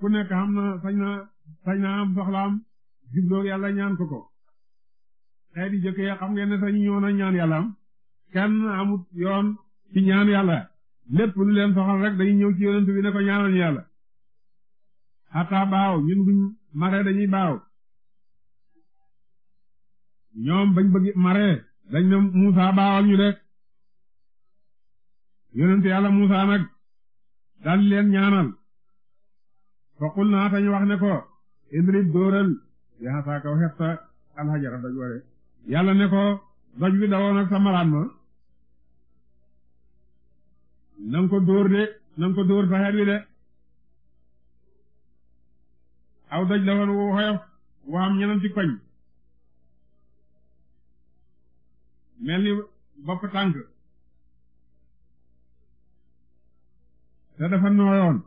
ku nekk xam na sañ na sañ na am soxlaam jubloo yàlla ñaan ko ko xëy di jëkkee xam ngeen ne sañu ñëw ñaan yàlla kenn amut yoon ci ñaan yàlla lépp lu leen soxal rek dañuy ñëw ci yonent bi ne ko ñaanal ñu yàlla xataa baaw ñun buñ maree dañuy baaw ñoom bañ bëgg maree dañ ne Muusa baawal ñu de yonent yàlla Muusa nag dal leen ñaanal fa qul naa tañu wax ne ko idrib dóoral yaa saa kaw xet sa alxajara doj ware yàlla ne ko doj wi dawoon ak sa malaan ma nanga ko dóor de nanga ko dóor sa xet de aw doj la woon wu xoyof wu am ñenanti koñ mel ni bopp tànk te dafa nooyoon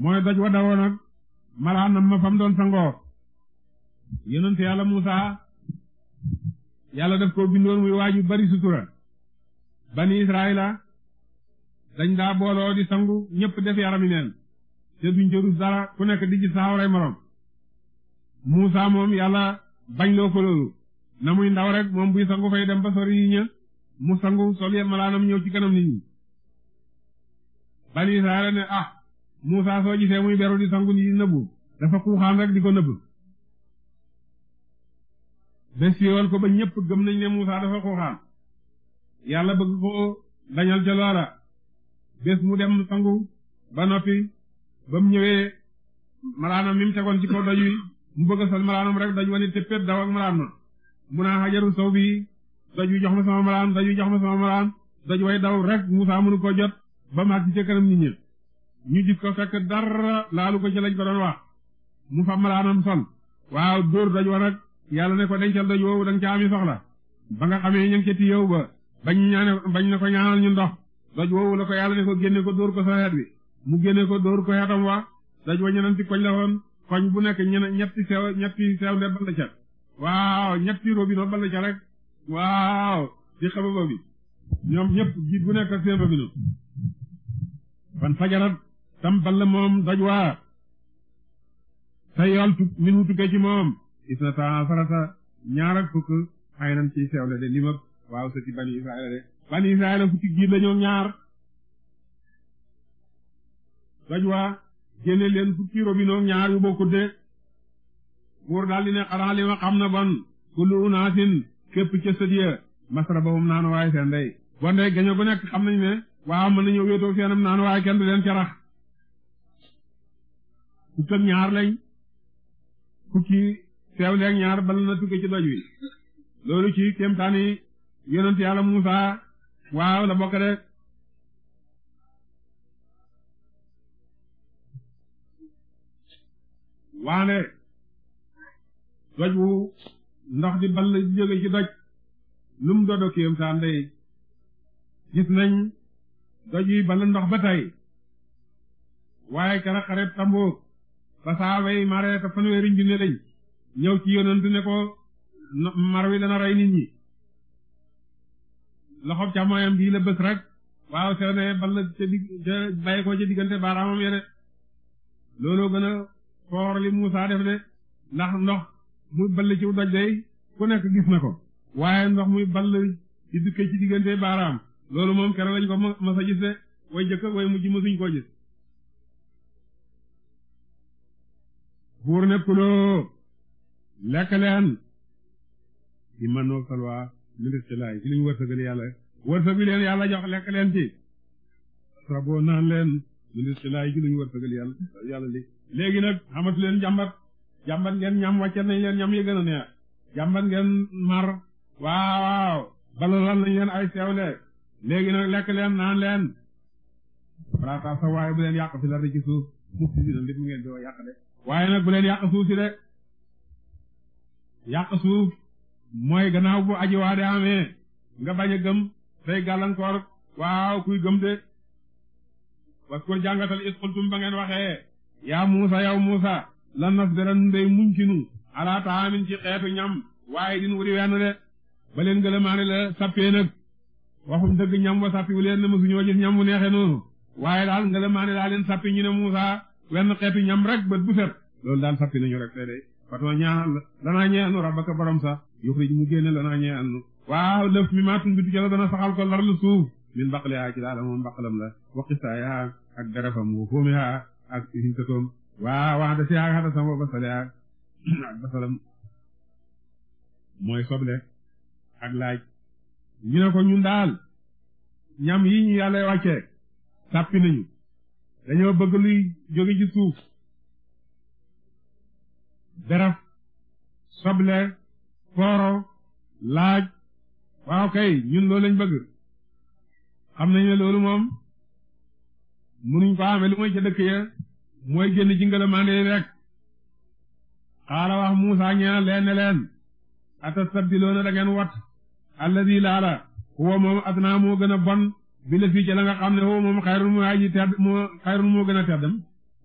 mooy doj wa dawoo nag malaanam ma fam doon sangoo yonent yàlla Muusa yàlla daf koo bindoon muy waaju bari sutura bani Israayila dañ daa booloo di sangu ñëpp def yarami neen te duñ ca dara ku nekk di ci saawaray morom Muusa moom yàlla bañ loo ko loolu na ndaw rek moom buy sangu fay dem ba sori yi ña mu sangu sol malaanam ñëw ci kanam nit ñi Moussa soo gisee muy beru di sangu ni nëbbu dafa di ko nëbb bés yoon ko ba ñëpp gëm nañ ne Moussa dafa xuuxaan yàlla bëgg ko dañal ca loola mu dem sangu ba noppi ba mu ñëwee malaanam mi mu tegoon ci kaw doj wi mu bëgg a sol malaanam rek doj wane tëppét daw ak malaan ma mu naa ah, xajaru sow bi doj wi jox ma sama malaan doj wi jox ma sama malaan doj way daw rek Moussa mënu ko jot ba mu àgg ci kanam nit ñi ñu dikk ko fekk dara laalu ko ci lañ ko doon wax mu fa malaanam sol waaw dóor doj wa nag yàlla ne ko dencal doj woowu da nga ca ami soxla ba nga xamee ñu ngi ca tiyow ba bañ ñaane bañ na ko ñaanal ñu ndox doj woowu la ko yàlla ne ko génne ko dóor ko sa bi mu génne ko dóor ko xeetam wa doj wa ñenanti koñ la woon koñ bu nekk ñen ñetti sew ñetti sew nde bal ca waaw ñetti robino bal ca rek waaw di xababa bi ñoom ñëpp jiit bu nekk ak seen robino fan fajarat tam balla moom doj waa te yool tu min moom isna taa farata ñaar ak fukk xay nan ci sewle de limab waaw sëti bani israila de bani israila fukki giir la ñaar doj waa leen fukki robinoo ñaar yu bokkut de buur daal ne xanaa li ma xam na bon kullu unaasin képp ca sët ya masrabahum naan waaye seen day bon gaño gu nekk xam nañ ne waaw mën nañoo wéetoo feenam naan waaye kenn leen ca fukk ak ñaar lañ fukki teewle ak ñaar bala na tukki ci doj wi loolu ci kéemtaani yonent yàlla Muusa waaw la bokk de waane doj wu ndox di bal di ci doj lum dodo kéemtaan day gis nañ doj yi bal ndox ba tey waaye kara xaret tambook ba saaba yi maree ko fanweeri junne lañ ñëw ci yonent ne ko mar wi dana rey nit ñi loxob càmmoñam bii la bës rek waaw soo ne bal ca ca bàyyi ko ca diggante baaraamam ya de looloo gën a foor li Muusaa def de ndax ndox muy ball ci doj day ku nekk gis na ko waaye ndox muy ball ci dikkee ci diggante baaraam loolu moom keroog lañ ko mës a gis de way jëkk way mujj mësuñ koo gis buur ne kuloo lekk leen ci mënoo salwa min rizqillahi ci li ñu wërsëgal yàlla wërsëg wi leen yàlla jox lekk leen ci saboo naan leen min rizqillahi ci li ñu wërsëgal yàlla li léegi nag xamatu leen jàmbat jàmbat ngeen ñam wàcce nañ leen ñam yi gën a ngeen mar waaw waaw balalal nañ leen ay seewle léegi na lekk leen naan leen balaa tax sa waaye bu fi la ci suuf mukk si dina lépp ngeen di yàq de waaye nag bu leen yàq suuf si de yàq suuf mooy gannaaw bu aji waade amee nga bañ a gëm tey gàllankoor waaw kuy gëm de parce que jàngatal is xultum ba ngeen waxee yaa Muusa yow Muusa lan nas beran day muñ ci nu alaa taamin ci xeetu ñam waaye din wuri wenn de ba leen gëlëmaane la sappee nag waxum dëgg ñam wa sappi leen na mësuñoo gis ñam wu neexe waaye daal ngëlëmaane daa leen sappi ñu ne Muusa wenn xeetu ñam rek bët bu set loolu daal fàtti nañu rek tey de fatoo ñaaxal lanaa anu rabbaka borom sax yuxrij mu génne lanaa anu waaw lëf mi matun bi tujala dana saxal ko larlu suuf min baqlihaa ci daala moom baqalam la wa qisaayaa ak garafam wa foomihaa ak hintatoom waaw wax da si haa xata sam wa basaleha ak basalam mooy soble ak laaj ñu ne ko ñun daal ñam yi ñu yàlla wàccee sàppi nañu dañoo bëgg luy jóge ci suuf deraf soble fooro laaj waaw kay ñun loolu lañ bëgg xam nañ ne loolu moom munuñ ko amee lu mooy ca dëkk ya mooy génn ci ngëlëmaande yi rek xaala wax Muusaa ñeena leen leen atastabdiloona da ngeen wat alladi laala huwa moom adnaa moo gën a bon bi la fii ca la xam ne woo moom xayrul moo aji tedd moo xayrul moo gën a teddam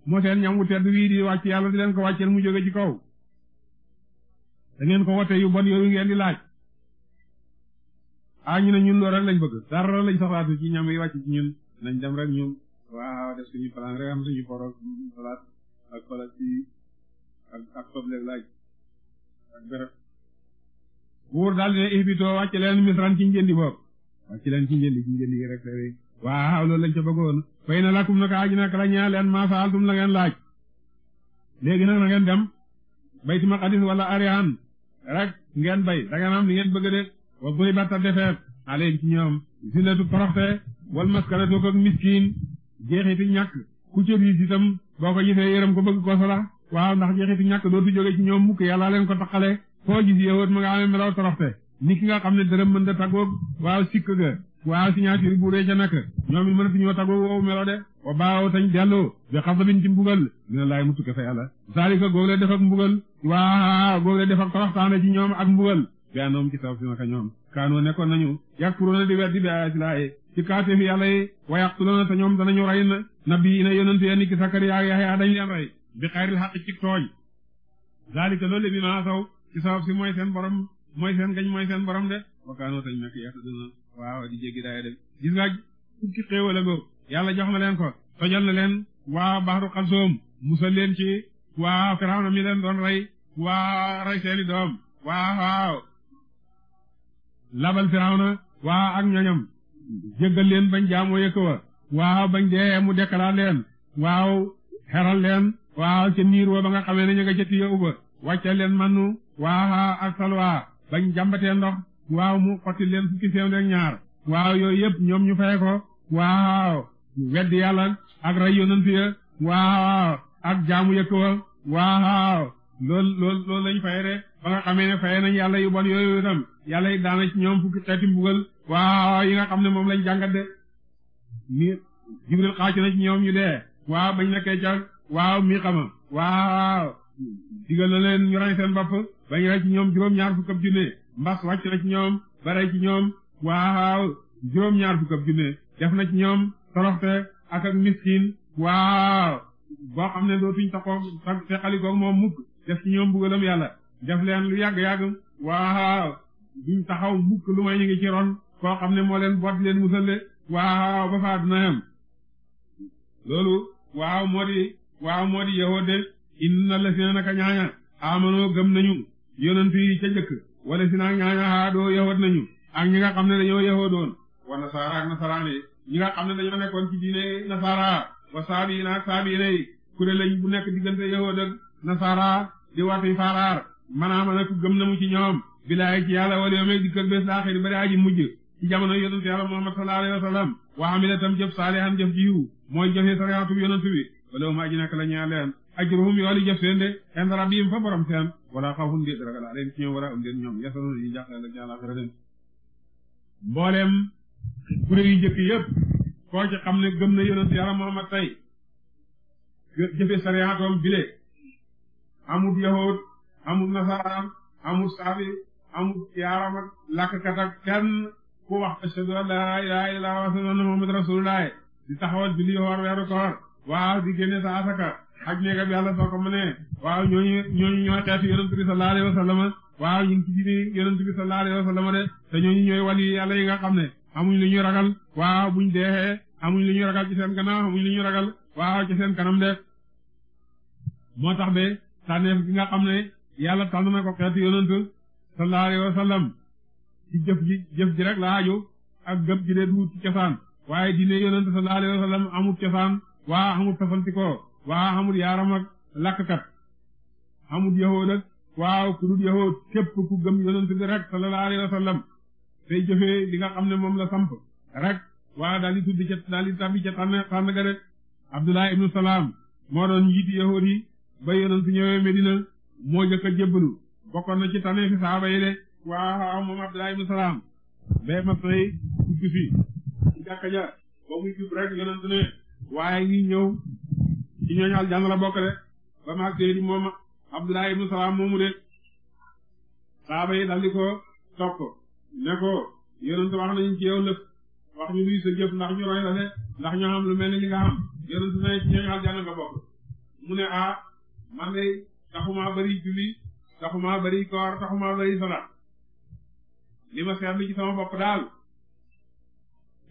moo seen ñam wu tedd wii di wàcc yàlla di leen ko wàcceel mu jóge ci kaw da ko wote yu bon yooyu ngeen di laaj ah ñu ne ñun loolu rek lañ bëgg dara lañ soxlaatu ci ñam yi wàcc ci ñun nañ dem rek ñu waaw def suñu plan rek am suñu poro palaat ak palaat ci ak ak laaj ak béréb buur daal dina ihbitoo wàcc leen misran ci njëndi bopp wàcc leen ci njënd ci njënd yi rek rek waaw loolu lañ ca bëggoon fay na lakum naka aji naka la ñaa leen maa faaltum la ngeen laaj léegi nag na ngeen dem bayti maqadis wala arihan rek ngeen bay da ngeen am li ngeen bëgg de wa duribat defeet aleen ci ñoom zillatu toroxte wal maskanatu ko miskin jeexiti ñàkk ku cër yi itam boo ko gisee yërëm ko bëgg ko sala waaw ndax jeexiti ñàkk dootu jóge ci ñoom mukk yàlla leen ko taqale foo gis yowat ma ni ki nga xam ne dërëm mën da taggoog waaw sikk ga waaw signature bu rëy ca nag ñoom mën a fi ñoo taggoog woowu melo de wa baaw tañ delloo bi xasabin ci mbugal dina laay mu tukke fa yàlla saalika goog le def ak mbugal waa goog le def ak toroxtaane ci ñoom ak mbugal bianoom ci saw si naka ñoom kaanoo nekkoon nañu yakkuroona di weddi bi ayati laaye ci kaate fi yàlla yi wa yaqtuluna te ñoom danañu rey na nabi na yonent ya ni ki Sakariya Yaxya dañ leen rey bi xayril xaq ci tooñ zalika mooy seen gañ mooy seen borom de wakaanoo tañ di jéggi daaya de gis nga fukki xéewal a ngóob yàlla jox na leen ko tojal na leen waa baxru xalsoom musal leen ci waa firawna mi leen doon rey waa rey doom waaw waaw labal firawna waa ak ñoñam jéggal leen bañ jaamoo yëkk wa waaw bañ dee mu dekkalaat leen waaw xeral leen waaw ca niir wa ba nga xamee ne ñu ca tiya uba wàccal leen mannu waa ak salwaa lañu jàmbatee ndox waaw mu xotti leen fukki seen rek ñaar waaw yooyu yëpp ñoom ñu faye ko waaw weddi yàlla ak rey yonent ya waaw ak jaamu yëkk waaw loolu loolu loolu lañ fay de ba nga xamee ne fay nañ yàlla yu bon yooyu itam yàlla yi daana ci ñoom fukki xeeti mbugal waaw yi nga xam ne moom lañ jàngat de jibril xaac na ci ñoom ñu dee waaw bañ nekkee ca waaw mi xama waaw digal na leen ñu rey seen bopp bañ rey ci ñoom juróom-ñaar fukk ab junne mbas wàcc na ci ñoom ba rey ci ñoom waaw juróom-ñaar fukk ab junne def na ci ñoom toroxte ak ak miskin waaw boo xam ne dootuñ taxoo te xalikoog moom mukk def ci ñoom bugalam yàlla def leen lu yàgg-yàgg waaw duñ taxaw mukk lu may ñu ngi ci ron koo xam ne moo leen boot leen musalle waaw ba faa dina yem loolu waaw moo di waaw moo di yowoo de inna la fi na naka gëm nañu yonent yi ca jëkk wala si naa ñaaña haadoo yahoot nañu ak ñi nga xam ne dañoo yahoo doon wa nasaara ak nasaraan yi ñi nga xam ne dañoo nekkoon ci diine nasaara wa saabi naak saabi nay kuré lañ bu nekk diggante yahood ak nasaara di wati faaraar manaama nag gëm na mu ci ñoom bilaay ci yàlla wala yoomee dikk ak bés laaxir bari aji mujj ci jamono yonent yàlla muhammad sallallahu alayhi wa sallam wa amila tam jëf saalihan jëf jiw mooy jëfee sariatu yonent bi wala ma la ñaan ajruhum yooli jëf seen de inda rabbihim fa borom seen wala xawfun déet ragal aleen ci ñoom wala am déet ñoom yasanuna ñu jàq ëllëg ci àllaaxira dem mbooleem kuréel yu jëkk yëpp koo ci xam ne gëm na yonent yàlla Muhammad tey jëfe sariyaatoom bile amut yahud amut nasaraan amut saafi amut yaaram ak làkkat kenn ku wax ashhadu an laa wa ashhadu anna Muhammadan rasuulullaah di taxawal weeru koor waaw di génne sa asaka xaj néegam yàlla soo ko mënee waaw ñooñu ñooñu ñooy xeetu yonent bi sallallahu ñu ngi ci diine yonent bi sallallahu alayhi wasallam de te ñooñu ñooy wali yàlla yi nga xam ne amuñ lu ñuy ragal waa buñ deexee amuñ lu ñuy ragal ci seen gannaaw amuñ ñuy ragal waa ci seen kanam de moo tax ba tànneef gi nga xam ne yàlla tànn na ko xeetu yonent sallallahu alayhi wasallam ci jëf ji rek la aju ak gëb ji de duut ci cosaan waaye diine yonent sallallahu alayhi wasallam amut cosaan waa amut waa xamul yaaram ak lakkat xamul yahood ak waaw ku dul yahood képp ku gëm yonent bi rek sallallahu alayhi wa jëfee li nga xam ne moom la samp rek waa daal di ca daal di tabbi ca tànn tànn ga rek Abdullah ibnu Salaam moo doon njiiti yahood yi ba yonent ñëwee Medina moo jëkk a bokkoon na ci tànnee fi saaba yi de waaw moom Abdullah ibnu Salaam bee ma fay dugg fi ci jàkka ja ba muy jub rek yonent ne waaye ngi ñëw ci ñooñu aljanna la bokk de ba maag séeri moom Abdullah ibn Salaam moomu de saaba yi dal ko topp ne ko wax nañu ci yow lépp wax ñu luy sa jëf ndax ñu roy la de ndax ñoo lu mel ni li nga xam yonent ne ci ñooñu aljanna nga bokk mu ne a ah, man de taxumaa bari julli taxumaa bari koor taxumaa bari salaat li ma seetlu ci sama bopp daal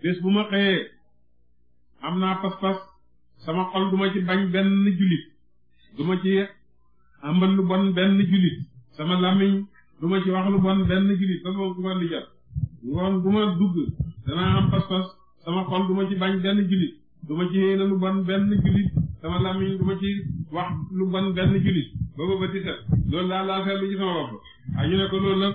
bés bu ma xëyee am naa pas sama xol duma ci bañ benn jullit duma ci ambal lu benn jullit sama làmmiñ duma ci wax lu bon benn jullit ba boog duma lijat ngoon duma dugg danaa am pas sama xol duma ci bañ benn jullit duma ci yéene lu bon benn jullit sama làmmiñ duma ci wax lu bon benn jullit ba ba ba ti set daal laa seetlu ci sama bopp ak ñu ne ko loolu nag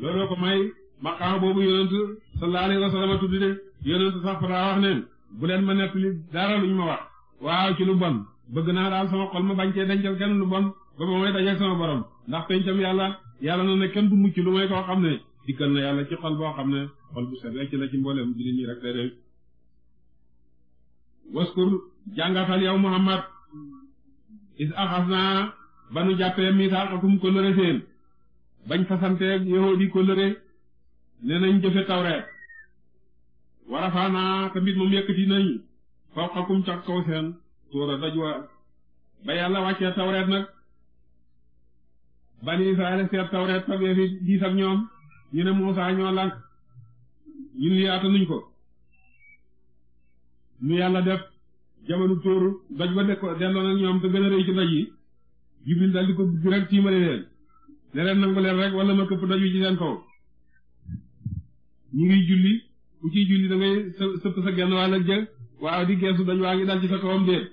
looloo ko may maqaama boobu yonent sallallahu alayhi wa tudd de yonent sax fa daa wax neen bu leen ma nettali dara luñ ma wax waaw ci lu bon bëgg naa daal sama xol ma bañ cee dencal kenn lu bon ba ba may dajeeg sama borom ndax pencam yàlla yàlla na ne kenn du mucc lu may koo xam ne dikkal na yàlla ci xol boo xam ne xol bu set ci la ci mboolem bi nii rek lay def waskur jàngatal yow Muhammad is axas naa ba nu jàppee misaaqakum kóllëre seen bañ fasanteeg yahuudi kóllëre nee nañ jëfe tawreet warafaanaa te mbir moom yëkkati nañu fawqakum ca kaw seen tuura dajwa ba yàlla wàccee tawreet nag bani israel seet tawreet fa bee fi diis ñoom ñu ne Muusaa ñoo lànk ñun yaata nuñ ko ñu yàlla def jamono tóor doj ba deko delloo na ñoom te gën a rëy ci doj yi Jibril dal ko bugg rek tiimale leen ne leen nangu leen rek wala ma këpp doj wi ci seen kaw ñu ngi julli ku ciy julli da sëpp sa genn wàll ak jë waaw di geesu dañ waa ngi dal ci sa kawam déet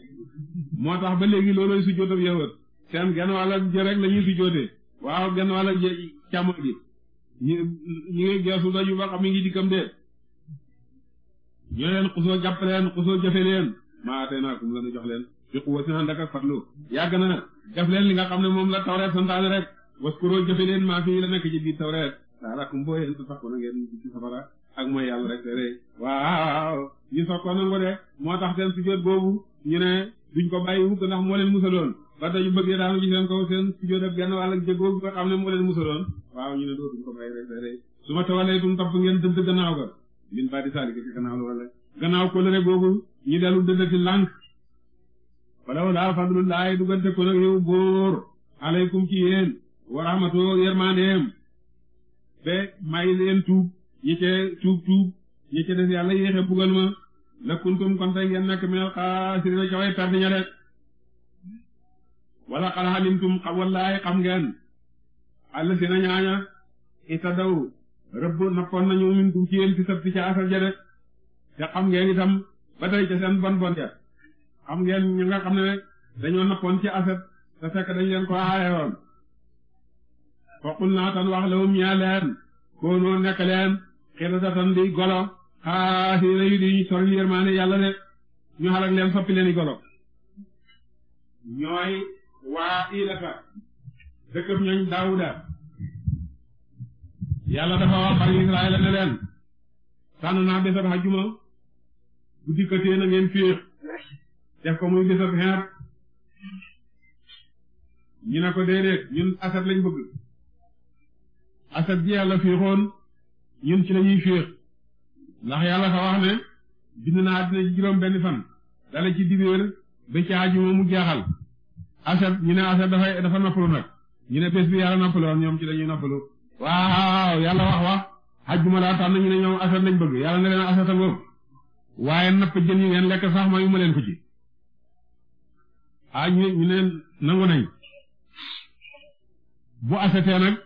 moo tax ba léegi looloy sujjóotam yëwat seen genn waa ak jë rek la ñuy sujjóotee waaw genn wàll ak jë càmmo gi ñu ñu ngi geesu dañu ba xam mi ngi dikkam déet ñoo leen xusoo jàpp leen xusoo jëfe leen maa tey naa ko mu la ñu jox leen di xuwa si ànd farlu yàgg na def leen li nga xam ne moom la tawreet santaane rek waskuroo jëfe leen maa fii la nekk ci biir tawreet ak mooy yàlla rek de waaw ñu soog ko de moo tax seen sujjóot boobu ñu ne duñ ko bàyyi wukk ndax moo leen musaloon ba tey ñu bëggee daanu ci seen kaw seen sujjóot ak genn wàll jégoogu nga xam ne moo leen musaloon waaw ñu dootuñ ko bàyyi rek de su ma tawalee tum topp ngeen dëdd gannaaw ga min ba di saalika ci gannaaw la wala gannaaw kóllëre googu ñu dellu dëddati lànk wala wala fadlullahi duggante ko nag yow bóor aleykum ci yéen wa rahmatu yermandeem be may leen tuub ñi cee tuub tuub ñi cee des yàlla yéexe bugal ma lakkuntum kon tey ngeen nekk minal xaasiriina ca way perte ña de wala xal xalimtum xam wallaay xam ngeen àll si ñaaña ita daw rëbb nappoon nañu min tum ci yéen ca asal ja de te xam ngeen itam ba tey ca seen bon bon ja xam ngeen ñu nga xam ne dañoo nappoon ci aset te fekk dañ leen ko aayewoon foqul naa tan wax la wum ñaa leen koonoo nekk leen xëy na di golo ah xëy na yu di ñu sori yërmaane yàlla de ñu xalak leen soppi leen i golo ñooy waa Ilata dëkkam ñooñ Daawuda yàlla dafa wax bari Israayil ne leen tànn naa bésab xajuma bu dikkatee na ngeen fiix def ko muy bésab xeet ñu ne ko déedéet ñun asat lañ bëgg asat ji yàlla fiixoon ñun ci lañuy féex ndax yàlla fa wax ne bind naa àddina ci juróom benn fan dale ci dibéer ba ci àjjuma mu jaaxal aset ñu ne aset dafay dafa noppalu nag ñu ne bés bi yàlla noppalu ñoom ci lañuy noppalu waaw yàlla wax wax àjjuma daa na ñu ne ñoom aset lañ bëgg yàlla ne leen aset a ngoog waaye napp jën yi ngeen lekk sax yu ma leen ko ci ah ñu ñu ne nangu nañ bu asetee nag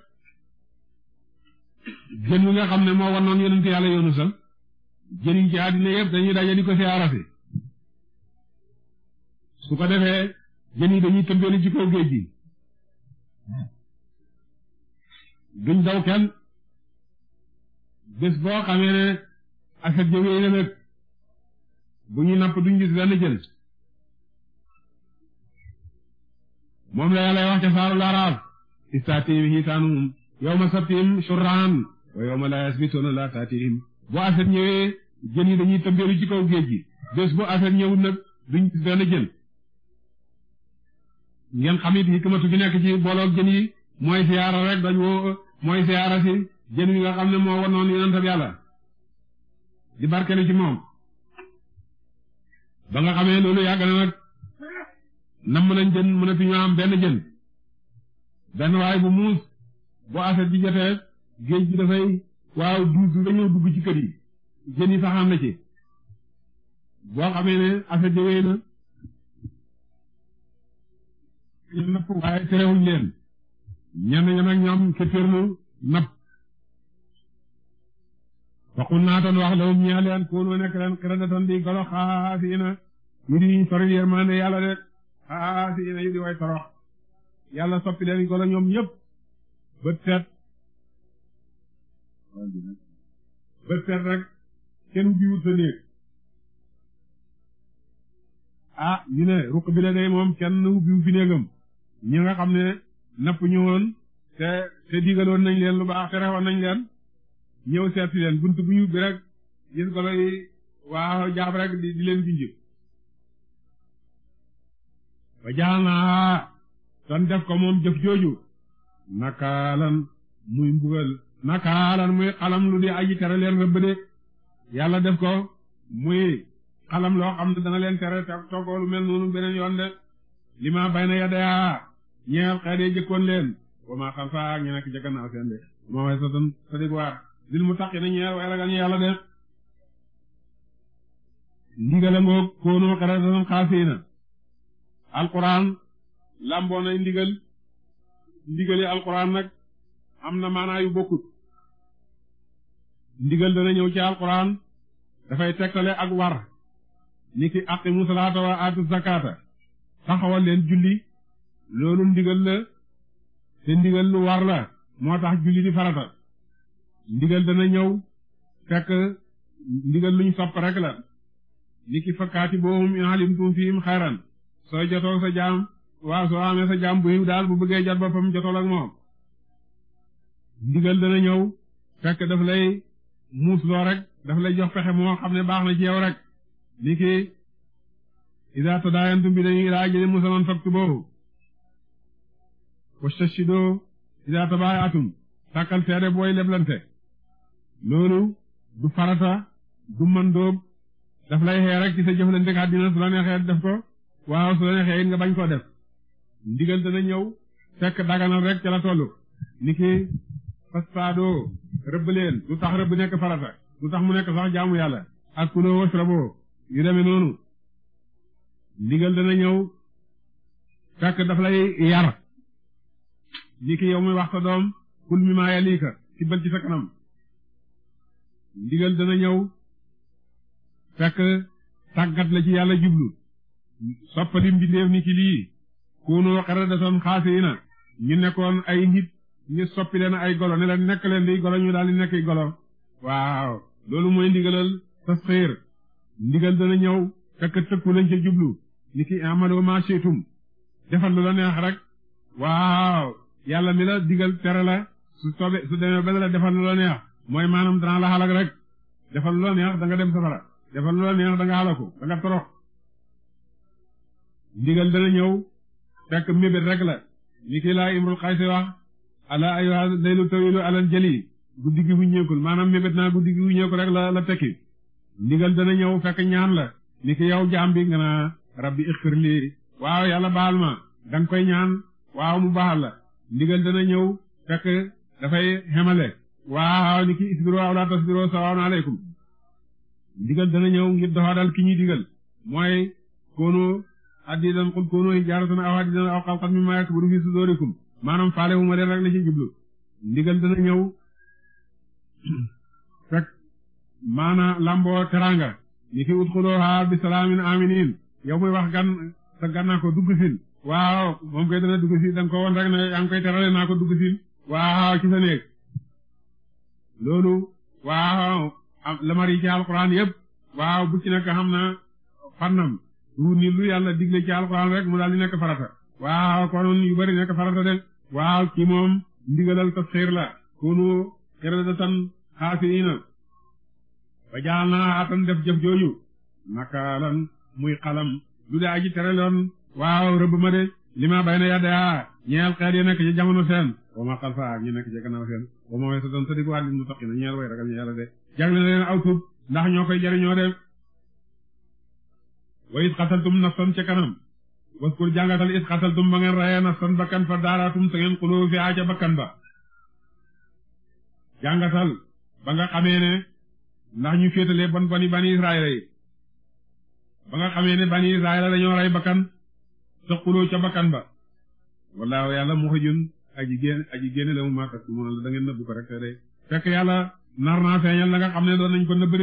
jën wi nga xam ne moo wanoon yonent yàlla yoonu sa jën yi ci àddina yëpp dañuy daje di ko siyaara si su ko defee jën yi dañuy tëmbeelu ci kaw géej gi duñ daw kenn bés boo xamee ne afet ja wéy na nag bu ñuy napp duñ gis benn jën moom la lay wax ca saaru laaraaf istaati hiitaanum yawma sabtihim shurran wa yawma la yasbituna la tatihim bu afet ñëwee jën yi dañuy tëmbeelu ci kaw géej gi bés bu afet ñëwul nag duñ benn jën ngeen xam it hikmatu gi nekk ci booloog jën yi mooy siyaara rek dañ woo mooy siyaara si jën yi nga xam ne moo wanoon yonentab yàlla di barkelu ci moom ba nga xamee loolu yàgg na nag nam nañ jën mënatuñu am benn jën benn waay bu muus bu affaire bi jafee géej gi dafay waaw duus bi dañoo dugg ci kër yi saxaan na ci boo xamee ne affaire na ñu napp waaye napp waxul naa wax lawum ñaa leen koonu nekk leen xiradaton di golo xaasiina yu di sori yërmande yàlla de xaasiina yu di way torox yàlla soppi leen golo ñoom ñëpp bët set bët set rek kenn jiwut sa néeg ah ñu ne ruq bi la moom kenn ubbiwu fi néegam ñi nga xam ne napp ñu woon te te nañ leen lu baax te rewoon nañ leen ñëw seet si leen bunt bu ñu bi rek gis golo yi waaw jaaf rek di di leen ginjib ba jaal naa ton def ko moom jëf jooju nakaalan muy mbugal nakaalan muy xalam lu di aji tere leen rëbb de yàlla def ko muy xalam loo xam ne dana leen tere toggoo lu mel noonu beneen yoon de li ma bay na yaddaa ñeel jëkkoon leen wa maa xam saa ñu nekk jëkka naa way sa dig waat dil mu taqi na ñeel way ragal ñu yàlla de ndigala ngoo koonoo xere satan xaasiina alquran lamboo na ndigal ndigali alquran nag am na maanaa yu bokkut ndigal dana ñëw ci alquran dafay tegtale ak war niki aqimu salaata wa aatu zakata taxawal leen julli loolu ndigal la te ndigal lu war la moo tax julli di farata ndigal dana ñëw fekk ndigal luñ sopp rek la niki fakkaati boohum in alimtum fiim xayran soo jotoo sa jaam waaw soo amee sa jaam bu yiw daal bu bëggee jot boppam jotol ak moom ndigal dana ñëw fekk daf lay muus loo rek daf lay jox pexe moo xam ne baax na ci yow rek ni ki ida tadaayantum bi dañuy daa jële musaman faktubuhu wastashhidoo ida tabaayatum sàkkal seede booy leblante loolu du farata du mandóob daf lay xee nga bañ koo def ndigal dana ñëw fekk daganal rek ca la tollu niki fastaadoo rëbb leen lu tax rëbb nekk farata lu tax mu nekk sax jaamu yàlla ak kuloo washraboo yu demee noonu ndigal dana ñëw fekk daf lay yar niki yow mi wax sa doom maa yaliika ci ci sa kanam ndigal dana ñëw fekk tàggat la ci yàlla jublu soppali mbindeef ni kuunu qiradatan na ñu nekkoon ay nit ñu soppi na ay golo ne nekk leen di golo ñu daal di nekk golo waaw loolu mooy ndigalal tasxiir ndigal dana ñëw fekk tëkku lañ ca jublu ni ki amalu ma defal lu la neex rek waaw yàlla mi la digal tere la su soobee su demee ba la defal lu la neex mooy maanaam danaa la xalak rek defal lu la neex da dem safara defal lu la neex da nga xalaku da torox ndigal dana ñëw fekk mébét rek la ni ki laa imrul xaysi wax ala ayyuha laylu tawilu alal jëli guddi gi wuññeekul maanaam mébét naa guddi gi wuññeeku rek la la tekki ndigal dana ñëw fekk ñaan la ni ki yow jaam bi nga naa rabbi ixfir lii waaw yàlla baal ma da koy ñaan waaw mu baax la ndigal dana ñëw fekk dafay xemale waaw ni ki isbiroo aw laa tasbiroo sawaawun aleykum ndigal dana ñëw ngir doxadal ki ñuy digal mooy koonu addidan qul kunu hijaratan aw hadidan aw xalqan mimma yakburu fi sudurikum maanaam faale wu ma leen rek la ci jublu ndigal dana ñëw fekk maana lamboo teranga ni ki udxuluha bi salaamin aminin yow muy wax gan sa gannaa ko dugg sin moom koy dana dugg si da ko won rek ne yaa ngi koy terale naa ko dugg sin waaw ci sa néeg loolu waaw lamar yi ci alquran yëpp waaw bu ci nekk xam na fannam lu ni lu yàlla digle ci alxuraan rek mu daal nekk farata waaw konoon yu bari nekk farata de waaw ci moom ndigalal tasxiir la kunu xiradatan xaasiriina ba jaal naa atan def jëf jooju nakaalan muy xalam lu daa ji tereloon waaw rëbb ma de li ma bay na yaddaa ñeel xeet yi nekk ci jamono seen wa ma xal fa ñi nekk ci gannaaw seen wa ma weesatan sa di ko àllin mu taxina ñeel way ragal ñeel de jagle na leen aw tub ndax ñoo koy jariñoo de wa it xataltum nafsan ca kanam waskur jàngatal it xataltum ba ngeen rayee nafsan bakkan fa daaratum sa ngeen xuloo fi aaca bakkan ba jàngatal ba nga xamee ne ndax ñu féetalee ban bani bani israila yi ba nga xamee ne bani israila dañoo rey bakkan sa xuloo ca bakkan ba wallaahu yàlla muxrijun aji génn aji génne la mu ma tax la da ngeen nëbb ko rek fekk yàlla nar naa feeñal la nga xam ne doon nañ ko nëbb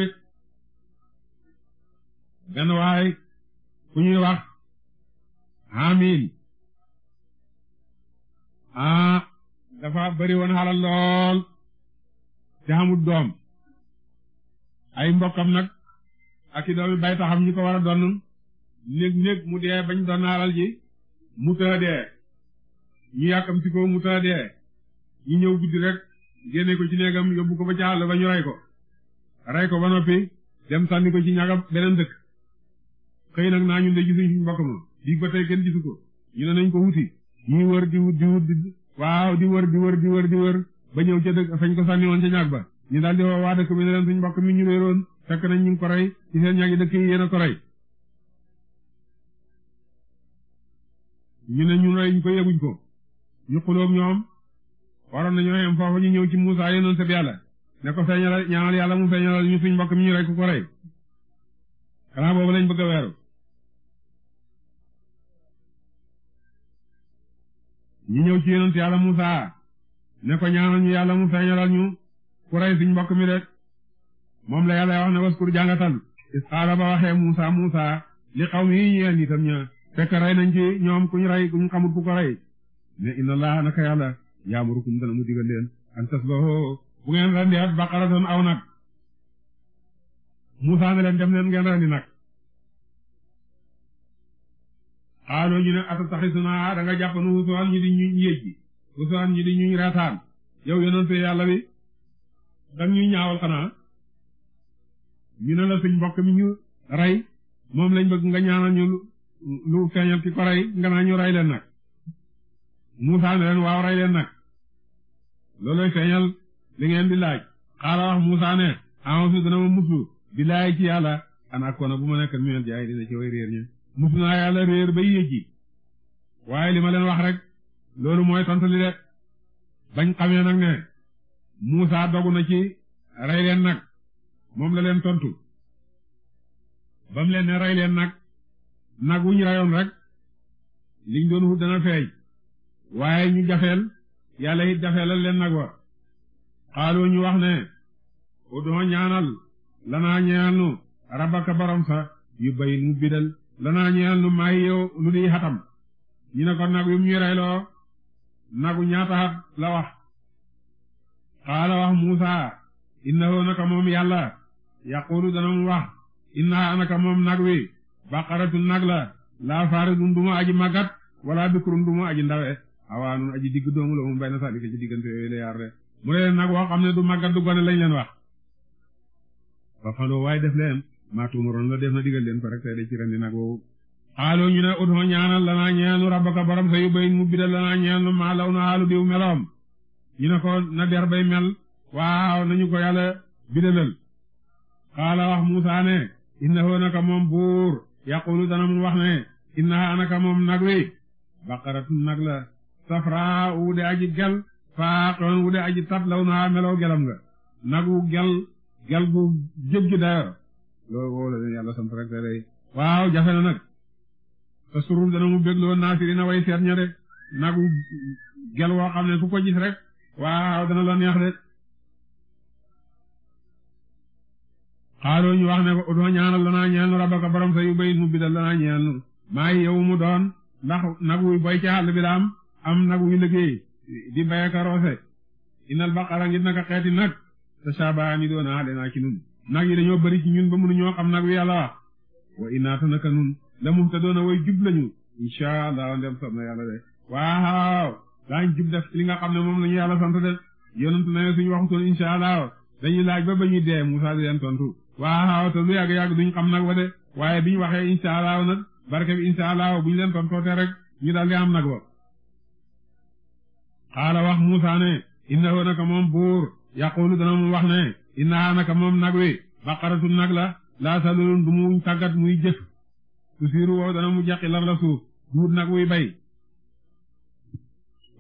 benn waay ku ñuy wax amin ah dafa bari woon xalal lool te xamul doom ay mbokkam nag ak i doomi bay taxam ñi ko war a donn néeg néeg mu dee bañ doon xalal ji mu tëx ñu yàkkam mu tëx dee ñu ñëw guddi rek génne ko ci néegam yóbbu ko ba ca àll ba ñu rey ko rey ko ba noppi dem sànni ko ci ñagam beneen dëkk xëy nag naa ñun de gisuñ suñu mbokk ma dig ba tey kenn gisu ko ñu ne nañ ko wuti ñuy wër di wut di wut wër di wër di wër di wër ba ñëw ca dëkk fañ ko sànni woon ca ñaag ba ñu daal di woo waa dëkk bi ne leen suñu mbokk mi ñu réeroon fekk nañ ñu ngi ko rey ci seen ñaagi dëkk yi yéen a ko rey ñu ne ñun rey ñu ko ko ñu xulóog ñoom waroon nañoo yem foofu ñu ñëw ci Muusaa yéenoon sab yàlla ne ko feeñal ñaanal mu feeñalal ñu suñ mbokk mi ñu rey ku ko rey xanaa boobu lañ bëgg a weeru ñi ñëw ci yonent yàlla Muusaa ne ko ñaanal ñu yàlla mu feeñalal ñu Quraysh suñ mbokk mi de moom la yàlla wax ne waskur jàngatal isxaala ba waxee Muusaa Muusaa li xaw mi ñeel nitam ña fekk rey nañ ci ñoom kuñ rey kuñ xamut ku ko ne inna allaha naka yàlla yaamurukum mu digal leen an tasbahu bu ngeen rendi at baqaratan aw nag Muusaa ne leen dem leen ngeen rendi xaaloo ñu ne atataxisuna da nga jàpp nu husuwaan ñu di ñuñ yéjji husuwaan ñu di ñuñ reetaan yow yonente yàlla bi dang ñuy ñaawal ñu ne la suñ mbokk mi ñu moom lañ bëgg nga ñaanal ñu lu feeñal ki ko rey nga naa ñu ray leen nag Muusaa ne leen waaw rey leen nag looloy feeñal li ngeen di laaj xaala wax Muusaa ne amosu dana ma musu di laay ci yàlla an akkoona bu ma nekk minel jaay dina ci way ñi mus naa yàlla réer ba yéegi waaye li ma leen wax rek loolu mooy tontu li de bañ xamee nag ne Muusaa dogu na ci rey leen nag moom la leen tontu ba mu leen ne rey leen nag nag wuñ ñu reyoon liñ doon wut dana feeñ waaye ñu jafeel yàlla it jafeelal leen nag wa xaaloo ñu wax ne udoo ñaanal lanaa ñeanu rabaka borom sa yu bay mu bidal lanaa ñeel nu may lu di xatam ñu ne ko nag yu mu ñu reyloo nagu ñaata xat la wax xaala wax Muusa innahu naka moom yàlla yaqulu dana mu wax inna anaka moom nag wi baqaratun nag la laa faaridun du ma aji màggat wala bikrun du ma aji ndawe awaanun aji digg doomu la bay na sàlika ci diggante yooyu la yaar de mu leen nag woo xam ne du màggat du gone lañ leen wa ba fandoo waaye def leen maa tuumaroon la def na digal leen ko rek tey da ci rendi nag woowu xaaloo ñu ne udoo ñaanal lanaa ñeenu rabbaka borom sa yu bayin mu bidal lanaa ñeenu maa law na xaalu diw meloom ñu ne ko na der bay mel waaw nañu ko yàlla bidalal xaala wax Muusaa ne innahu naka moom buur yaqulu dana mun wax ne innaha naka moom nag wi baqaratun nag la safraa wu de aji gel faaqi'un wu de aji tat law na meloo gelam nga nag gel gel gu jëg ju dayor loolu woo la leen yàlla sant rek waaw jafe na nag te surul dana mu bégloo naasiri na way seet ña de nagu gel woo xam ne ku ko gis rek waaw dana la neex de xaaloo wax ne ko udoo ñaanal lanaa ñeel nu rabaka sa yu bayit mu bidal lanaa ñeel nu maa yi yow mu doon ndax nag wuy boy ci àll bi la am am nag wuy liggéey di bayaka roose inal baqara ngir naka xeeti nag te saabaa ni doon naa lenaa nag yi dañoo bari ci ñun ba mënuñoo xam nag wi yàlla wa innaata na nun la muhtadoona way jub lañu insha allah ndem soob na yàlla de waaw daañ jub def li nga xam ne moom lañu yàlla sant de yonentu nañu suñu waxutoon insha allah dañuy laaj ba ba ñuy dee Musaa di leen tontu waaw te lu yàgg yàgg duñ xam nag wa de waaye biñ waxee insha allah nag barke bi insha allah buñ leen tontoote rek ñu daal di am nag wa xaala moom buur yaqulu dana mu wax ne inna naka moom nag wi baqaratun nag la laa salulun du mu tàggat muy jëf su siiru dana mu jaqi lar la suuf duut nag wuy bay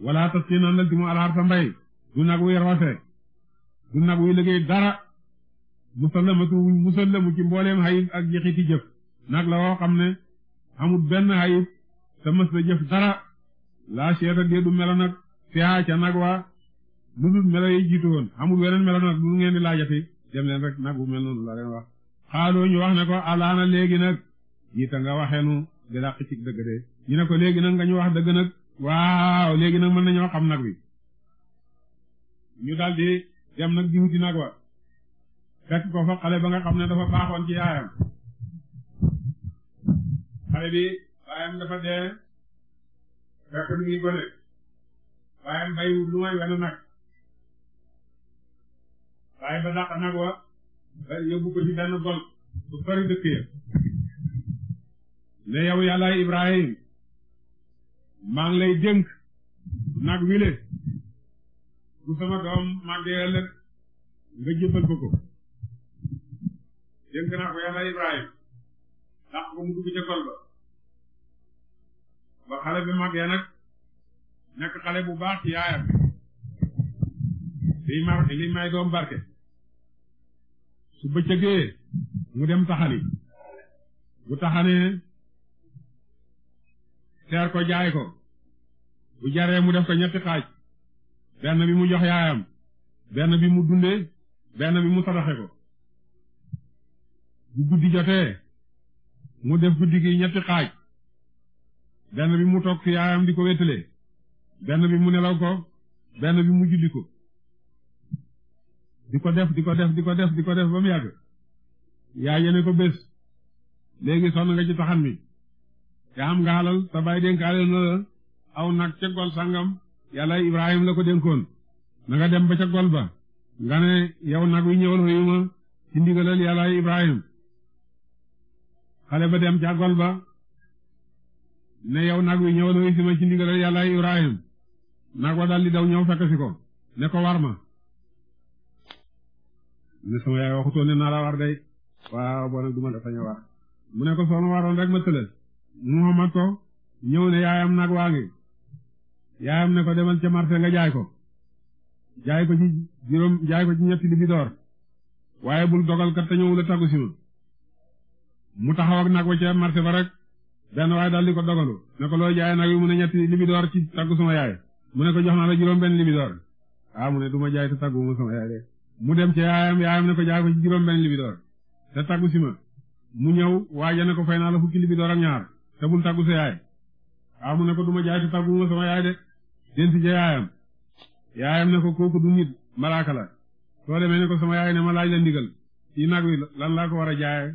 wala tasqinan lal ti mu alxar du nag wuy roose du nag wuy liggéey dara musallamatu musallamu ci mbooleem xayib ak jëxiti jëf nag la woo xam ne amul benn xayib te mës la jëf dara laa seeta déedu melo nag fiaa ca nag wa lu dul melo yi jiitu woon amul weneen melo nag lu ngeen di laajati dem leen rek nag bu mel noonu la leen wax xaaloo ñu wax ne ko alaana léegi nag jiita nga waxeenu di làq ci dëgg de ñu ne ko léegi nag nga ñu wax dëgg nag waaw léegi nag mën nañoo xam nag wi ñu daldi dem nag di wuti nag wa fekk ko fa xale ba nga xam ne dafa baaxoon ci yaayam xale bi baayam dafa dee fekk mi ngi gone baayam bayu lu may wenn nag waaye ba dàq nag wa ba yóbbu ko ci benn gol bu bari dëkk ne yow yàlla Ibrahim maa ngi lay nag wile bu sama doom màggee ëllëg nga jëbbal ko ko dénk naa Ibrahim dàq ko mu dugg gol ba ba xale bi màggee nag nekk xale bu baax ci yaayam liy mar barke su bëccëgee mu dem taxani bu taxanee seer ko jaay ko bu jaree mu def ko ñetti xaaj benn bi mu jox yaayam benn bi mu dundee benn bi mu sadaxe ko bu guddi jotee mu def guddi gi ñetti xaaj benn bi mu toog fi yaayam di ko wéttale benn bi mu nelaw ko benn bi mu julli ko di ko def di ko def di ko def di ko def ba mu yàgg yaa yene ko bés léegi sonn nga ci taxan mi te am nga alal sa bàyyi dénkaale na la aw sangam yàlla Ibrahima la ko dénkoon na nga dem ba ca gol ba nga ne yow nag wi ñëwal xëyuma ci ndigalal yàlla Ibrahima xale ba dem ca gol ba ne yow nag wi ñëwal xëy si ma ci ndigalal yàlla Ibrahima daal di daw ñaw fekk si ko ne ko war ma ne sama yaay waxutoon ne naa la war day waaw boo nag du mu ne ko soo ma waroon rek ma tële Muhammad ko ñëw ne yaayam nag waa ngi yaayam ne ko demal ca marché nga jaay ko jaay ko ci juróom jaay ko ci ñetti libi door waaye bul dogal kat te ñëwul a tàggu si ma mu taxaw ak nag wa ca marché ba rek benn waaye daal di ko dogalu ne ko looy jaay nag yi mu ne ñetti libi ci tàggu sama yaay mu ne ko jox naa la juróom benn libi door ah, mu ne du ma jaay te tàggu mu dem ca yaayam yaayam ne ko jaay ko ci juróom-benn libidoor te taggu si ma mu ñëw waaja ne ko fay naa la fukki libidoor ak ñaar te bul taggu sa yaay waaw mu ne ko du ma jaay te taggu ma sama yaay de denc ca yaayam yaayam ne ko kooku du nit malaaka la soo demee ne ko sama yaay ne ma laaj la ndigal ci nag wi lan laa ko war a jaaye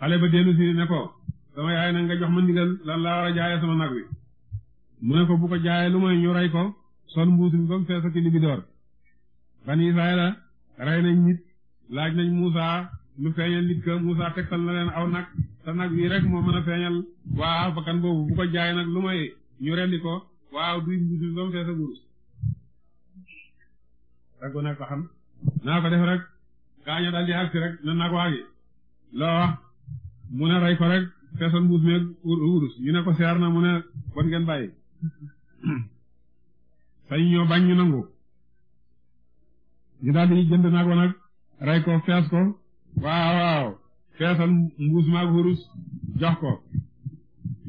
xale ba dellu si ne ko sama yaay ne nga jox ma ndigal lan laa war a jaaye sama nag wi mu ne ko bu ko jaayee lu may ñu rey ko son mbuutu bi ba mu fees ak bani Israayila rey nañ nit laaj nañ Muusa lu feeñal nit ka Muusa tegtal na leen aw nag te nag wii rek moo mën a feeñal waaw bakkan boobu bu ko jaay nag lu may ñu rendi ko waaw duy du doom fee sa gurus daggo nag ko xam naa ko def rek gaaño daal di agsi rek na nag waagi loo wax mu ne rey ko rek feesal mbuus meeg wurus ñu ne ko seer na mu ne bon ngeen bàyyi sañ ñoo bañ ñu nangu ñu daal di jënd nag wa nag rey ko fees ko waaw waaw feesal mbuus maag wurus jox ko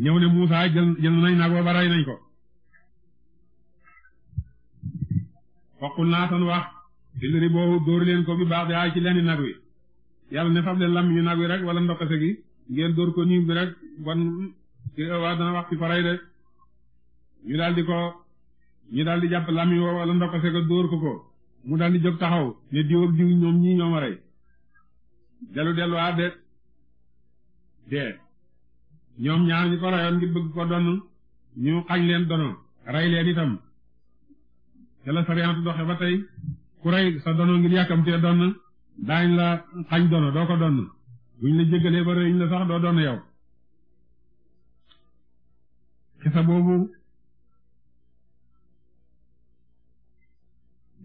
ñëw ne Muusaa jël jënd nañ nag wa ba rey nañ ko foqul naa tan wax filiri boobu dóor leen ko bi baax de ci lenni nag wi yàlla ne fab leen lam ñu nag wi rek wala ndokase gi ngeen dóor ko niim bi rek bon waa dana wax ci faray de ñu daal di ko ñu daal di jàpp lam yi wala ndokase ko dóor ko ko mu daal di jóg taxaw ne diw ak ñoom ñii ñoom a rey dellu delluwaat de dee ñoom ñaar ñu ko rayoon ngir bëgg ko donn ñu xañ leen dono rey leen itam te la sariyantu doxe ba tey ku rey sa dono ngir yàkkamtee donn daañ la xañ dono doo ko donn buñ la jéggalee ba la sax doo donn yow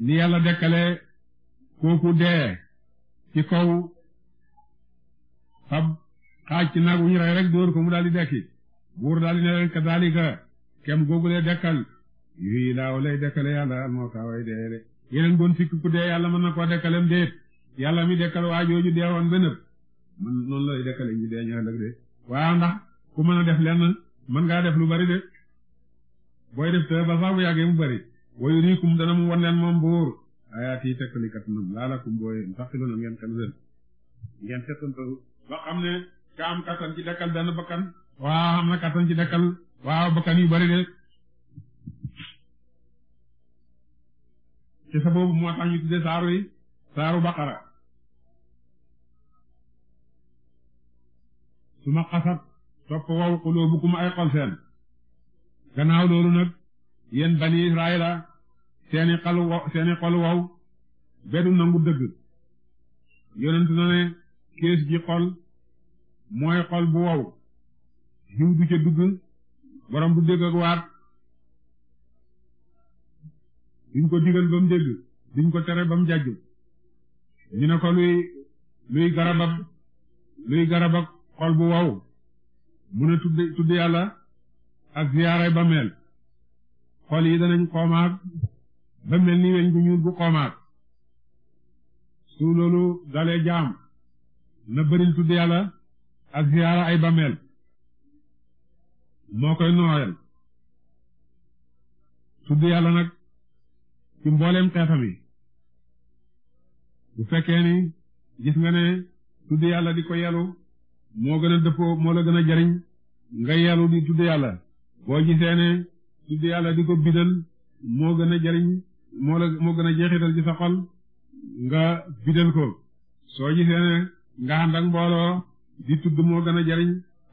ni yàlla dekkale kooku dee ci kaw fab xaaj ci nag wu ñu dóor ko mu daal di dekki buur daal di ne leen kadalika kem googulee dekkal yuy laaw lay dekkale yàlla al mawtaa way dee de yeneen doon fikk ku dee yàlla mën na koo dekkalem déet yàlla mi dekkal waa jooju deewoon ba nëb man noonu lay dekkale ñu dee ñaa lëg de waaw ndax ku mën a def lenn mën ngaa def lu bari de booy def te ba sax bu yàggee mu bari woyu riikum dana mu wan leen moom buur ayaat yi tegtali kattanam laalakum booy taxiluna ngeen xelu leen ngeen settantalu ba xam ne ka am ci dekkal benn bakkan waaw am na kattan ci dekkal waaw bakkan yu bari de ci sa boobu moo tax ñu tuddee saaru saaru baqara su ma xasat topp waw ay xol seen loolu nag yéen bani israila seeni xalu wow xol wow benn nangu dëgg yonent na ne kees ji xol mooy xol bu wow jiw du ca dugg borom du dégg ak waat duñ ko digal ba mu duñ ko tere ba mu jàjj ñu ne ko luy luy garab luy garab xol bu wow mun a tudd tudd yàlla ak ziyaare ba meel xol yi danañ xoomaag ba mel ni weñ gu ñuul gu xoomaat su loolu dalee jaam na bëril tudd yàlla ak ziyaara ay bàmmeel moo koy nooyal tudd yàlla nag ci mbooleem xeetam bu fekkee ni gis nga ne tudd yàlla di ko yelu moo gën a dëppoo moo la gën a jariñ nga yelu di tudd yàlla boo gisee ne tudd yàlla di ko bidal moo gën a jariñ moo la moo gën a jeexital ci sa xol nga bidal ko soo gisee ne nga ànd ak mbooloo di tudd moo gën a jariñ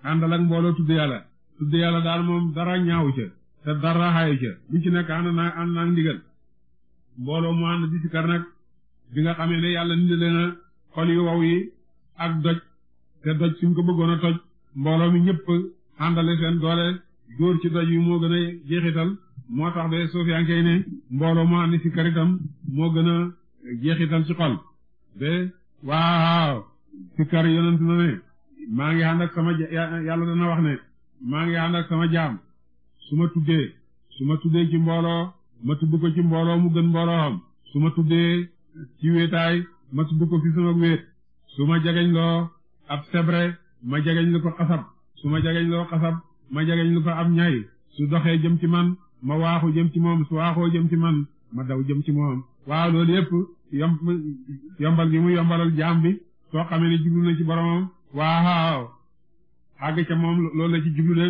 àndal ak mbooloo tudd yàlla tudd yàlla daal moom dara ñaawu ca te dara xaayu ca lu ci nekk ànd naa ànd naa ndigal mbooloo mu ànd di sikar nag bi nga xamee ne yàlla nit leen xol yi wow yi ak doj te doj suñ ko bëggoon a toj mbooloo mi ñëpp àndale seen doole dóor ci doj yi moo gën a jeexital moo tax ba suufiyankey ne mbooloo mu ànd si karitam moo gën a jeexital ci xol ba waaw si kar yonent na ne maa ngi ànd ak sama yàlla dana wax ne maa ngi ànd ak sama jaam su ma tuddee su ma tuddee ci mbooloo mat tudd ko ci mbooloo mu gën mbooloo xam su ma tuddee ci wéetaay ma tudd ko fi sama wéet su ma jagañ loo ab sebre ma jagañ lu ko xasab su ma jagañ loo xasab ma jagañ lu fa ab ñay su doxee jëm ci man ma waaxu jëm ci moom su waaxoo jëm ci man ma daw jëm ci moom waaw loolu yëpp yom yombal gi mu yombalal jaam bi soo xamee ne jublu na ci boromam waaw àgg ca moom loolu la ci jublu de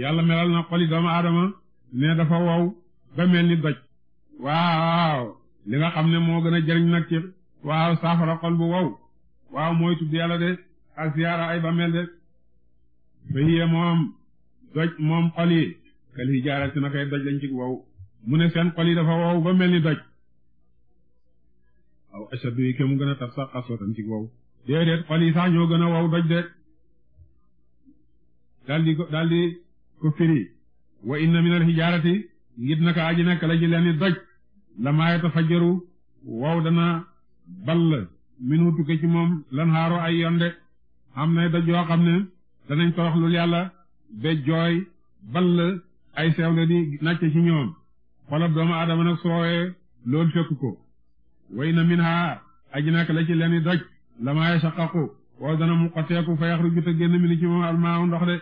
yàlla melal na xoli doomu aadama ne dafa wow ba mel ni doj waaw li nga xam ne moo gën a jëriñ nag ci waaw saafara xol bu wow waaw mooy tudd yàlla de ak siyaara ay ba mel de fa hiya moom doj moom xol kal hijaarati na kay doj lañ ci wow mu ne seen xol yi dafa wow ba mel ni doj aw ashadu yi ke mu gën a taf sax xasootan ci wow déedéet xol yi sax ñoo gën a wow doj de daldi ko firi wa inna minal hijaarati ngit naka aji nekk la ji leen doj la maayata fajaru wow dana ball minu tukke ci moom lan xaaro ay yoon de am nay doj yoo xam ne danañ toroxlul yàlla be jooy ball ay seew la di nàcce ci ñoom xolab doomu aadama nag soowee loolu fekk ko wa na min ha aji nak la ci leni doj lamaay saqaqu woo dana mu xotteeku fa yaxruju te génn mi ni ci moom almaaw ndox de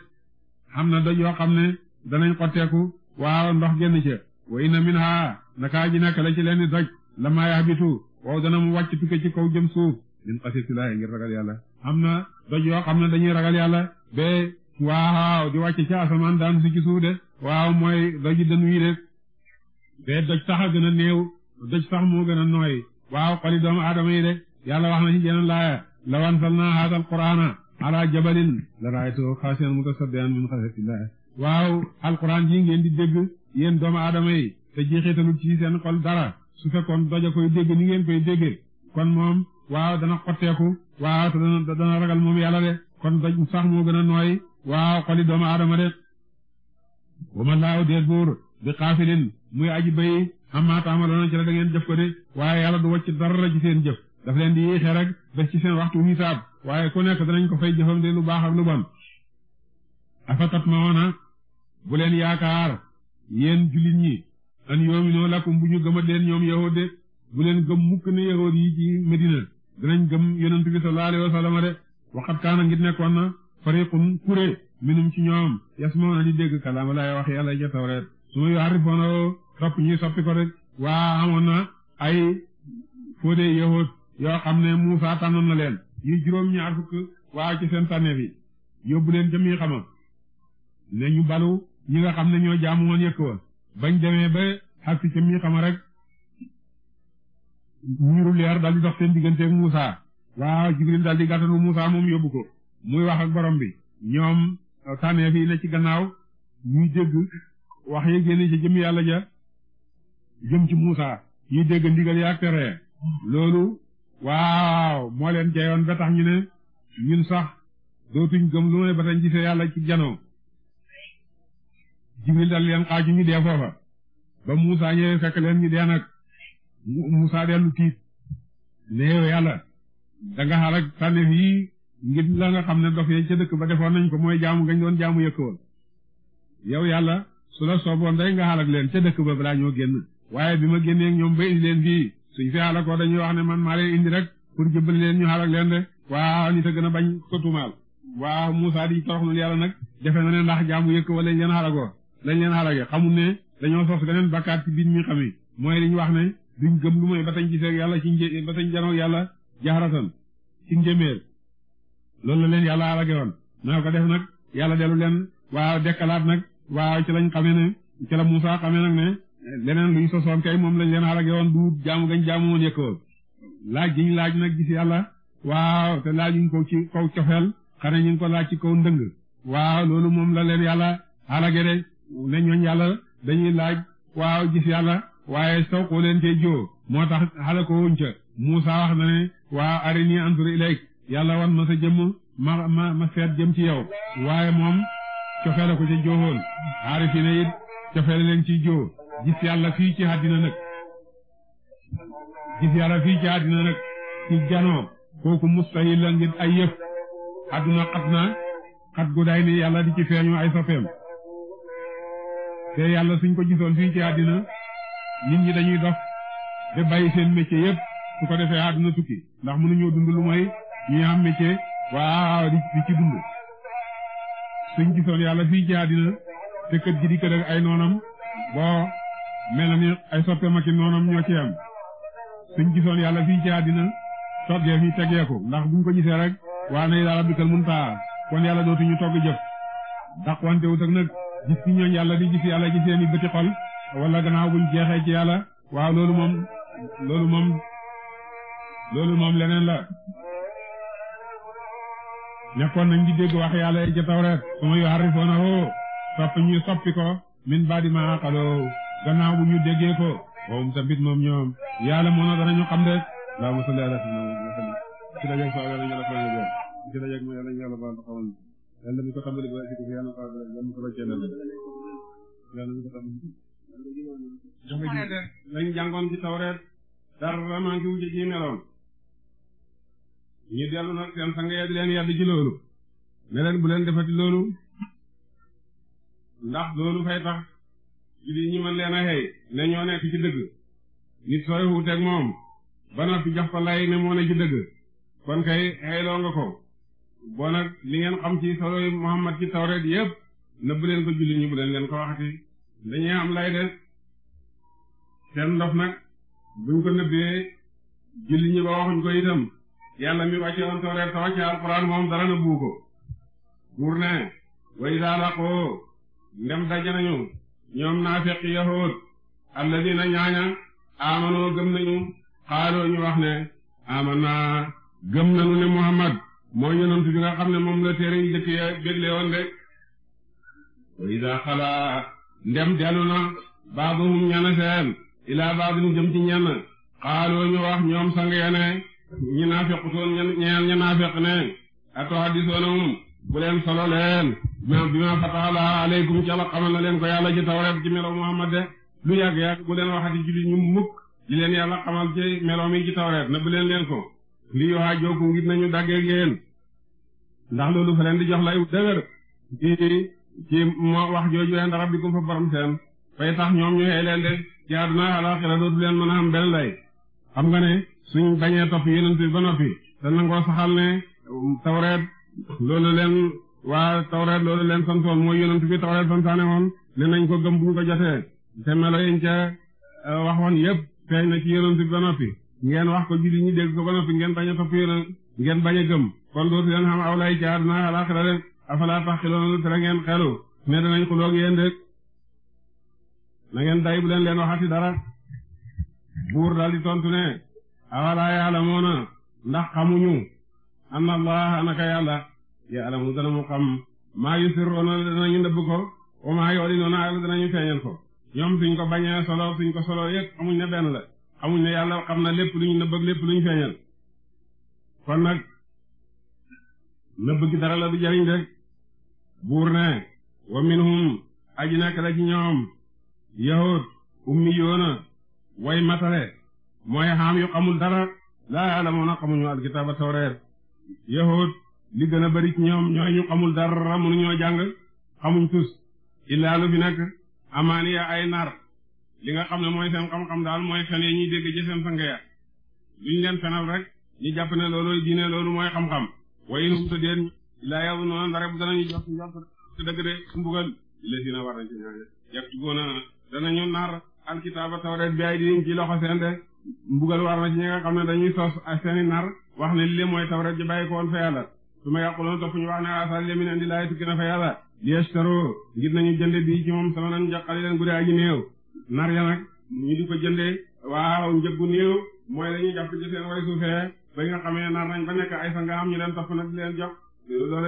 xam na doj yoo xam ne danañ xotteeku waaw ndox génn ca way na min ha naka aji nak la ci leni doj lamaay habitu woo dana mu wàcc tukke ci kaw jëm suuf min xasitillaahi ngir ragal yàlla xam na doj yoo xam ne dañuy ragal yàlla be waaw di wàcc ci waaw mooy doji dën wii rek bee doj sax a gën néew doj sax moo gën a nooy waaw xoli doomu aadama yi de yàlla wax na ci jeneen laaya law anzalna haadal qur'aana ala jabalin la ra'aytahu xaashi'an mutasaddi'an min xashyatillaah waaw alquran yi ngeen di dégg yéen doomu aadama yi te ta ci seen xol dara su fekkoon doj a koy dégg ni ngeen koy déggee kon moom waaw dana xotteeku waaw te dana dana ragal moom yàlla de kon doj sax moo gën a nooy waaw xoli doomu aadama de wa ma laaw dee góor bi xaafilin mu aji bay amma taamaloona ci la da ngeen jëf ko de waaye yàlla du ci dara ci seen jëf daf leen di yéexee rek def ci seen waxtu hisaab waaye ku nekk danañ ko fay jëfam de lu baax ak lu bon afatat ma bu leen yaakaar yéen jullit ñi an yoomi noo lakum bu ñu gëmat leen ñoom yahuud de bu leen gëm mukk ne yahuud yi ci Medina danañ gëm yonent bi sallallahu alayhi wa sallam de waqat kaana ngit nekkoon na fariqun kuré minum ci ñoom na di dégg kalaama laay wax yàlla ja tawreet su ma yuharrifuunahu topp ñuy soppi ko waa amoon na ay de yahuud yoo xam ne Muusaa tànnoon na leen ñuy juróom-ñaar fukk waaw ci seen tànneef yi bu leen ca muy xama ne ñu balu ñi nga xam ne ño jaamu woon yëkk wa bañ demee ba xag si ca muy xama rek ñiiru leer dal di dox seen digganteeg Muusaa waaw Jibril dal di gàttalu Muusaa moom yóbbu ko muy wax ak borom bi ñoom tànneef yi ne ci gannaaw ñuy dégg wax ya ci jëm yàlla ja jëm ci Muusa ñuy dégg ndigal yaa tere loolu waaw moo leen jayoon ba tax ñu ne ñun sax dootuñ gëm lu may ba tañ gisee yàlla ci janoo Jibril dal leen xaaju ñu dee foofa ba Muusa ñëwee fekk leen ñu dee nag Muusa dellu tiit ne yow yàlla da nga xaar yi ngir la nga xam ne dof yi ca dëkk ba defoon nañ ko mooy jaamu gañ doon jaamu yëkk woon yow yàlla su sooboon day nga xalak leen ca dëkk ba balaa ñoo génn waaye bi ma génnee ñoom ba indi leen fii suñ fi xalakoo dañuy wax ne man maa leen indi rek pour jëbbali leen ñu xalak len de waaw nit a gën a bañ ko tumaal waaw Moussa di toroxlul yàlla nag defe na ne ndax jaamu yëkk wala lañ leen xalakoo lañ leen xalake xamul ne dañoo sos beneen bakaat ci biir mi xamee mooy liñ wax ne duñ gëm lu mooy ba tañ gisee yàlla ci ba tañ janoog yàlla jaxaratan ci njëméer loolu la leen yàlla alage woon naa ko def nag yàlla dellu leen waaw dekkalaat nag waaw ci lañ xamee ne ci la Musaa xamee nag ne leneen luy sosoon kay moom lañ leen alage woon du jaamu gañ jaamu woon yëkkawoo laaj gi ñu laaj nag gis yàlla waa te laaj ñu ko ci kaw cofeel xane ñu ko laaj ci kaw ndëng waa loolu moom la leen yàlla alage de ne ñooñ yàlla dañuy laaj waaw gis yàlla waaye sow koo leen cee joo moo tax xale ko wuñ ca Musaa wax na ne waaw arini anzur ilayk yàlla wan ma sa jëmm ma ma ma seet jëm ci yow waaye moom cofeela ko ca joohoon aarifina it leen ci joo gis yàlla fii ci àddina nag gis yàlla fii ci àddina nag ci janoo kooku mustahil la ngir ay yëf àdduna xat na xat gu day yàlla di ci feeñu ay soppeem te yàlla suñ ko gisoon fii ci àddina nit ñi dañuy dox de bàyyi seen métier yëpp su ko defee àdduna tukki ndax mënuñoo dund lu mooy ñi am métier waaw di ci dund suñ gisoon yàlla fii ci àddina te kët gi di kët ak ay noonam boo mel na ni ay soppeem ak i noonam ñoo ci am suñ gisoon yàlla fii ci àddina toggee fi tegeeku ndax buñ ko gisee rek waa nay daal bi kal mun taa kon yàlla dootuñu togg jëf ndax wante wut ak nag gis ci ñooñ yàlla di gis yàlla ci seeni bëti xol wala gannaaw buñ jeexee ci yàlla waaw loolu moom loolu moom leneen la nekkoon nañ di dégg wax yàlla yi ca tawreet su ma yuharrifuunahu sopp ñuy ko min ba'di maa aqaluuhu gannaaw ñu déggee ko sabit moom ñoom yàlla moo na danañu xam de allahumma salli ala sayyidina ci dajeeg sa yàlla ñu la fañu do ci dajeeg mo yàlla ñu la baal xamal yàlla ji lañ ñu dellu nag seen sang ya leen yàdd ci loolu ne leen bu leen defati loolu ndax loolu fay tax jullit ñi man leen a xëy ne ñoo nekk ci dëgg nit sooy wuuteeg moom ba noppi jox ko lay ne ci dëgg kon kay xëyloo nga ko boo nag li ngeen xam ci soloy Muhammad ci tawreet yépp nëbb leen ko jullit ñi bu leen leen ko waxati dañuy am lay de seen ndof nag buñ ko nëbbee jullit ñi ba waxuñ ko itam yàlla mi wàcce woon tawreet sa wàcce alquran moom dara na buu ko buur ne way laalaqoo ndem daje nañu ñoom naafiq yahood alladina ñaaña amanoo gëm nañu xaaloo ñu wax ne amana gëm nañu ne muhammad mooy yonantu bi nga xam ne moom la téere yi jëkk ya bégle de wa ida xalaa ndem dellu na baaduhum ñana seen ilaa baadin jëm ci ñenn xaaloo ñu wax ñoom sang ya ñi naafequtoon ñeneen ñi naafeq ne ato hadisoonahum bu leen solo leen bi ma fatahala aleykum ci ala xamal na leen ko yàlla ji tawreet ji melo muhammad de lu yàgg-yàgg bu leen waxati julli ñu mukk li leen yàlla xamal ci melo mi ci tawreet na bu leen leen ko li yohaa jooku ngir nañu dàggee ngeen ndax lu fa leen di jox lay dëgër ci ci moo wax jooju leen rabbikum fa borom seen fay tax ñoom ñu xëy leen de ci àdduna alaxira dootu leen mën a am benn lay xam suñ bañee topp yonent bi ba noppi te nangoo saxal ne um, tawreet loolu leen waa tawreet loolu leen santoon mooy yonent bi tawreet santaane woon ne nañ ko gëm ko jotee te melo yiñ ca euh, waxoon yépp feeñ na ci yonent bi ba noppi ngeen wax ko julli ñi dégg ko ba noppi ngeen bañ a topp yonent ngeen bañ a gëm kon dootu leen xam aw lay ci àdduna alaaxira de afalaa taxiloon lu tere ngeen xelu ne danañ xuloog yéen de na ngeen day bu leen leen waxati dara buur awalaa yaalamuuna ndax xamuñu anna allah naka yàlla yaalamu dana mu xam maa yusirroona danañu nëbb ko wa maa yoolinoona ak danañu feeñal ko ñoom suñ ko bañee solo suñ ko solo yépp xamuñ ne benn la xamuñ ne yàlla xam na lépp lu ñu nëbb ak lépp lu ñu feeñal kon nag nëbb gi dara la du jariñ buur ne wa minhum aji nekk la ci ñoom yahud ummi yoona way matale mooy xaam yu xamul dara laa yaalamuuna xamuñu alkitaaba tawreet yahud li gën a bari ñoom ñooy ñu xamul dara mënuñoo jàng xamuñ tus illaa lu fi nekk amaaniya ay nar li nga xam ne mooy seen xam-xam daal mooy fen yi ñuy dégg ci seen sang ya luñ leen fenal rek ñu jàpp ne diine loolu mooy xam-xam way in hum ta déen illaa yow noona ndare bu danañu jot njort dëgg de mbugal illa dina war nañ ci ñooñu yàq ci góona danañu nar alkitaaba tawreet mbugal war na ci ñi nga ne dañuy sos ak seeni nar wax ne lii mooy tawret ji bàyyi ko woon ma yàquloon topp ñu wax ne asal lemin indi laay tukki yàlla liestaro ngir nañu jënde bii ci moom sama nan njaqali leen gudee aji néew nar ya nag ñu di ko jënde waaw njëggu néew mooy lañuy jàpp ci ba nga xamee nar nañ ba ay sa nga am ñu leen topp nag di leen jox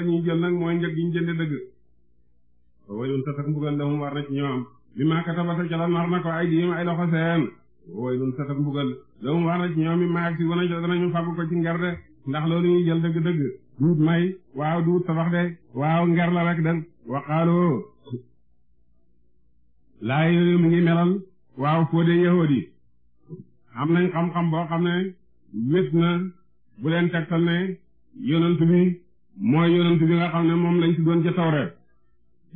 ñuy jël nag mooy njëg gi ñu dëgg waylun tatak mbugal mu war na ay loxo seen woy lun satak mbugal la mu war na ci ñoom i maag si wana danañu fàggu ko ci nger de ndax loolu ñuy jël dëgg-dëgg duut may waaw duut tabax de waaw nger la rek den waqaaloo laa yooyu mi ngi melal waaw fóode yahood am nañ xam-xam boo xam ne wét na bu leen tegtal ne yonent bi mooy yonent bi nga xam ne moom lañ ci doon ca tawreet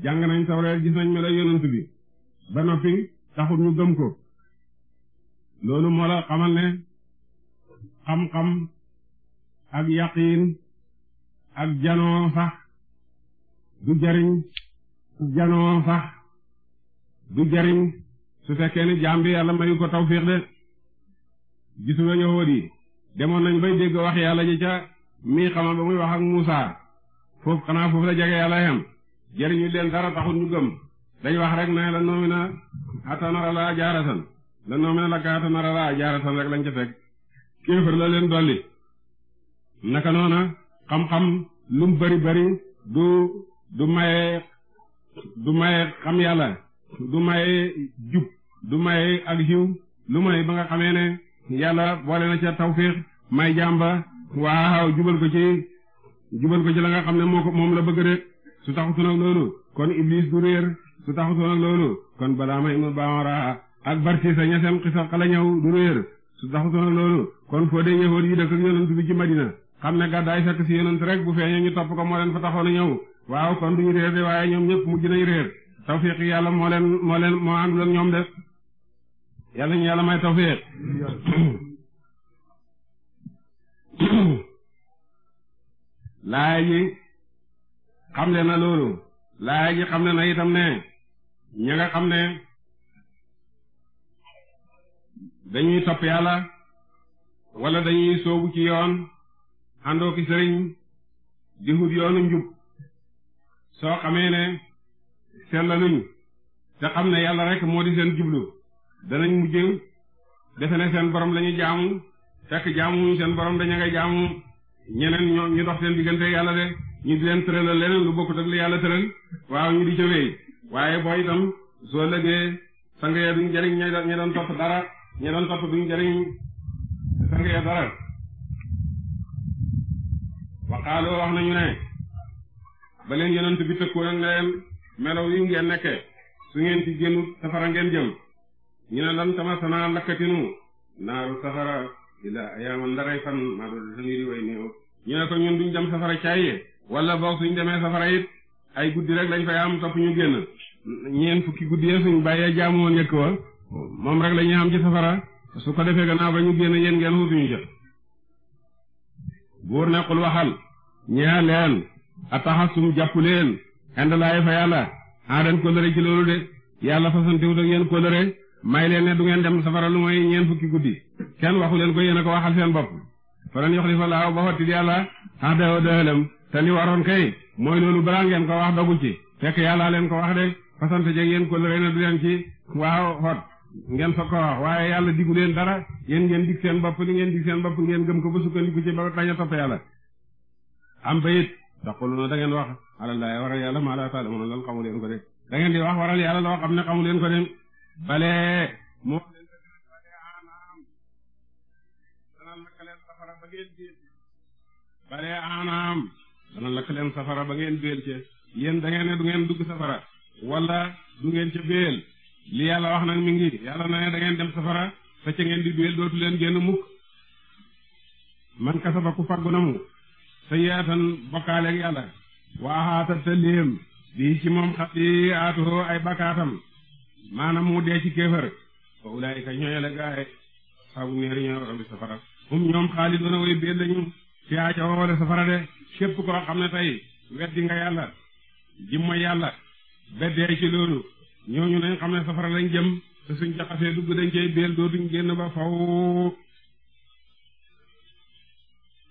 jàng nañ tawreet gis nañ melo yonent bi ba noppi taxul ñu gëm ko loolu moo la xamal ne xam-xam ak yaqiin ak janoo sax du jariñ janoo sax du jariñ su fekkee ni jaam bi ko tawfiix de gis nga yahuud yi demoon nañ bay dégg wax yàlla ji ca mii xamal ba muy wax ak Muusa foofu xanaa foofu la jege yàlla yem jariñu leen dara taxul ñu gëm dañ wax rek na la noomina atanara la jaaratan la noo mel la kaata narara jaaratan rek lañ ca fekk kéefër la leen dolli naka noona xam-xam lu mu bari bari du du maye du maye xam yàlla du may jub du maye ak jiw lu may ba nga xamee ne yàlla boole na ca tawfiq may jàmba waaw jubal ko ci jubal ko ci la nga xam ne moo ko moom la bëgg de su taxutoon ak loolu kon iblis du réer su taxutoon ak loolu kon balaa may mu baax ak a ña seen xisa xala ñëw du réer su taxutoon ak loolu kon foo dee yëfoot yi dëkk ak yonent bi ci madina xam ne gàddaay fekk si yonent rek bu feeñee ñu topp ko moo leen fa taxoon a ñëw waaw kon duñu réer de waaye ñoom ñëpp mujj nañ réer tawfiq yàlla moo leen moo leen moo àndul ak ñoom de yàlla ñu yàlla may tawfiq laaya ji xamle na loolu laaya ji a na itam ne ña nga ne dañuy topp yàlla wala dañuy soobu ci yoon àndoo ki sëriñ di wut yoonu njub soo xamee ne sellaluñ te xam ne yàlla rek moo di seen jublu danañ mujj defe ne seen borom lañu ñu jaamu fekk jaamuñ seen borom dañu ngay jaamu ñeneen ñu dox seen diggante yàlla de ñu di leen tëralal leneen lu bokkut ak yàlla tëral waaw ñu di ca wéy waaye boo itam soo lëgee sang ya duñ jëriñ ña doon topp dara ñi doon topp duñ jëriñ sang ya dara waxaaloo wax nañu ne ba leen yonent bi tëkkoo nag leen melaw yu ngeen nekke su ngeen ci génnu safara ngeen jëm ñu ne lan tama sanaa lakkatinu naaru safara ila ayaaman ndaray fan maa doon dañuy di way néew ñu ne ko ñun duñ dem safara caay wala boog suñ demee safara it ay guddi rek dañ fay am topp ñu génn ñeen fukki guddi ya suñ bàyyee jaamu woon njëkk wa moom rek la ñuy am ci safara su ko defee gannaaw ba ñu génn yéen ngeen wutuñu jot buur ne xul waxal ñeex leen a taxasum jàpp leen indalaay fa yàlla aadan kóllëre ci loolu de yàlla fasantiwut ak yéen kóllëre may leen ne du ngeen dem safara lu mooy ñeen fukki guddi kenn waxu leen ko yéen a ko waxal seen bopp fa lan yox li fa laaw ba xotti yàlla xax dayoo dëxalam te li waroon kay mooy loolu balaa ngeen ko wax dogu ci fekk yàllaa leen ko wax de fasante na du ci waaw xot ngeen fa waaye yàlla digu leen dara yéen ngeen dig seen bopp li ngeen dig seen bopp ngeen gëm ko ba sukkandiku ci ba bañ a topp yàlla am ba it taquluna da ngeen wax alallaay waral yàlla maa laa taalamuuna am xamu leen ko de da ngeen di wax waral yàlla loo xam ne xamu leen ko de bale moo leen bale aanaam safara ba ngeen béel bale aanaam dana lakk leen safara ngeen béel ci du ngeen dugg safara wala du ngeen ca béel li yàlla wax nag mi ngi yàlla na ne da ngeen dem safara te ca ngeen di duel dootu leen génn mukk man kasaba ku faggu na mu sa yeetan bokkaaleeg yàlla waaxaatat te léem di ci moom xati aatuhoo ay bakkaatam maanaam mu dee ci kéefër wa ulaayika ñooy la gaaye saabu ñeeri ñooy waram bi safara hum ñoom xaalidoona way béel lañu fi aaca woowale safara de képp koo xam ne tey weddi nga yàlla jimma yàlla beddee ci loolu ñooñu nañ xam ne safara lañ jëm te suñ jaxasee dugg dañ cay béel dootuñ génn ba faw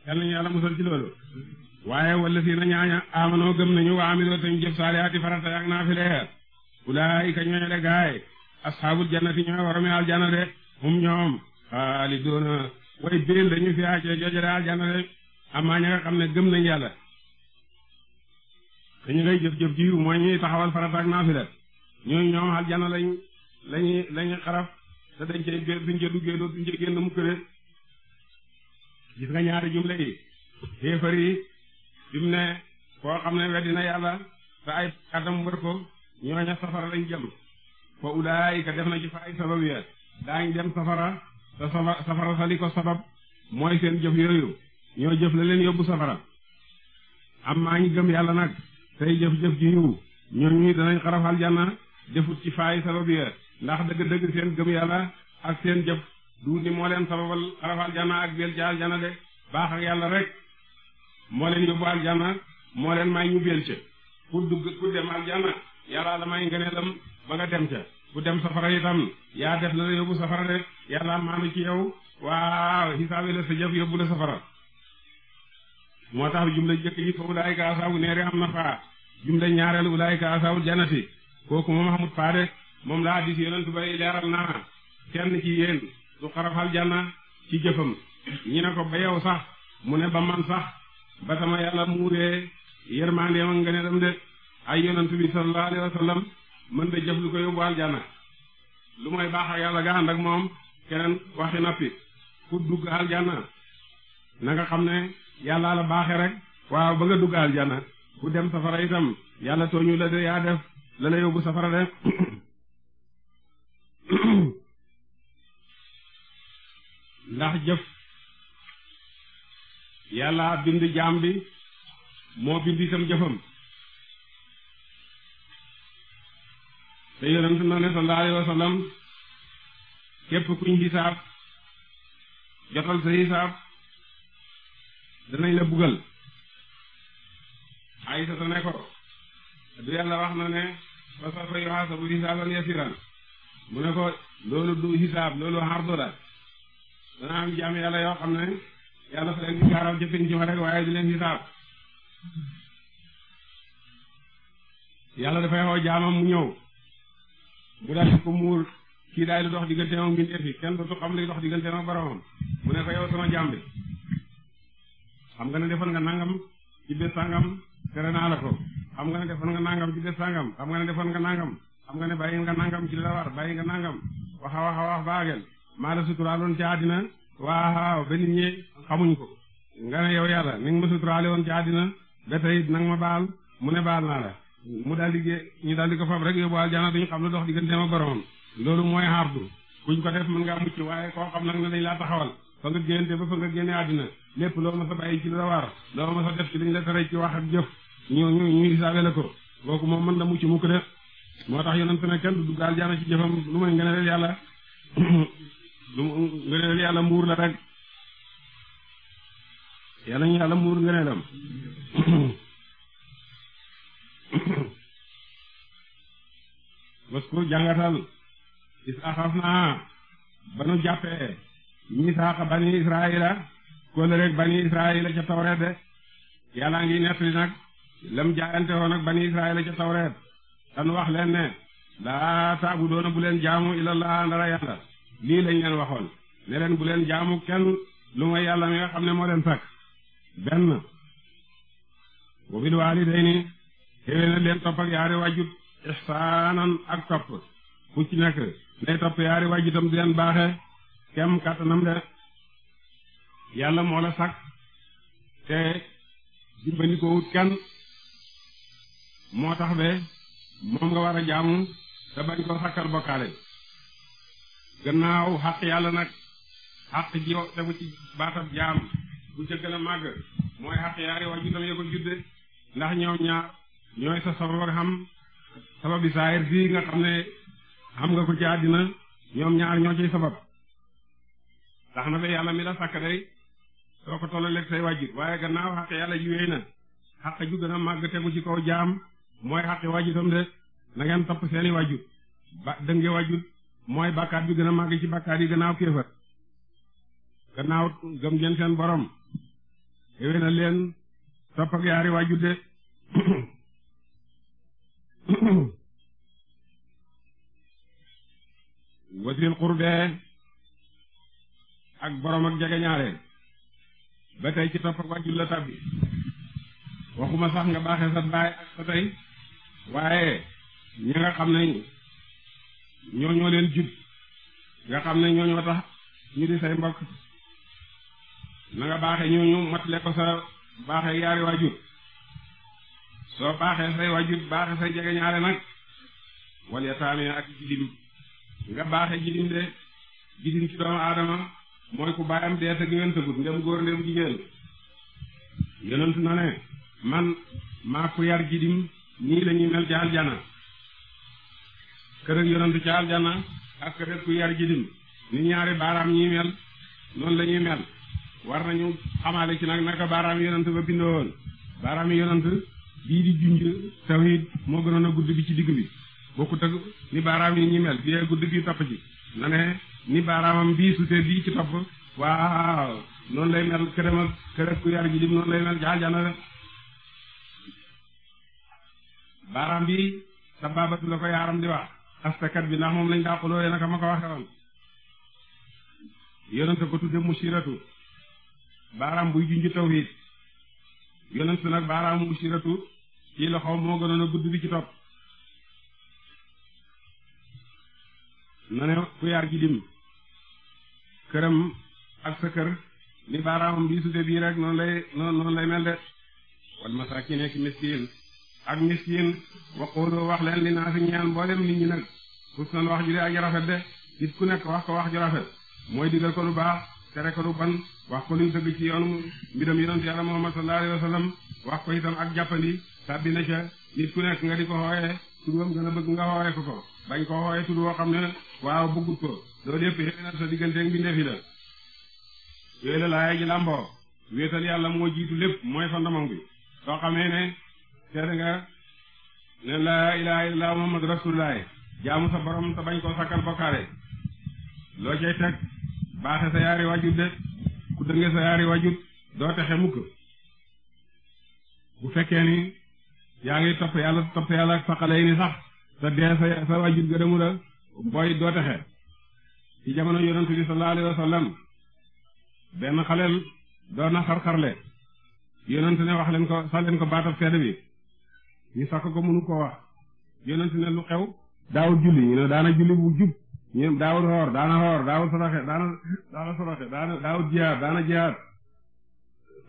yàlla ñu yàlla musal ci loolu waaye wala fii na ñaaña amanoo gëm nañu wa amiloo tañ jëf saalihaati farata yaag naafile ulaayika ñooñu de gaay asxaabul jannati ñooy waromi aljanna de hum ñoom xaalidoona way béel dañu fi aacee joojale aljanna de amaa nga xam ne gëm nañ yàlla dañu ngay jëf-jëf ji mooy ñuy taxawal farata ak naafile ñooñu ñoom aljana lañ lañuy lañuy xaraf te dañ cay bé duñ ca duggee doo duñ ca génn mukk de gis nga ñaari jumle yi xéefar yi jum ne koo xam ne weddi na yàlla te ay atam wër ko ñooña safara lañ jëm fa ulaayika def na ci fa ay sabab ya daañ dem safara te safara sa li ko sabab mooy seen jëf yooyu ñoo jëf le leen yóbbu safara am maa gëm yàlla nag tey jëf-jëf ji yiw ñooñu danañ xaraf aljana defut ci faay sabab ya ndax dëgg-dëgg seen gëm yàlla ak seen jëf du ni moo leen sababal xaraf aljana ak beel ca aljana de baax ak yàlla rek moo leen yóbbu aljana moo leen may ñu beel ca ku dugg ku dem aljana yàlla la may ba nga dem ca ku dem safara itam yaa def la la yóbbu safara de yàlla maanu ci yow waaw xisaabe la sa jëf yóbbu la safara moo tax jumla jëkk yi fa ulaayka asaabu neeri am na faa jumla ñaareel ulaayka asaabu kooku moom xamut faade moom laa di hadis yonent ba leeral naa kenn ci yéen du xarafal janna ci jëfam ñi ne ko ba yow sax mu ne ba man sax ba sama yàlla muuree yërmandeem ak ngëneelam de ay yonent bi sallallahu alayhi wa mën da jëf lu ko yóbbu aljanna lu mooy baax yàlla ga ànd ak moom keneen waxi nappi ku dugg aljanna na nga xam ne yàllaa baaxe rek waaw ba nga dugg aljanna ku dem safara itam yàlla tooñu de yaa def lana yóbbu safara de ndax jëf yàlla bind jaam bi moo bind itam jëfam te yonent na ne sallallahu alayhi képp kuñ xisaab jotal sa xisaab danañ la bugal ay sa ne ko du yàlla wax na ne fa sawfa yuhaasabu hisaaban yasiran mu ne ko loolu du hisaab loolu xardu la dana am jaam yàlla yoo xam ne yàlla fa leen di gaaral jëfin ci dafay xoo jaamam mu ñëw bu daal ko muur kii daay lu dox diggante moom mbindeef mu ne ko yow sama jaam bi xam nga ne defal nga nangam ci bés sangam tere naa la ko xam nga ne defoon nga nangam ci des sangam xam nga ne defoon nga nangam xam nga ne bàyyi nga nangam ci la war bàyyi nga nangam waxa waxa wax baagel maa la suturaaloon ci àddina waaw ba nit ñi xamuñ ko nga ne yow yàlla ni nga ma suturaale woon ci àddina ba tey it nanga ma baal mu ne baal naa la mu daal liggéey gé ñu daal di ko fab rek yóbbu aljana duñu xam lu dox digganteem ak boromam loolu mooy xardu kuñ ko def mën ngaa mucc waaye koo xam nag ne dañ laa taxawal fa nga génnte ba fa nga génne àddina lépp loo ma sa bàyyi ci la war loo ma sa ci liñ la tere ñëw ñëw ñu la ko kooku moom mën na mucc mukk de moo tax yonent ne kenn du dugg ci jëfam lu may ngëneel yàlla lu ngëneel yàlla mbuur la rek yàlla ñu yàlla mbuur ngëneelam bas ko jàngatal is axaf naa ba nu jàppee misaaqa bani israila kóllëreeg bani israila ca tawreet de yàlla ngi nettali nag lam jaayante woon ak bani israila ca tawreet tan wax leen ne laa taabu doona bu leen jaamu ilallaa ndara yàlla lii lañ leen waxoon ne leen bu leen jaamu kenn lu mooy yàlla mi nga xam ne moo leen sàkk benn wa bil waalidayni xéwé na leen topp ak yaari wàjjut ixsaanan ak topp ku ci nekk nay topp yaari wàjjutam di leen baaxe kem kàttanam de yàlla moo la sàkk te dimbali ko wut kenn moo tax be moom nga war a jaamu te bañ ko sàkkal bokkaale gannaaw xaq yàlla nag xaq ji tegu ci baatab jaam bu ca gën a màgg mooy xaq yaari wajuram ya ko judde ndax ñoom ñaar ñooy sa sabab ak xam sababi nga xam ne ñaar ñoo ciy sabab tax na ba yàlla mi la sàkk day soo ko tollaleeg say wajur waaye gannaaw xaq yàlla ji wéy na xaq ju gën a màgg tegu ci kaw jaam mooy xaqi waajuram de na ngeen topp seeni waajur ba dënge waajur mooy bàkkaat bi gën a màgg ci bàkkaat yi gannaaw kéefar gannaaw gëm ngeen seen borom xéwé na leen topp ak yaari waajur de wasil xurbee ak borom ak jege ñaare ba tey ci topp ak la tabbi waxuma sax nga baaxee sa baay ak sa tey waaye ñi nga xam ne ñoo leen jub nga xam ne ñoo ñoo tax ñu di say mbokk na nga baaxe ñooñu matale ko sa baaxe yaari waajur soo baaxee say waajur baaxe say jege ñaare nag wal yataame ak jidim nga baaxe jidim de jidim ci doomu aadama mooy ku baayam dee te gëwén tëgut ndem góor ndem jigéen yonentu na ne man maa ku yar jidim nii lañuy ñuy mel ca aljana kër ak yonantu ca aljana ak kër ak ku yar jidim ni ñaari baaraam ñuy mel noonu lañuy ñuy mel war nañu xamaale ci nag naka baraam yonant ba bindoo woon baaraam yonant moo gënoon a gudd ci digg bi bokkut ak yi ñuy mel bii gudd bii topp ci na ne ni baaraamam bii sutee bii ci topp waaw noonu lay mel këram ak kër ak ku yar jidim noonu lay mel ca aljana baaraam bi sa baabatu la ko yaaram di wax astakat bi ndax moom lañ daa xuloo naka ma ko waxe woon yonent ko tudde musiratu baaraam buy junj tawhid yonent nag baaraamu musiratu ci loxo moo gënoon a gudd bi ci topp na ne ku yaar gidim këram ak sa kër ni baaraamam bi sute bii rek noonu lay noonu lay mel de wal masaakin ak miskin ak miskin waqoodoo wax leen li naa fi ñeel mboolem nit ñi nag xusnan wax ju de aji rafet de nit ku nekk wax ko wax ju rafet mooy digal ko lu baax tere ko lu ban wax ko luñ dëgg ci yoonu mbiram yonent yàlla muhammad sallallahu alayhi wa sallam wax ko itam ak jàppali sàbbi na ca nit ku nekk nga di ko xooyee turam gën a bëgg nga xooyee ko ko bañ koo xooyee tur woo xam ne waaw bëggut ko loolu yëpp xëy na sa digganteeg mbindeef yi la yooyu laaya ji làmboo yàlla moo jiitu lépp mooy fondement bi seede nga ne laa ilaha illallah muhammadu rasulullah jaamu sa borom te bañ koo sakkal bokkaale loo cay teg baaxe sa yaari wajut de ku dënge sa yaari wajut doo texe mukk bu fekkee ni yaa ngi topp yàlla topp yàlla ak faqale yi ni sax te dee sa sa wajut gëdëmu la booy doo texe ci jamono yonent bi sallallahu alayhi wa sallam benn xaleel doon na xar-xarle yonent ne wax leen ko sax leen ko baatab seede bi ñu sàkk ko mënu koo wax yonent ne lu xew daawul julli ñu ne daana julli bu jub ñu daawul xoor daana xoor daawul soroxe daana daana soroxe daana daana jihaad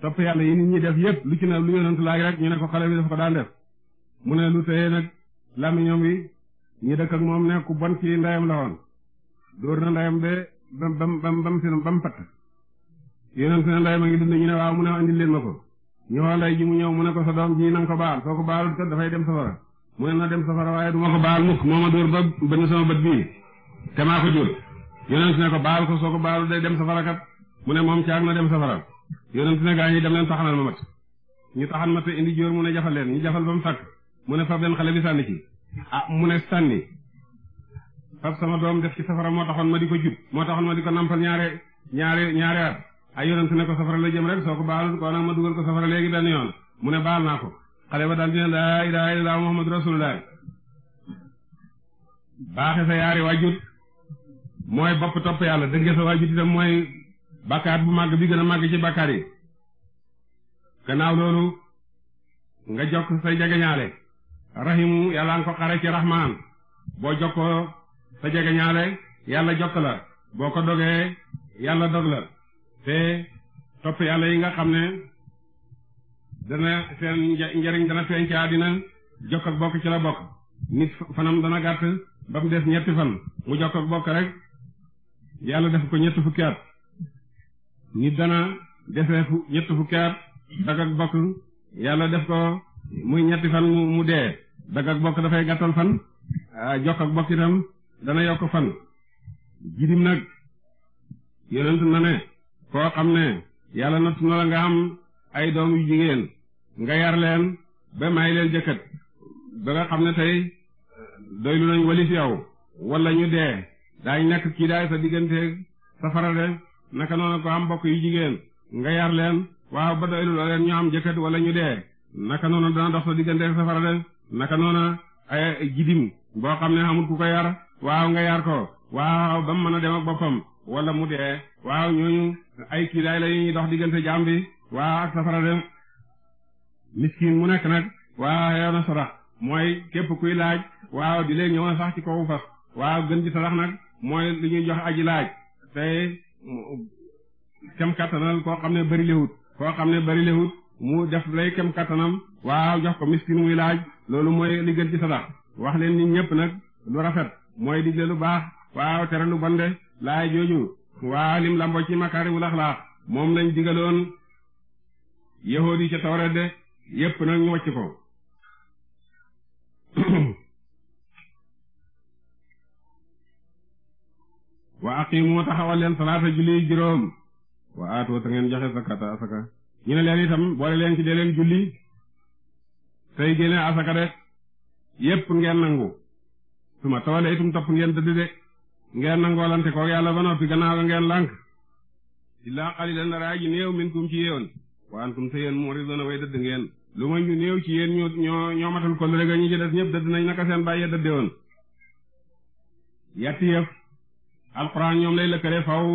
topp yàlla yi ni ñi def yépp lu ci na lu yonent laaj rek ñu ne ko xale bi daf daan def mu ne lu tëye nag làmmiñam wi ñu dëkk moom ne ku bon ci ndeyam la woon na ndeyam de bam bam bam bam si bam patt yonent ne ndeyam a ngi dund ñu waaw mu ne andil leen ma ko ñëwal lay ji mu ñëw mu ne ko sa doom ji na ko baal soo ko baalul dafay dem safara mu na dem safara waaye du ma ko baal mukk moo ma dóor ba bënn sama bët bii te maa ko jur yonent ne ko baal ko soo ko baalul day dem safara kat mu ne moom caag na dem safara yonent ne gaa ñi dem leen taxanal ma mat ñu taxan mat indi jóor mu ne jafal leen ñu jafal ba mu takk mu ne fab leen xale bi sànni ci ah mu ne sànni fab sama doom def ci safara moo taxoon ma di ko jub moo taxoon ma di ko nampal ñaare ñaare ñaare ay yonent ne ko safara la jëm rek soo ko baalul koo nag ma dugal ko safara léegi benn yoon mu ne baal naa ko xale ba daal di ne laa ilaaha illallaah muhammadu rasuulullaah baaxe sa yaari waajur mooy bopp topp yàlla dëgge sa waajur itam mooy bakkaar bu màgg bi gën a màgg ci bakkaar yi gannaaw loolu nga jokk sa jegeñaale rahimu yàlla nga ko xare ci rahmaan boo jokkoo sa jegeñaale yàlla jokk la boo ko dogee yàlla dog la te topp yàlla yi nga xam ne dana seen njariñ dana feeñ ci àddina jokk ak bokk ci la bokk nit fanam dana gàtt ba mu des ñetti fan mu jokk ak bokk rek yàlla def ko ñetti fukki at nit dana defee fu ñetti fukki at dagg ak bokk yàlla def ko muy ñetti fan mu dee dagg ak bokk dafay gàttal fan ah, jokk ak bokk itam dana yokk fan jirim nag yonent na ne koo xam ne yàlla nattu na nga am ay doom yu jigéen nga yar leen ba may leen jëkkët ba nga xam ne tey eh, doylu nañ walif yow wala ñu dee daañ nekk kii daay sa digganteeg safara de naka noonu ko am mbokk yu jigéen nga yar leen waaw ba doylu la leen ñu am jëkkët wala ñu dee naka noonu dana dox sa digganteeg safara de naka noonu ay gidim boo xam ne xamul ku ko yar waaw nga yar ko waaw ba mu mën a dem boppam wala mu dee waaw ñooñu ay kiidaay la ñuy dox diggante jaam bi waa ak safara dem miskin mu nekk nag waa yow na sarax mooy képp kuy laaj waaw di leen ñëw sax ci kaw fas waaw gën ci sarax nag mooy li ñuy jox aji laaj te kem kattanal koo xam ne bari lewut koo xam ne bari lewut mu def lay kem kattanam waaw jox ko miskin muy laaj loolu mooy li gën ci sadax wax leen nit ñëpp nag lu rafet mooy digle lu baax waaw tere lu bon de laay waa lim lamboo ci makaarimul axlaaq moom lañ digaloon yahood yi ca tawret de yépp nag ñu wàcc ko wa aqimu taxawal leen salaata julli juróom wa aatoo ta ngeen joxe sakata asaka ñu ne leen itam boole leen ci dee leen julli tey génne asaka de yépp ngeen nangu suma tawale itum topp ngeen dëdd de ngeen nangoolante koog yàlla ba noppi gannaaw ga ngeen lànk illaa qalilan dara aji néew minkum ci yéen wa antum te yéen muriduna way dëdd ngeen lu ma ñu néew ci yéen ñu ñoo ñoo matal ko léegi ñi ci des ñëpp dëdd nañ naka seen bàyyi dëdde woon yatti yëf alxuraan ñoom lay lëkkale faw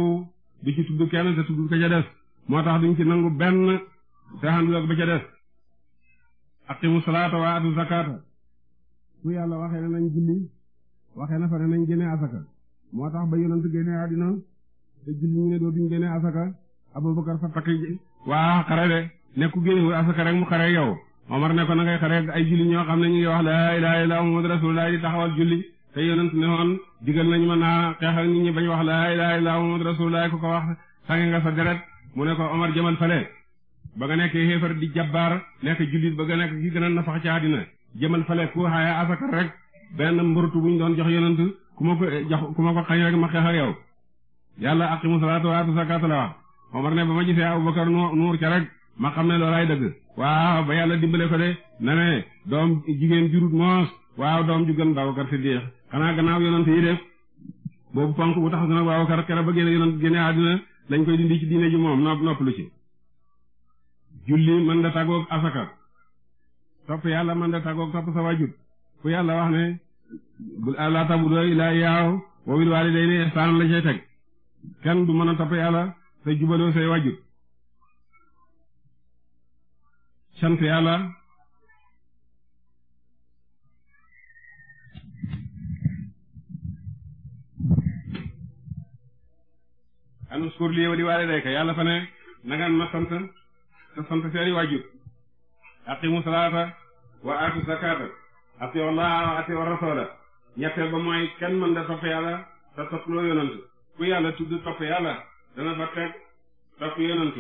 du ci tudd kenn te tudd ko ca des moo tax duñ ci nangu benn te xandu ak ba ca des aqimu salaata wa atu zakaata su yàlla waxee na nañ julli waxee ne nañ génne asaka moo tax ba yonent génne àddina te julli ñu ne dootuñu génne asaka Abubakar fa takk waa xare de nekku génnewul asaka rek mu xare yow Omar ne ko na ngay xare ay julli ñoo xam ne ñu ngi wax laa ilaaha illallaah Muhammadu rasuulullaah di taxawal julli te yonent ne woon digal nañu mën naa xeex ak nit ñi bañ wax la ilaaha illallaah Muhammadu rasuulullaah ku ko wax sange nga sa deret mu ne ko Omar jëmal fale ba nga nekkee xéefar di jabbaar nekk jullit ba nga nekk gi gën a nafax ci àddina jëmal fale ku xaaya asaka rek benn mburtu buñ doon jox yonent ku ma ko jox ku ma ko xañ rek ma xeex ak yow yàlla aqimu salaata wa aatu zakaata la wax Omar ne ba ma gisee Abubakar nuur ca rek ma xam ne loolaay dëgg waa ba yàlla dimbale ko de na doom jigéen jurut moos waaw doom ju gën Abubakar Siddiq xanaa gannaaw yonent yi def boobu ponk bu tax na Abubakar kera ba génne yonent génne àddina lañ koy dindi ci diine ji moom noppalu ci julli mën da tàggoog asaka topp yàlla mën da tàggoog topp sa wajur fu yàlla wax ne bu laa ta'budu illaa iyyaahu wa bil waalidayni ihsaanan la cay teg kenn du mën a topp yàlla te jubaloo say wajur sant yàlla an uskur lii wa li waalidayka yàlla fa ne na ngeen ma sant te sant seeni wajur aqimu salaata wa aatu zakaata atiyu Allah wa atiyu ñetteel ba mooy kenn mën da topp yàlla te topp loo yonent ku yàlla tudd topp yàlla dana fa teg topp yonent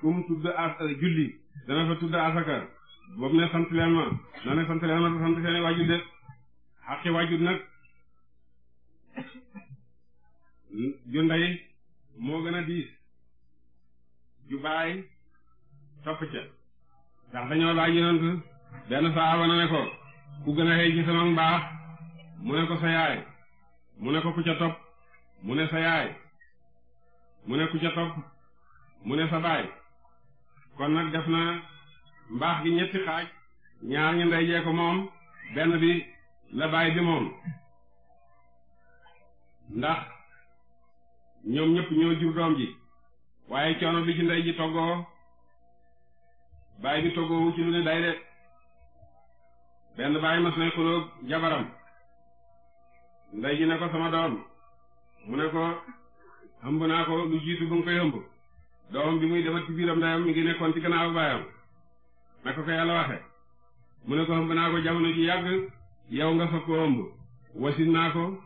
ku tudd eh, julli dana fa tudd asaka boobu ne sant leen na ne sant leen sant seeni waajur de xaqi waajur nag hmm? ju ndey moo gën a diis ju baay topp ca ndax dañoo laaj yonent benn saaba na ne ko ku gën a xëy ci sama mbaax mu ne ko sa yaay mu ne ko ku topp mu ne sa yaay mu ne ku topp mu ne sa baay kon nag def na mbaax gi ñetti xaaj ñaar ñu ndey ko moom benn bi la baay bi moom ndax ñoom ñëpp ñoo jur doom ji waaye coono bi ci ndey toggoo baay bi toggoowu ci lu ne day de benn bàyyi mas nay xulóog jabaram ndey ji ne sama doom mu ne ko ëmb naa ko lu jiitu ba nga koy ëmb doomam bi muy defar ci biiram ndeyam mi ngi nekkoon ci gannaaw baayam naka ko yàlla waxe mu ne ko naa ko jamono ji yàgg yow nga soog koo ëmb wasin naa ko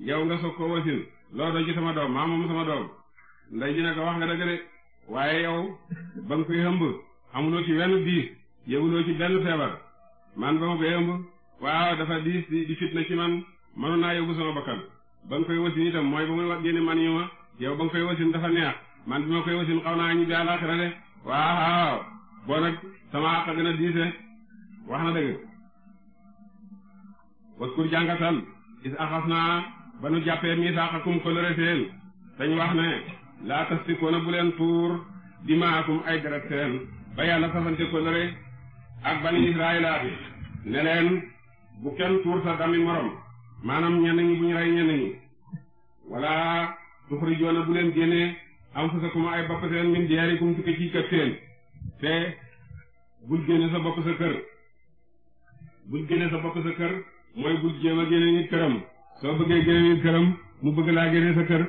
yow nga soog koo wasin loo doon ci sama doom maa moom sama doom ndey ji ne wax nga dëgg de waaye yow ba nga koy ëmb amuloo ci wenn diis yëguloo ci benn feebar man ba ma koy ëmb waaw dafa diis di fitna ci man mënu naa yóbbu sama bakkan ba nga koy wasin itam mooy ba muy génne man yu ma yow ba nga koy wasin dafa neex man bi ma koy wasin xaw naa ñu bi àllaaxira de waaw boo nag sama àq gën a diise wax na dëgg waskur jàngatal is axas naa ba nu jàppee misaaxakum koloreteel dañ wax ne laa tasfikoona bu leen tuur dimaakum ay deret seen ba yàlla safante kolore ak bani israila bi ne leen bu kenn tuur sa dami morom maanaam ñenn ñi bu ñu rey ñenn ñi wala tuxrijoona bu leen génnee am fa sa kuma ay bopp seen min diyaari kum tukki ci kër seen te bul génne sa bopp sa kër bul génne sa bopp sa kër mooy bul jéem a nit këram soo bëggee génne nit këram mu bëgg laa génne sa kër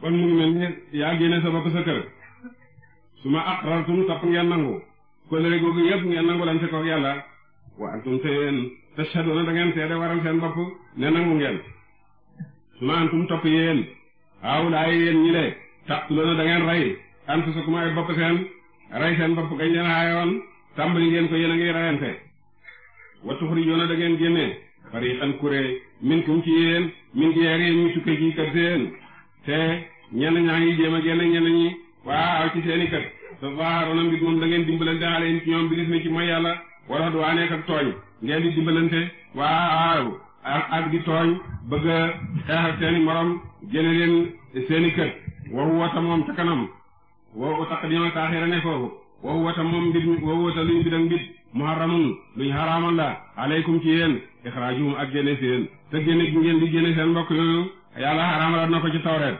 kon mu ngi mel yaa génne sa bopp sa kër su ma aqrartum tapp ngeen nangu kóllëre googu yëpp ngeen nangulante ko yàlla wa antum te yéen tashhaduna da ngeen seede waral seen bopp ne nangu ngeen su ma antum topp yéen awlaay yéen ñi le taqtuluna da ngeen rey anfusakum ay bopp seen rey seen bopp gañ leen aayoon tàmbali ngeen ko yéen a ngi reyante wa tuxrijuna da ngeen génne fariqan kuré minkum ci yéen min diyarihim ñu tukke ci kër seen te ñenn ñaa ngi jéem a génne ñenn ñi ci seeni kër tazaaharuuna mbir moom da ngeen dimbalante alayhim ci ñoom bi gis ne ci mooy yàlla wala du waa nekk ak tooñ ngeen di dimbalante waaw ak di tooñ bëgg a xeex ak seen i morom génne leen seen i kër waxu wata moom ca kanam waxu taq di ñoo taaxira ne foofu waxu wata moom mbir mi waxu wata luy mbir ak mbir muharramun aleykum ci yéen ixraajuhum ak génne seen te génne gi ngeen di génne seen mbokk yooyu yàlla xaraamal na ko ci tawreet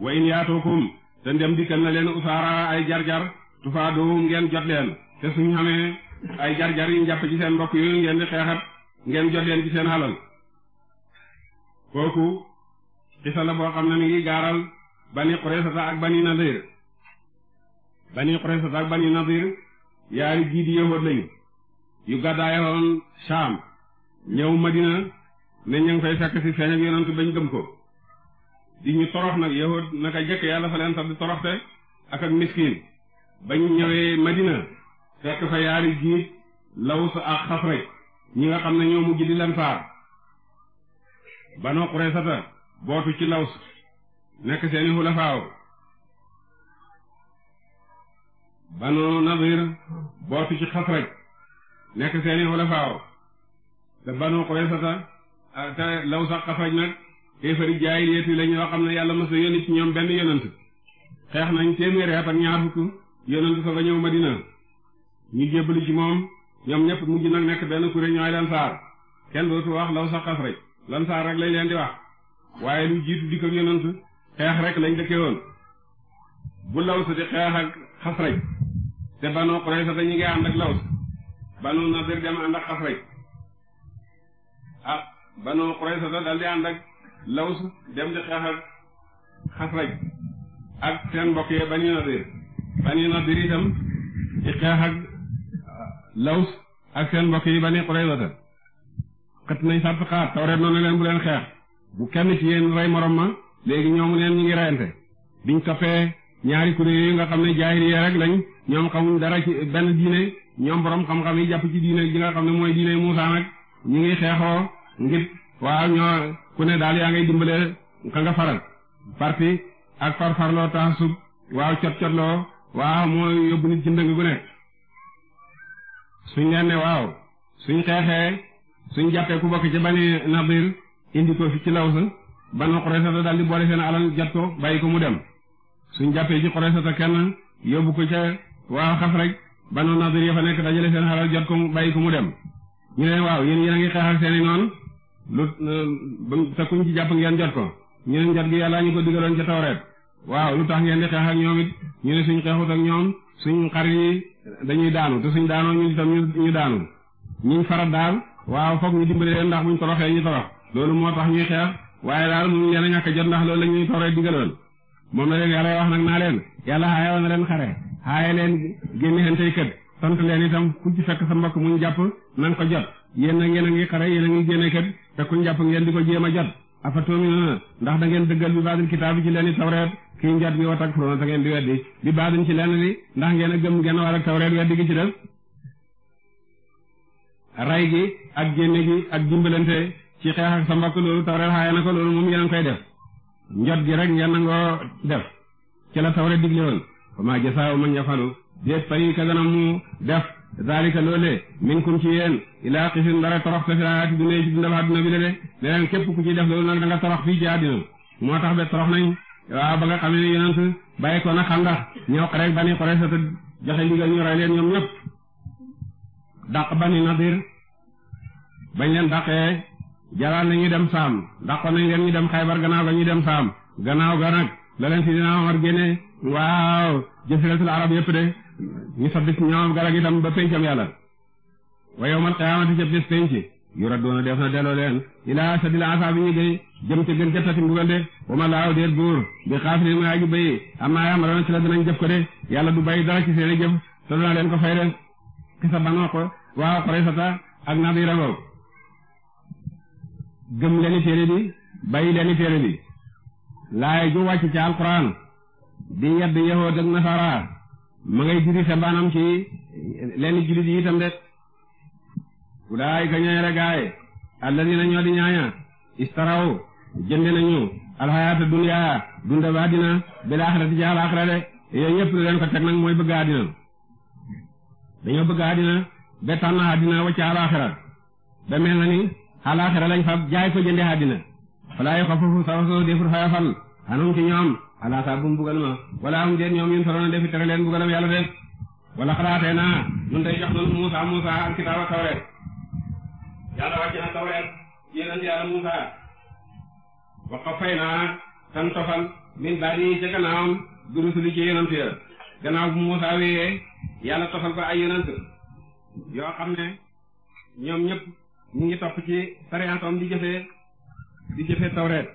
wa in yaatookum te dem dikkal na leen usaara ay jarjar tufaa doowum ngeen jot leen te suñu xamee ay jarjar yu njàpp ci seen mbokk yooyu ngeen di xeexat ngeen jot leen ci seen xalal kooku xisa la boo xam ne mi ngi gaaral bani Quraysata ak bani Nadir bani Quraysata ak bani Nadir yaari jiidi yëhoot lañu yu gàddaayoon Saam ñëw Madina ne ñu ngi fay fekk ci feeñ ak yonent gëm ko di ñu torox nag yahud naka jëkk yàlla fa leen sax di toroxte ak ak miskin ba ñu ñëwee madina fekk fa yaari jiit lawus ak xasraj ñi nga xam ne ñoo mujj di leen faar banu Quraysata bootu ci laws nekk seeni xulafaaw banu Nadir bootu ci xasraj nekk seeni xulafaaw te banu Quraysata te laws ak xasraj nag kéefari jaahiliyat yi la ñoo xam ne yàlla mos a yónni ci ñoom benn yonent xeex nañ téeméeri at ak ñaar fukk yonent soo ko ñëw Madina ñu jébbali ci moom ñoom ñëpp mujj nag nekk benn kuréel ñooy lansaar kenn dootu wax law sax xas rek lansaar rek lañ leen di wax waaye lu jiitu dikk ak yonent xeex rek lañ dëkkee woon bu law sa di xeex ak xas rek te Banu Qurayza dañu ngi ànd ak law Banu Nadir dem ànd ak xas rek ah Banu Qurayza daal di ànd ak laws dem di xeex ak xasraj ak seen mbokk yee bani nadir na nadir itam di xeex ak ah, laws ak seen mbokk yi bani quraydata xët nañ sàtt xaar tawreet noonu leen bu leen xeex bu kenn ci yéen rey morom ma léegi ñoomu neen ñu ngi reyante biñ toppee ñaari kuréel yi nga xam ne jaahiliya rek lañ ñoom xamuñ dara ci benn diine ñoom borom xam-xam yi jàpp ci diine gi nga xam ne mooy diine Muusaa nag ñu ngi xeexoo ngir waaw ñoo ku ne daal yaa ngay dimbale ka nga faral parti ak farfarloo taxasub waaw cot cotloo waaw mooy yóbbu nit ci ndëng gu ne suñ leen waaw suñ xeexee suñ jàppee ku bokk ci bani nadir indi ko fi ci law sa banu xorasata daal di boole seen alal jot ko bàyyi ko mu dem suñ jàppee ji xorasata kenn yóbbu ko ca waaw xaf rek banu nadir ya fa nekk dajale seen alal jot ko bàyyi ko mu dem ñu ne waaw yéen yéen a ngi xeex ak seeni noonu lu ba takkuñ ci jàpp ngeen jot ko ñu ne njot gi yàllaa ñu ko digaloon ca tawreet waaw lu tax ngeen di xeex ak ñoom it ñu ne suñ xeexut ak ñoom suñ xar yi dañuy daanu te suñ daanoo ñun itam ñu daanu ñuñ farat daan waaw foog ñu dimbali leen ndax buñ toroxee ñu torox loolu moo tax ñuy xeex waaye daal ya leen a ñàkk jot ndax loolu la ñuy tawreet digaloon moom la leen yàlla wax nag naa leen yàlla xaayoo na leen xare xaaye leen génne xen tey kët sant leen itam ku ci fekk sa mbokk muñ jàpp na nga ko jot yéen na ngeen a ngi xare yéen a ngi génne kët te ku njàpp ngeen di ko jéem a jot afatuuminuuna ndax da ngeen dëggal bi baadil kitaabi ci leeni tawreet kii njat bi wa takfuruuna te ngeen di weddi bi baadin ci leen li ndax ngeen a gëm ngeen war ak tawreet weddi gi ci def ray gi ak génne gi ak dimbalante ci xeex ak sa mbokk loolu tawreet xaaye na ko loolu moom ngeen koy def njot gi rek ngeen nangoo def ci la tawreet digle woon fa maa jasaaw man yafalu déet fay ka mu def dalika loolee minkum ci yéen ilaa xisin dara torox te filaati dune ci dundal àdduna bi de de leneen képp ku ci def loolu nag da nga torox fii ci àddina moo tax ba torox na waaw ba nga xamee ne yonent bàyyi ko na xam ndax ñëw rek bani xore sa te joxe ndigal ñu rey leen ñoom ñëpp dàq bani nadir bañ leen dàqee jalaan na ñu dem saam dàqoon nañ leen ñu dem xaybar gannaaw ga ñu dem saam gannaaw ga nag la leen si dina Omar génne waaw jësiratul arab yëpp de ñu sabbis ñoom garab itam ba pencam yàlla wa yawmal qiyaamati ca bés penc yu raddoona def na delloo leen ilaa asadil asaabi ñu gëy jëm ca gën ca tati de wa ma laaw déet buur bi xaafilin ma aji bay amma yamaroon ci la danañ jëf ko de yàlla du bàyyi dara ci seeni jëf te dana leen ko fay de kisa banoo ko waaw Quraysata ak Nadiira ngo gëm leeni téere bi bàyyi leeni téere bi laay ju wàcc ca alquran di yedd yahood ak ma ngay diri xembaanam ci lenn jullit yi itam de ulaay ka ñooy ragaay alladina ñoo di ñaaña istaraw jënde nañu a dunyaa dunda ba dina bil axirati ci alaxira de yooyu ñëp lu ko teg nag mooy bëgg àddina dañoo bëgg àddina ba tànn àddina wacca alaxira ba mel na ni alaxira lañ fa jaay ko jënde àddina falaa yi ko foofu defur fayafal xanum ci ñoom alaasa bu mu bugal ma wala am ngeen ñoom yéen faroon defi tere leen bugalam yàlla de wala xalaatee naa ñun tey jox nañu Moussa Moussa al kitaaba tawreet yàlla wàcc na tawreet yéenant yàlla Moussa wa xafay naa tan tofal min ba'di ca gannaawam bi rusuli ci yéenant ya gannaaw bu Moussa wéyee yàlla tofal ko ay yéenant yoo xam ne ñoom ñëpp ñu ngi topp ci sariyaatoom di jëfee di jëfee tawreet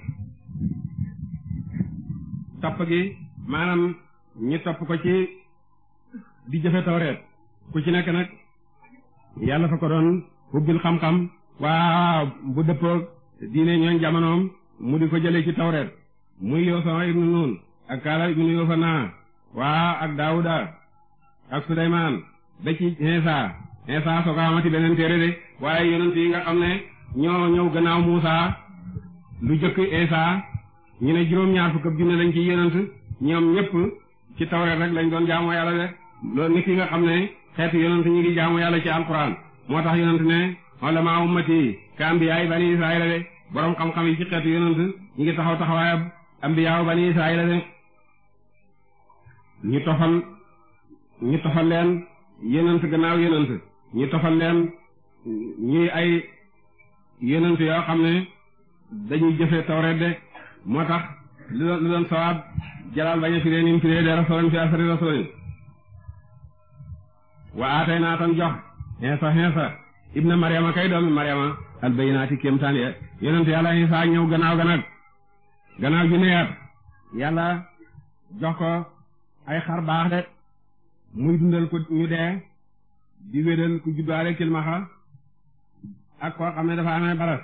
topp gi maanaam ñu topp ko ci di jëfe tawreet ku ci nekk nag yàlla fa ko doon ubbil xam-xam waaw bu dëppoog diine ñooñ jamonoom mu di ko jëlee ci tawreet muy yoosa ibnu nun ak kaala ibnu yoofa naa waa ak daawuda ak suleymaan ba ci insa insa soo ko amati beneen téere de waaye yonent yi nga xam ne ñoo ñëw gannaaw muusa lu jëkk insa ñu ne juróom-ñaar fukk ak junne lañ ci yonent ñoom ñëpp ci tawreet rek lañ doon jaamu yàlla de loolu nit ki nga xam ne xeetu yonent ñu ngi jaamu yàlla ci alquran moo tax yonent ne ulama ummati ka ambiyaay bani israila de borom xam-xam yi ci xeetu yonent ñu ngi taxaw taxawaayab ambiyaaw bani israila de ñu tofal ñu tofal leen yonent gannaaw yonent ñu tofal leen ñuy ay yonent yoo xam ne dañuy jëfe tawreet de moo tax lu doon sawaab jalaal bañ a firee ni mu firee de rasulin fi asari rasulin wa aatay naa tan jox xeesa xeesa ibna mariama kay doomi mariama albayinaati kéemtaan ya yonent yàlla Isaa ñëw gannaaw ganag gannaaw yàlla jox ko ay xar baax de muy dundal ko ñu dee di wédal ku juddaale kilmaxa ak koo xam ne dafa amee baras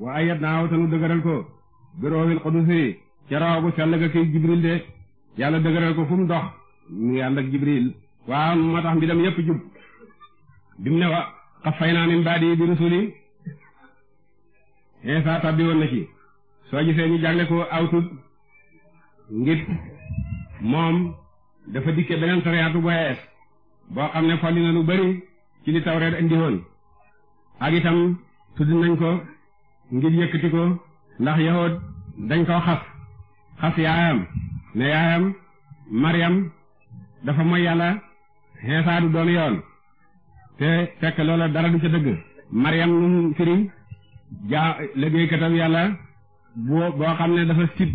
wa ayat naaw tanu dëgëral ko biroowil qudusi ca raw bu sell ga jibril de yàlla dëgëral ko fu mu dox mu ànd ak jibril waaw moo tax mbiram yépp jub bi mu ne wa xafaynaa min baadi bi rusuli Iisaa tàbbi woon na ci soo gisee ñu jàngle ko awtud ngir moom dafa dikke beneen sariyaatu bu xees boo xam ne folli na lu bari ci li tawreet indi woon ak itam tudd nañ ko ngir yëkkati ko ndax yahud dañ koo xas xas yaayam ne yaayam Mariam dafa mooy yàlla xeesaa du yoon te fekk loola dara du ca dëgg Mariam num firi jaa liggéeykatam yàlla boo boo xam ne dafa sib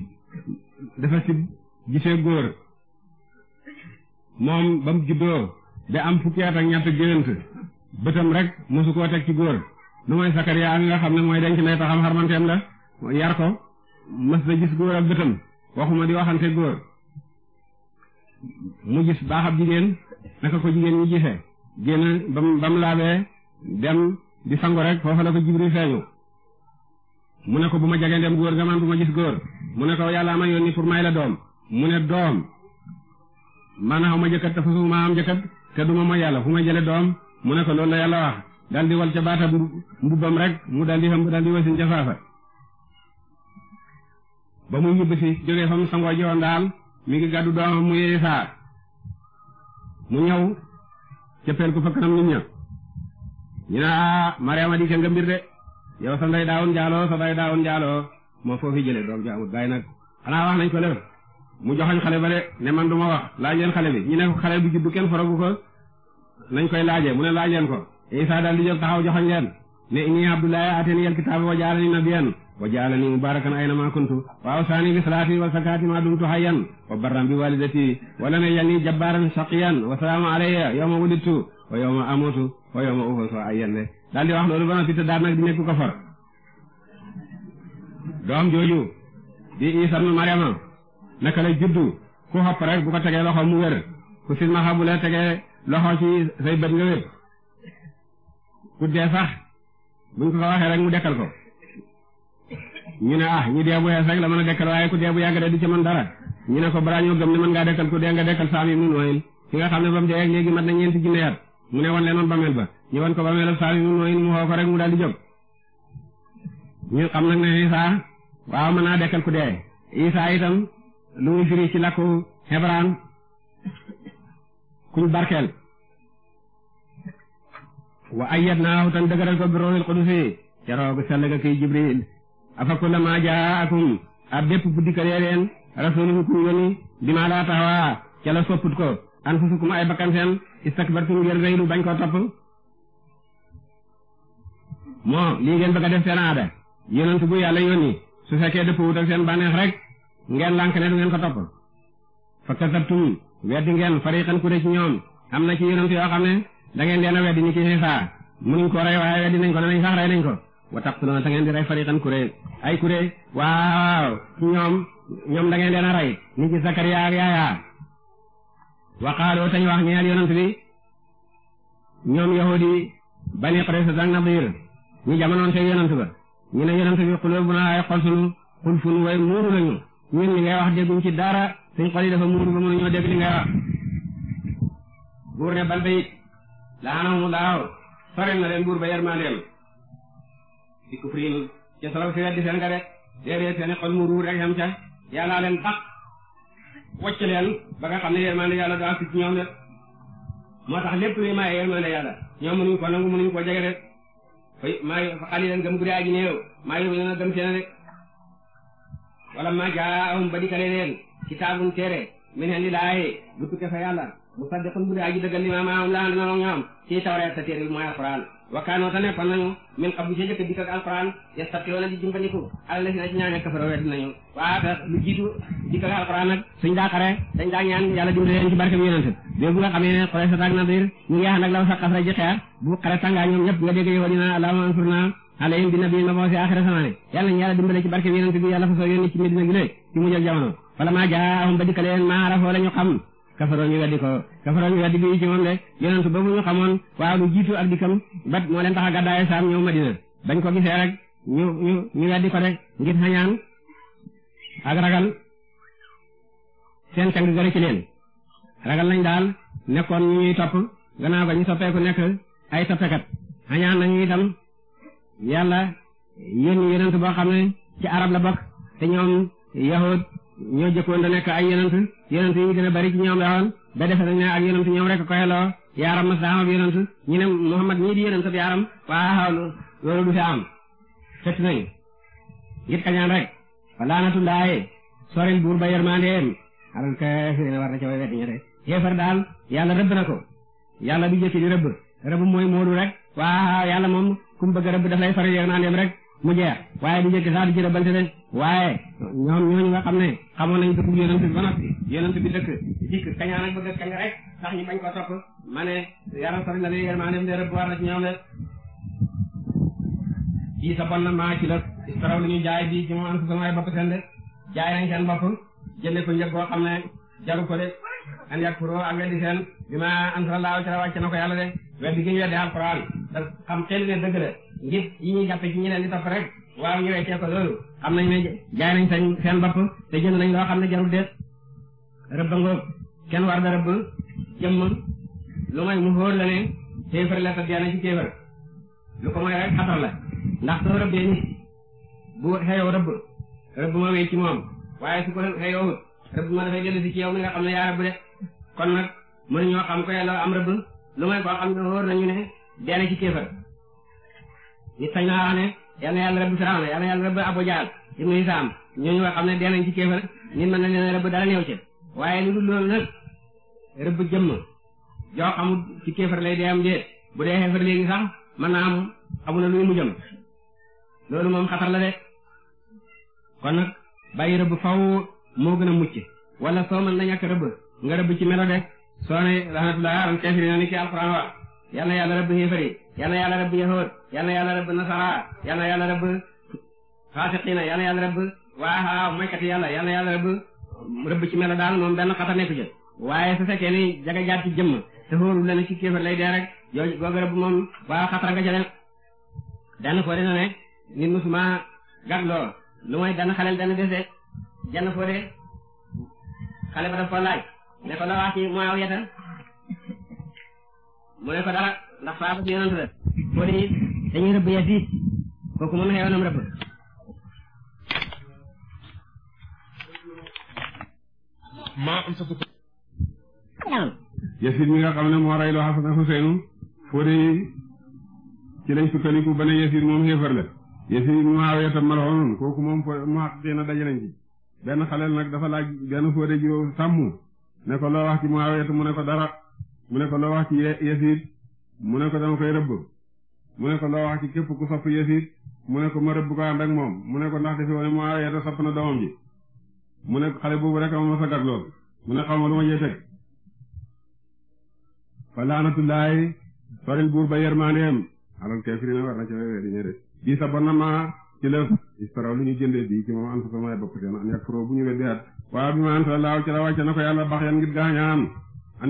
dafa sib gisee góor moom ba mu juddoo da am fukki at ak ñett bëtam rek mosu koo teg ci góor lu mooy Sakariya nga xam ne mooy denc nday taxam xarmanteem la yar ko mës na gis góor ak bëtam waxuma di waxante góor mu gis baaxab jigéen naka ko jigéen ñi gisee génn ba mu ba mu laabee di sangu rek foofa la ko jibril feeñu mu ne ko bu ma jege dem góor nga man bu ma gis góor mu ne ko yàlla ma yónni pour ma la doom mu ne doom maanaam ma jëkkat te fasu ma am jëkkat te duma mooy yàlla fu ma jële doom mu ne ko loolu la yàlla wax daldi wal ca baata mbubbam rek mu daldi xam daldi di ca faafa ba muy ñibbisi jógee fa mu sangoo ji woon daal mi ngi gàddu doomam mu yeesaa mu ñëw cëppeel ko fa kanam nit ña ñu ne ah di nga mbir de yow sa nday daawoon jaaloo sa nday daawoon jaaloo moo foofu jëlee doom ju amut bàyyi nag xanaa wax nañ ko lépp mu joxoñ xale ba de ne man du ma wax laaj leen xale bi ñu ne xale bu juddu kenn forogu ko nañ koy laajee mu ne laaj leen ko Isa daal di jóg taxaw joxoñ leen ne inni Abdullahi atani al kitaaba wa jaalani nabiyyan wa jaalani mubarakan ayna ma kuntu wa awsaani bi salaati wa zakaati ma dumtu hayyan wa barran bi walidati wa lam yaj'alni jabbaran shaqiyan wa salaamu alayya yawma wulidtu wa yawma amutu wa yawma ubasu hayyan de daal di wax loolu ba noppi te daal di nekk ko doom jooju di Isa ibn Maryama naka la juddu ku xopp rek bu ko tegee loxo mu wér ku silmaxa bu la tegee loxo ci say bët nga wér ku dee sax buñ ko ko rek mu dekkal ko ñu ne ah ñu dee bu la mën a dekkal waaye ku dee bu yàgg de du dara ñu ne ko balaa ñu gëm ne mën ngaa dekkal ku dee nga dekkal saam yi mu nooyin ki nga xam ne ba mu dee léegi mat na ñeenti junne yar mu ne wan leen woon bameel ba ñu wan ko bameel saam yi mu nooyin mu xoo ko rek mu daal ñu xam nag ne Isa waaw mën naa dekkal ku dee Isa itam lu muy firi ci làkku hebraan kuñ barkeel wa ayyadnaahu tan dëgëral ko bi ruuhil qudus yi keroog sell ga kii afa kullamaa jaakum ab bépp bu dikkalee leen rasuulun kum yónni bimaa laa taxawaa ca la sopput ko anfusukum ay bakkan seen istakbartum ngir rëylu bañ koo topp moo lii ngeen bëgg a def seen aada yonent bu yàlla yónni su fekkee dëpp wutal seen bànneex rek ngeen lànk ne du ngeen ko topp fa kasabtum weddi ngeen fariqan ku ci ñoom am na ci yonent yoo xam ne da leen a weddi ni ki Iisaa munuñ ko rey waaye weddi nañ ko ne nañ sax rey nañ ko wa taqtuluuna da ngeen di rey fariqan kuréel ay kuréel waaw ci ñoom ñoom da ngeen leen a rey ni ci Sakariya ak Yaaya wa qaaloo tañ wax ñeel yonent bi ñoom yahudi bani Qurayza ak Nadiir ñu jamonoon tey yonent ba ñu ne yonent bi quluubunaa ay xol sunu xulfun way muuru lañu ñun li ngay wax dégguñ ci dara suñ xol yi dafa muuru ba mënuñoo dégg li ngay wax buur ne bal bayit laanahumullahu soril na leen buur ba yermandeem di kufrin ca solo si weddi seen nga rek déedéet seen mu ruur rek ca yàllaa leen tax wacc ne yërmande yàlla daa si ci ñoom de moo tax lépp luy maye yërmande yàlla ñoom mënuñ ko nangu mënuñ koo jege de fay fa xali leen gëm aji néew maa yobu leen a gëm rek wala ma jaahum ba dikale leen kitaabun téere min indillaahi bu tukke fa yàlla bu saddiqun guddi aji dëggal li ma maahum laa li ma ñoom ci tawreet sa téere bi wakaanoo tane fan nañu min xab bu ca jëkk dikk ak alquran yastaqyoona di jumbandiku alala si na ci ñaane kafaro wedd nañu waa te lu jiitu dikk ak alquran nag suñ daa xare dañ daa ñaan yàlla ci barke bi yonent boobu nga xamee ne xore sa taag na biir ñu ngi ànd ak sa xasra ji xeer bu xare tàngaa ñoom ñëpp nga dégg yow dina allahumma ansurna alayhim bi ma boo si axira samaane yàlla nañu yàlla dimbale barke bi yonent bi yàlla fa ba dikkaleen maa arafoo la kafaroo ñu weddi ko kafaroo ñu weddi bi ci moom de yonent ba mu ñu xamoon waaw lu jiitu ak dikkam bat moo leen tax a gàddaaye saam ñëw Madina bañ ko gisee rek ñu ñu ñu weddi ko de ngir xañaan ak ragal seen sang gëre ci leen ragal nañ daal nekkoon ñu ñuy topp gannaaw ba ñu soppeeku nekk ay toppekat xañaan nañu itam yàlla yónni yonent boo xam ne ci arab la bokk te ñoom yahud ñoo jëkkoon da nekk ay yonent yonent yi gën a bari ci ñoom la woon ba defe nañ ne ak yonent ko xeloo yaaram mas daa am ab yonent ñu ne Muhammad ñii di yonent ab yaaram waaw loolu du fi am fett nañu ngir kañaan rek walaana tundaaye soril buur ba yërmandeem alal kaafirina war na ca wet ña de yéefar daal yàlla rëbb na ko yàlla du di rëbb rëbb mooy moodu rek waaw yàlla moom ku mu bëgg a rëbb daf lay faral yërmandeem rek mu jeex waaye du njëkk sax di jërëbante leen waaye ñoom ñooñu nga xam ne xamoon nañu dëkk yonent bi ba noppi yonent bi dëkk dikk kañaan ak bëgg kañ rek tax ñu bañ ko topp ma ne yàlla sori na leen yërmaandeem de rëbb war na ci ñoom de ci sa na maa ci la taraw lu ñu jaay bi ci moom am sama ay seen de jaay nañ seen bopp jënde ko njëg boo xam ne jaru ko de an yakfuroo ak weddi seen bi ma ansala laaw ci la wàcc na ko yàlla de weddi gi ñu ngir yi ñuy jàppe ci ñeneen di topp rek waaw ñu weccee ko loolu am nañ ne jaay nañ seen seen te jënd nañ loo xam ne jarul deet rëbb ngoog kenn war da rëbb jëmm lu may mu xóor la ne kéefar la te dee na ci kéefar lu ko mooy rek xatar la ndax soo rëbbee bu xeyoo rëbb rëbb ma wéy ci moom waaye su ko xeyoowut rëbb ma dafay dellu si ci yow mi nga xam ne yaa rëbb de kon nag mënuñoo xam ko yàlla am rëbb lu may koo xam ne xóor nañu ne dee na ci kéefar nit sañ naa wax ne yal na yàlla rëbb Firawna yal na yàlla rëbb Abu Jahl ibnu Hisaam ñooñu nga xam ne dee ci kéefar nit mën na leen rëbb dara néew ci waaye lu dul loolu nag rëbb jëmm joo xamul ci kéefar lay dee am déet bu dee xeefar léegi sax mën naa am xamul luy mu jëm loolu moom xatar la de kon nag bàyyi rëbb faw moo gën a mucc wala soo mën na ñàkk rëbb nga rëbb ci melo de soo ne rahmatullah alam kafirina ni ki alquran wax yal na yàlla rëbb xeefar yi yàlla yàlla rëbb yahood yàlla yàlla rëbb nasara yàlla yàlla rëbb faasiqiina yàlla yàlla rëbb waaw moykati yàlla yàlla yàlla rëbb rëbb ci melo daal moom benn xata nekku ca waaye su fekkee ni jaga jaat ci jëmm te xóorul la ci kéefar lay dee rek yooyu googu rëbb moom waaw xatara nga ca benn foo de na ne nit musuma gagloo lu mooy benn xaleel benn dese jenn foo de xale ba daf ko laaj ko la wax ci mooy aw yeta mu ko dara ndax Yasiid mi nga xam ne moo rey loo Xasan ak Xuseynu foo de ci lañ sukkandiku ba ne Yasiid moom xéefar la Yasiid Muawiya tam malxoon kooku moom mu xaq dina daje nañ ci benn xaleel nag dafa laaj benn foo de jiw sàmm ne wax ci mu ne ko dara mu ne ko wax ci Yasiid mu ne ko dama koy rëbb mu ne ko loo wax ci képp ku sopp Yasiid mu ne ko ma rëbb ko ànd ak moom mu ne ko ndax defe woon mu Muawiya sopp na doomam ji mu ne xale boobu rek ama ma sa gag mu ne xawma lu ma jee teg fa laanatullaahi soril buur ba yermandeem alal a war na ci wee di ñëre bii sa bon na ma ci lëf lu ñu jëndee bii ci moom an sa samay bopp teen an yakfuroo bu ñu weddi at waaw bi ma an sa laaw ci la wàcce na yàlla bax yan ngir gaañaan na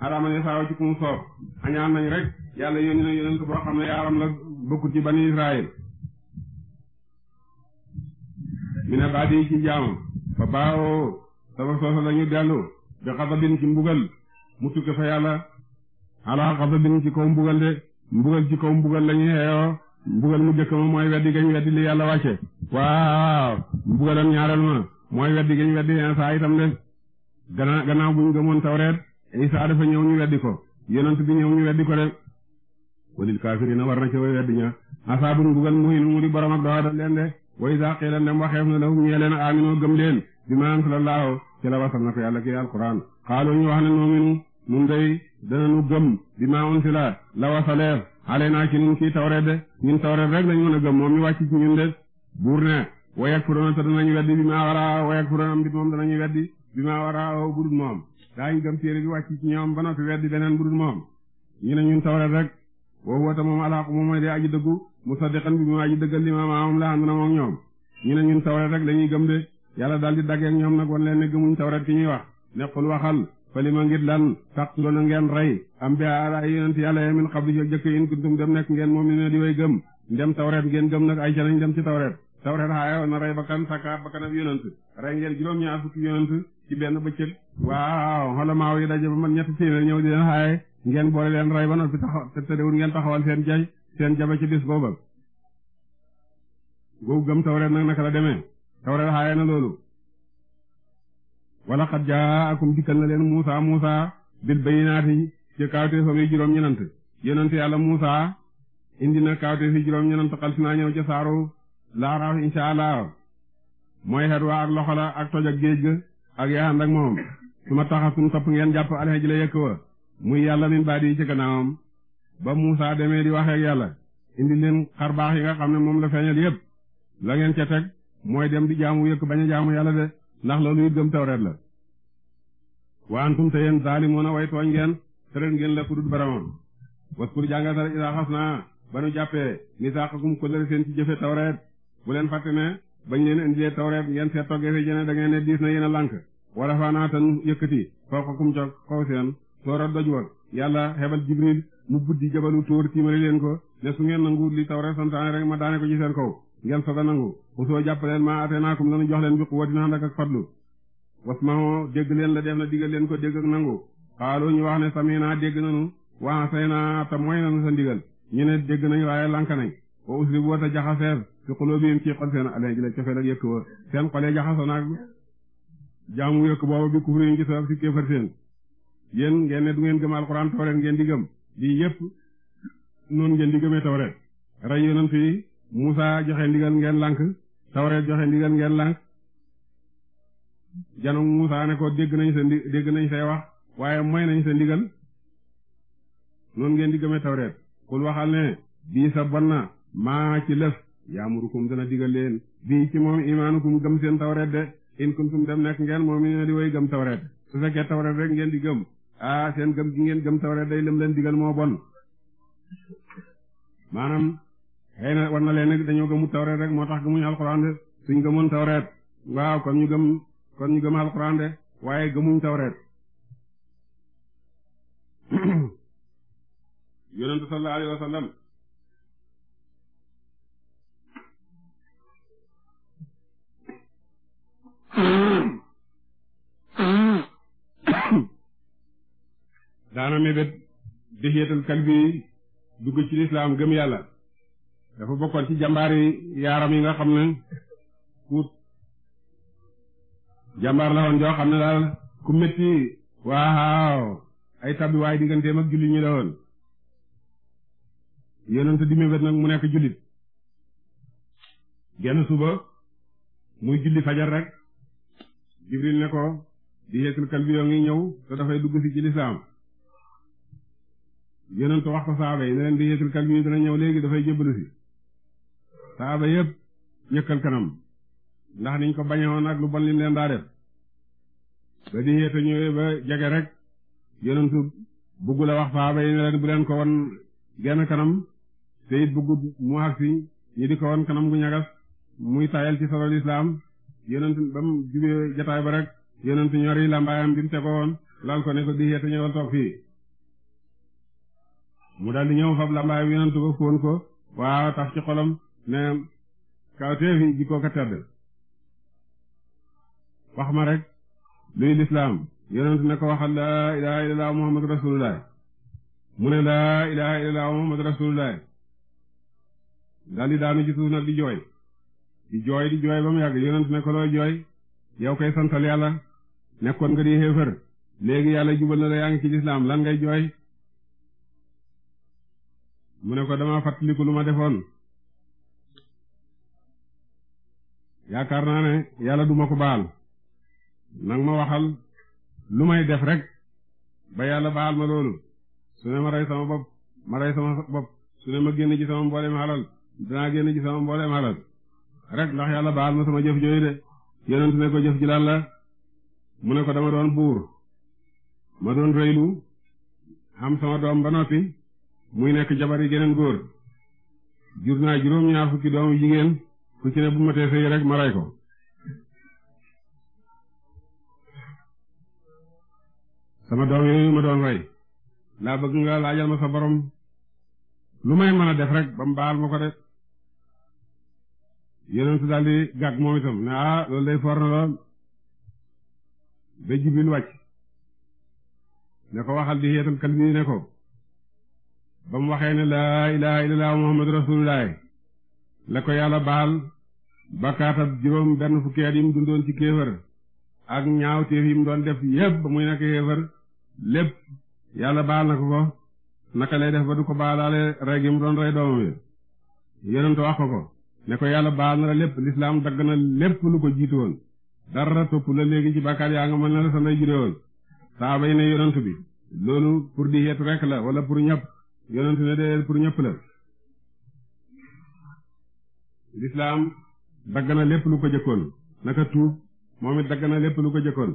araama ne saawa ci kum soob añaan nañ rek yàlla yónni na yónent boo xam ne yaaram la bokkut ci israel mi ne baat yi ci jaamu fa baawoo dafa soosa lañu dellu bi xasabin ci mbugal mu tukke fa yàlla alaa xasabin ci kaw mbugal de mbugal ci kaw mbugal lañu xeeyoo mbugal mu jëkk ma mooy weddi gañ weddi li yàlla wàcce waaw mbugalam ñaareel ma mooy weddi gañ weddi saa itam de gannaaw gannaaw buñ gëmoon tawreet Isa dafa ñëw ñu weddi ko yonent bi ñëw ñu weddi ko de walil kaafiriina war na ca way weddi a asaabun mbugal muhin mu di borom ak doo dal leen de wa isa qiila ndem waxeef na lahum ñee leen aaminoo gëm leen bi ma anzala Allaahu ci la wasal na ko yàlla ki alquran xaaloo ñu wax ne noominu nun day dananu gëm bi ma unsila la wasaleef ale naa ci nun kii tawreet de ñun tawreet rek lañ mën a gëm moom ñu wàcc ci ñun de buur ne wa yakfuruuna te danañu weddi bi wa yakfuruuna am dit moom danañu weddi ma waraa daañu gëm téere bi wàcc ci ñoom ba noppi weddi beneen bu dul moom ñu ne ñun tawret rek woowu wata moom alaaqu moom mooy dee aji bi mu aji dëggal li ma maamam la ànd na moom ñoom ñu ne ñun tawret rek la ñuy gëm de yàlla daal di daggeek ñoom nag wan gëm ne gëmuñ tawret ki ñuy wax nequl waxal fa li ma ngir lan taqtuluna ngeen rey am bi ala yonent yàlla min qabli jo jëkk in kuntum dem nekk ngeen moom ne di way gëm ndem tawret ngeen gëm nag ay ca nañ dem ci tawret tawret xaayo na rey bakkan sakkaat bakkan ab yonent rey ci benn bëccëg waaw xolamaaw yi daje ba man ñetti téeméer ñëw di leen xaaye ngeen boole leen rey ba noppi taxaw te tëddewul ngeen taxawal seen jay seen jabe ci bis booba googu gëm tawreet nag naka la deme tawreet xaaye na loolu wala xat jaakum dikkal na leen Muusa Muusa bil bayinaati ci kaawteefam yi juróom ñenant yonent yàlla Muusa indi na yi juróom ñenant xal naa ñëw ca saaru laaraaf insha allah mooy xet waa ak la ak toj géej ga ak yaa ànd ak moom su ma topp ngeen jàpp alexe ji la yëkk wa muy yàlla min baadi yi ci gannaawam ba Muusaa demee di waxee ak yàlla indi leen xar yi nga xam ne moom la feeñal yépp la ngeen ca teg mooy dem di jaamu yëkk bañ a jaamu yàlla de ndax loolu it gëm tawreet la wa antum te yéen zaalimoona way tooñ ngeen tëral ngeen la kudut baramam waskur jàngal dara idaa xas naa ba nu jàppee misaaqakum ko lëre seen ci jëfe tawreet bu leen fàtte ne bañ leen indilee tawreet ngeen seet toggee fi jëne da ngeen ne diis na yéen a lànk wala faanaa tan yëkkati fawqakum ca kaw seen soora doj wa yàlla xebal jibril mu buddi jabalu tóor tiimali leen ko ne su ngeen nangu li tawreet santaane rek ma daane ko ci seen kaw ngeen soog a nangu xusoo jàppaleen maa ateenaakum lanu jox leen bi quwwatin ànd ak fadlu wasmaho dégg leen la def na digal leen ko dégg ak nangu xaaloo ñu wax ne samina dégg nanu waa say naa te mooy nanu sa ndigal ñu ne dégg nañ waaye lànk nañ wa usli bu wata jaxaseef fi qulubihim ci xol seen alee la cofeel ak yëkk wa seen xol jaxasoo naag jaamu yëkk booba bi kufri yi ci sabab si ngeen ne du ngeen gëm alxuraan tawreet ngeen di gëm lii yëpp noonu ngeen di gëmee tawreet rey yonent yi Musaa joxe ndigal ngeen lànk tawreet joxe ndigal ngeen lànk janu Musaa ne ko dégg nañ sa ndi dégg nañ say wax waaye mooy nañ sa ndigal noonu ngeen di gëmee tawreet kul waxal ne bii sa bon maa ci lëf yaamurukum dana digal leen bii ci moom imaanukum gëm seen tawret de in kuntum dem nekk ngeen moom i ne di way gëm tawret su fekkee rek ngeen di gëm ah seen gëm gi ngeen gëm tawret day lëm leen digal moo bon maanaam xëy na war na leen nag dañoo gëmu tawret rek moo tax gëmuñu alxuraan de suñ gëmoon tawret waaw kon ñu gëm kon ñu de waaye gëmuñ tawret yonentu sallallahu alayhi wa sallam daana mébét dixiyatul kalbi dugg ci lislaam gëm yàlla dafa bokkoon ci yi yaaram yi nga xam ne ku jàmbaar la woon joo xam ne daal ku métti waaw ay tabbi waaye digganteem ak jullit ñi la woon yonent di mébét nag mu nekk jullit genn suba muy julli fajar rek jibril ne ko di bi kalbiyo ngi ñëw te dafay dugg si ci lislaam yonentu wax ko saaba yi ne leen di yeetul kalbiyo dana ñëw léegi dafay jëbbalu si saaba yépp ñëkkal kanam ndax niñ ko bañewoon ak lu bon lim leen daa def ba di yeetu ñëwee ba jege rek yonentu bugg wax saaba yi ne leen bu leen ko won genn kanam te it bugg mu agsi ñi di ko won kanam gu ñagas muy tayal ci solo lislaam yonent ba mu jubee jotaay ba rek yonent ñor yi lambaayam bi mu tegoon lal ko ne ko di yeete ñëwal toog fii mu daal di ñëw fab lambaayam yonent ba fóon ko waaw tax ci xolam ne kawteef yi jikkoo ko tedd wax ma rek luy lislaam yonent ne ko waxal laa ilaha illallah muhammadu rasulullah mu ne laa ilaha illallah muhammadu rasulullah daal daanu ci suuf di jooy di jooy di jooy ba mu yàgg yonent ne jooy yow koy santal yàlla nekkoon nga di xéefër léegi yàlla jubal na la yaa ngi lislaam lan ngay jooy mu ne ko dama fàttaliku lu ma defoon yaakaar naa ne yàlla duma ko baal nang ma waxal lu may def rek ba yàlla baal ma loolu su ne ma rey sama bopp ma rey sama bopp su ne ma génn ci sama mbooleem xalal danaa génn ci sama mbooleem xalal rek ndax yàlla baal ma sama jëf jooyu de yonent ne ko jëf ji lan mu ne ko dama doon buur ma doon rëylu am sama doom ba noppi muy nekk jabar yi geneen góor jur naa juróom-ñaar fukki doomu jigéen ku ci ne bu ma tee sëy rek ma rey ko sama doom yooyu ma doon rey laa bëgg nga laajal ma sa borom lu may mën def rek ba mu baal ma ko def yonent daal di gàgg moom itam ne ah loolu day for na lool ba jibil wàcc ne ko waxal di yeetam kal nii ne ko ba mu waxee ne laa ilaha illallah muhammadu rasulullah la ko yàlla baal bakkaatab juróom benn fukki at yi mu dundoon ci kéefër ak ñaaw téef yi mu doon def yépp ba muy nekk kéefër lépp yàlla baal na ko ko naka lay def ba du ko baalaale rey gi mu doon rey doomam yi yonent wax ko ko ne ko yàlla baal na la lépp lislaam dagg na lépp lu ko jiitu woon dara topp la léegi ci bàkkaar yaa nga mën na la sa nday jure woon saaba yi ne yonent bi loolu pour di yetu la wala pour ñëpp yonent ne dee pour ñëpp la lislaam dagg na lépp lu ko jëkkoon naka tuub moom it dagg na lépp lu ko jëkkoon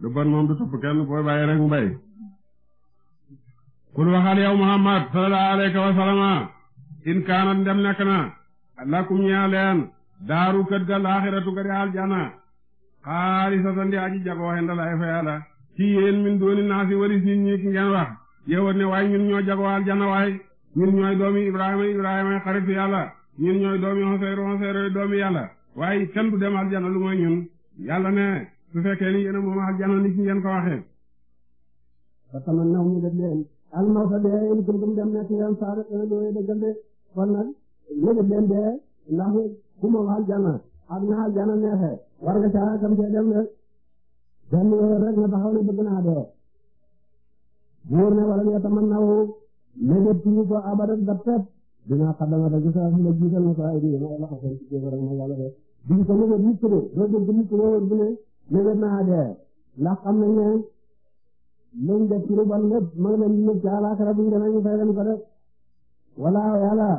lu bon moom du topp kenn booy bàyyi rek mu kul waxal yow muhammad sallallahu alayhi wa sallama ndem nekk na lakum ñaa leen daaru kët ga laaxiratu ga di aljana xaalisatan aji jagoo xendalaay fa yàlla ci yéen min dooni naasi wari siin ñi ngeen wax yéewat ne waaye ñun ñoo jagoo aljana waay ñun ñooy doomi ibrahima ibrahima xaritu yàlla ñun ñooy doomi xoseyru xoseyru doomi yàlla waaye kenn du dem aljana lu mooy ñun yàlla ne su fekkee ni yéen a moom aljana ngeen ko waxee almal sa dee yéen gëgëm dem nekk ngeen saare xëy na yooyu dëggal de kon nag yëgët dee ndax ku moom aljana ak na aljana neexee war nga caa kam see dem rek benn rek nga taxaw ne bëgg naa dee buur ne wala ñett mën na woo yëgët tuuti ko abadat ba tëb dinaa xaddama rek gis naa fi la jiital na ko ay diir mooy loxo seen ci jéego rek ma yàlla de duñ ko yëgët nit ki de doo dégg nit ki woo bu ne yëgët naa dee ndax xam nañ ne lañ def ci lu bon lépp mooy leen lépp ci àllaaxira bu ñu demee ñu fay leen ko def wala yàlla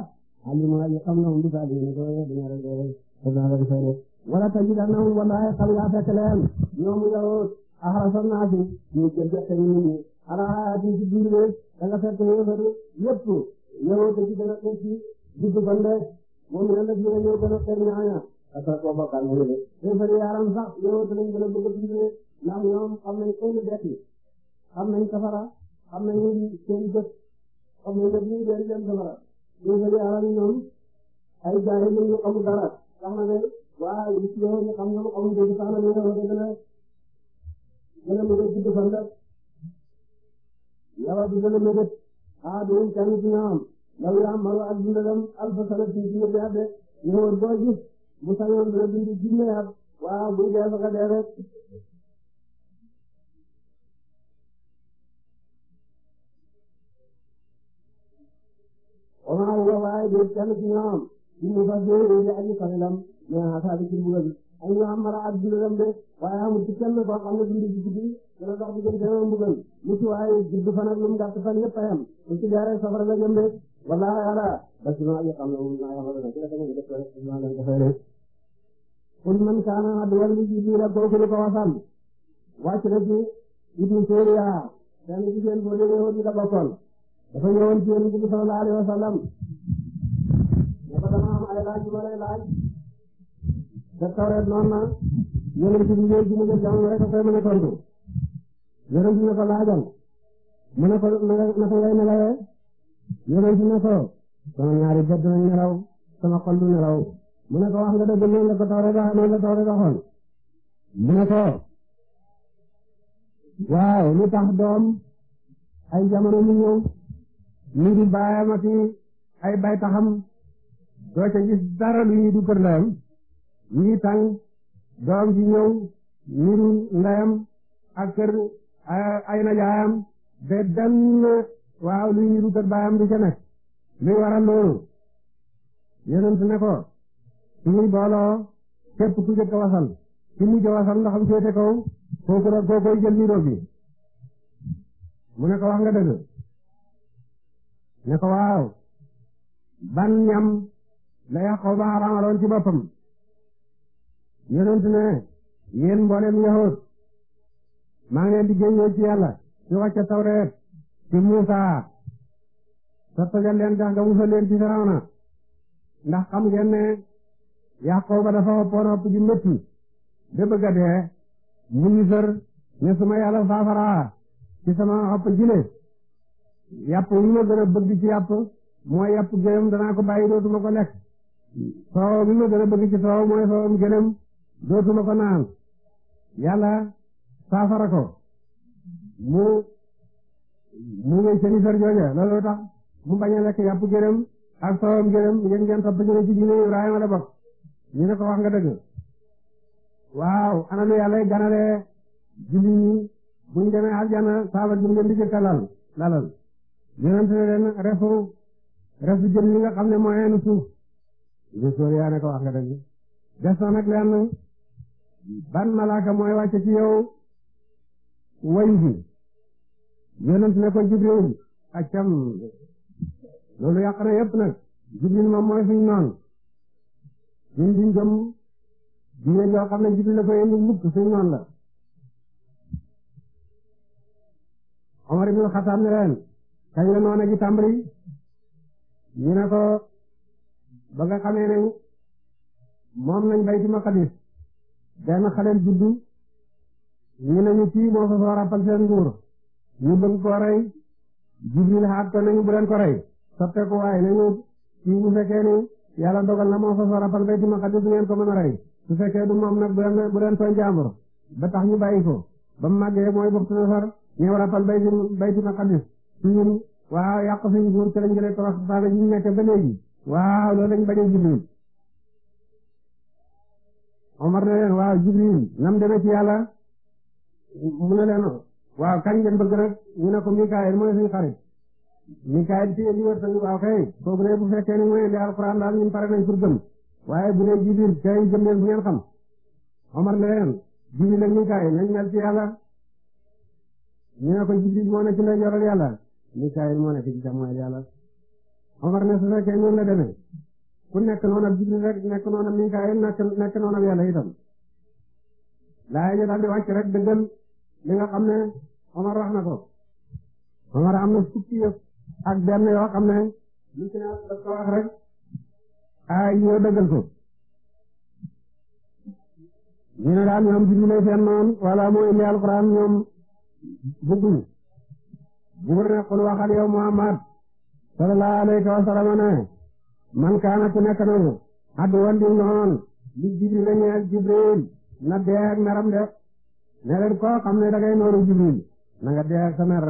alima yi xam na moom du saa di ne ko dañu la koy def dañu la koy def wala tamit daan na moom walaay xam nga fekk leen ñoom yow axrasa naa fi ñu jël jël seen nit ñi ala ci ci biir bi da nga fekk yëfatu yëpp yow te ci dana ko ci digg fan de moom yàlla la dina ñëw gën a xeer ñaanya parce que koo bokkal ñu ne yëfatu yaaram sax yow te lañ gën a bëgg a dundee ndax ñoom xam nañ ko lu deqi xam nañ safara xam safara ñu fa yaaram ñoom ay jaay ñu ñu xamul dara tax na waa ñu ci yow ñu xam nga lu xamul dëgg sax na ñu war a gën a gën a mën a gudd fan la yàlla du gën a mën a doon ah, kenn ci ñoom law yaa malu ak dundam alfa sana ci ci yëpp yàdde ñu wër dellu ginnaawam di mu fas yéene di aji kawelam mais xasaaru ci mbugal ay ñu am mara ak dundam de waaye amul ci kenn koo xam ne dund ci guddi dana dox diggante ma mbugal mu ci waaye gudd fan ak lu mu gàtt fan yëpp a yem mu ci jaaree safara la jëm de wallaahi ala bas na aji xam ne moom naa yamal na ci la ko def naa leen ko fay rek kun man kaana aduwan li jibrila kooku lu ko wasal wàcc na ci ibnu suriya kenn jigéen boo jógee woon ñu ko bokkoon dafa ñëwoon ci yéen bi sallallahu alayhi wa sallam ay laaj yu ma lay laaj te tawreet noonu na yonent bi mooy ji mu jël jamono rek a koy mën a tontu yonent bi ne ko laajal mu ne ko naka ngay nelawee yonent bi ne ko sama ñaari bët dinañ nelaw sama xol du nelaw mu ne ko wax nga dëgg noonu la ko tawreet wax noonu la tawreet waxoon mu ne ko waaw lu tax doom ay jamono mu ñëw ñu di baayam ak ay bay taxam doo ca gis dara lu ñuy du kër ndayam ñii doom ji ñëw niru ndayam ak ay na jaayam de dann waaw lu ñuy du kër baayam ca nekk luy waral loolu yeneen su ko suñuy booloo képp ku jëkk wasal ci mujj wasal ndax am féete kaw kooku la kookoy jël niiroo bi mu ne ko ne ko waaw ban la yàqoo ba xaraamaloon ci boppam yonent ne yéen mboolem yahud maa ngi leen di génnee ci yàlla ci wàcce tawreet ci Muusa sottojal leen ndax nga musal leen ci Firawna ndax xam ngeen ne Yaqooba dafa hoppoon hopp ji métti ba bëgg dee mu ngi sër ne su ma yàlla saafara sama hopp jile yàpp wu ma gën a bëgg ci yàpp mooy yàpp géyam danaa ko bàyyi dootuma ko soow mi ma gën a bëgg ci soow mooy soowam gëlëm dootuma naan yàlla saafara ko mu mu ngay seni sër jooja loolu tax mu bañ a lekk yàpp ak soowam gëlëm ngeen ngeen topp ñu ne ko wax nga waaw ana nu yàlla ganale julli ñi buñ demee aljana saaba jum leen di jëkka lalal yonente ne leen refu ne mooy nu Ndiou yaa ne ko wax nga dëgg des na nag lenn ban malaaka mooy wàcce ci yow wayu bi yonent ne ko Jibril ak loolu yàq na yëpp nag Jibril moom mooy suñ noonu ñun duñ jëm diine joo xam ne Jibril la ko indi mukk suñ noonu la Omar ibn Khattab ne leen kañ la noona gi tàmbali ñu ne ko ba nga xamee ne moom lañ Baytul Maqdis benn xale bu judd ñu ne ñu kii moo fa war a fal seen nguur ñu bëgg ko rey Jibril xaat ko nañu bu leen ko rey sotte ko waaye nañu kii bu fekkee ni la dogal na moo fa war a fal Baytul Maqdis ngeen ko mën a rey su fekkee du moom nag bu leen bu leen tooñ jàmbur ba tax ñu bàyyi ko ba mu màggee mooy buxtu nasar ñu war a fal Baytul Baytul Maqdis suñu waaw yàq suñu nguur ci lañ jëlee torox ba ñu nekk ba léegi waaw loolu lañ bañ a Jibril Omar ne nam demee ci yàlla mu ne leen waaw kañ ngeen bëgg rek ñu ne ko Mikaayil mooy suñu xarit Mikaayil ci li wër tamit waaw kay kooku ne bu fekkee ni mooy li alquran pare nañ pour gëm waaye bu Jibril kay gëm leen bu ngeen xam Omar ne leen Jibril ak Mikaayil nañ mel ci yàlla ñu ne ko Jibril moo ne ci ndeyjooral yàlla Mikaayil moo ne ci càmmoñal yàlla Omar ne su fekkee noonu la ku nekk noonu ak Jibril nekk noonu ak Mikaayil nekk nekk noonu ak yàlla itam laay ñu di wàcc rek dëggal li nga xam ne Omar wax na ko Omar am na fukki yëpp ak benn yoo xam ne lu ci naan daf ko wax rek ay ñoo dëggal ko ñu ne daal ñoom Jibril lay seen noonu wala mooy indi alxuraan ñoom bëgguñu bu ne xul waxal yow Muhammad sallallahu alayhi wa sallam ne man kaana ku nekk nag adduwan di noon li jibril la ñeel jibril na dee ak meram de ne leen koo ne da ngay jibril na nga dee ak sa mer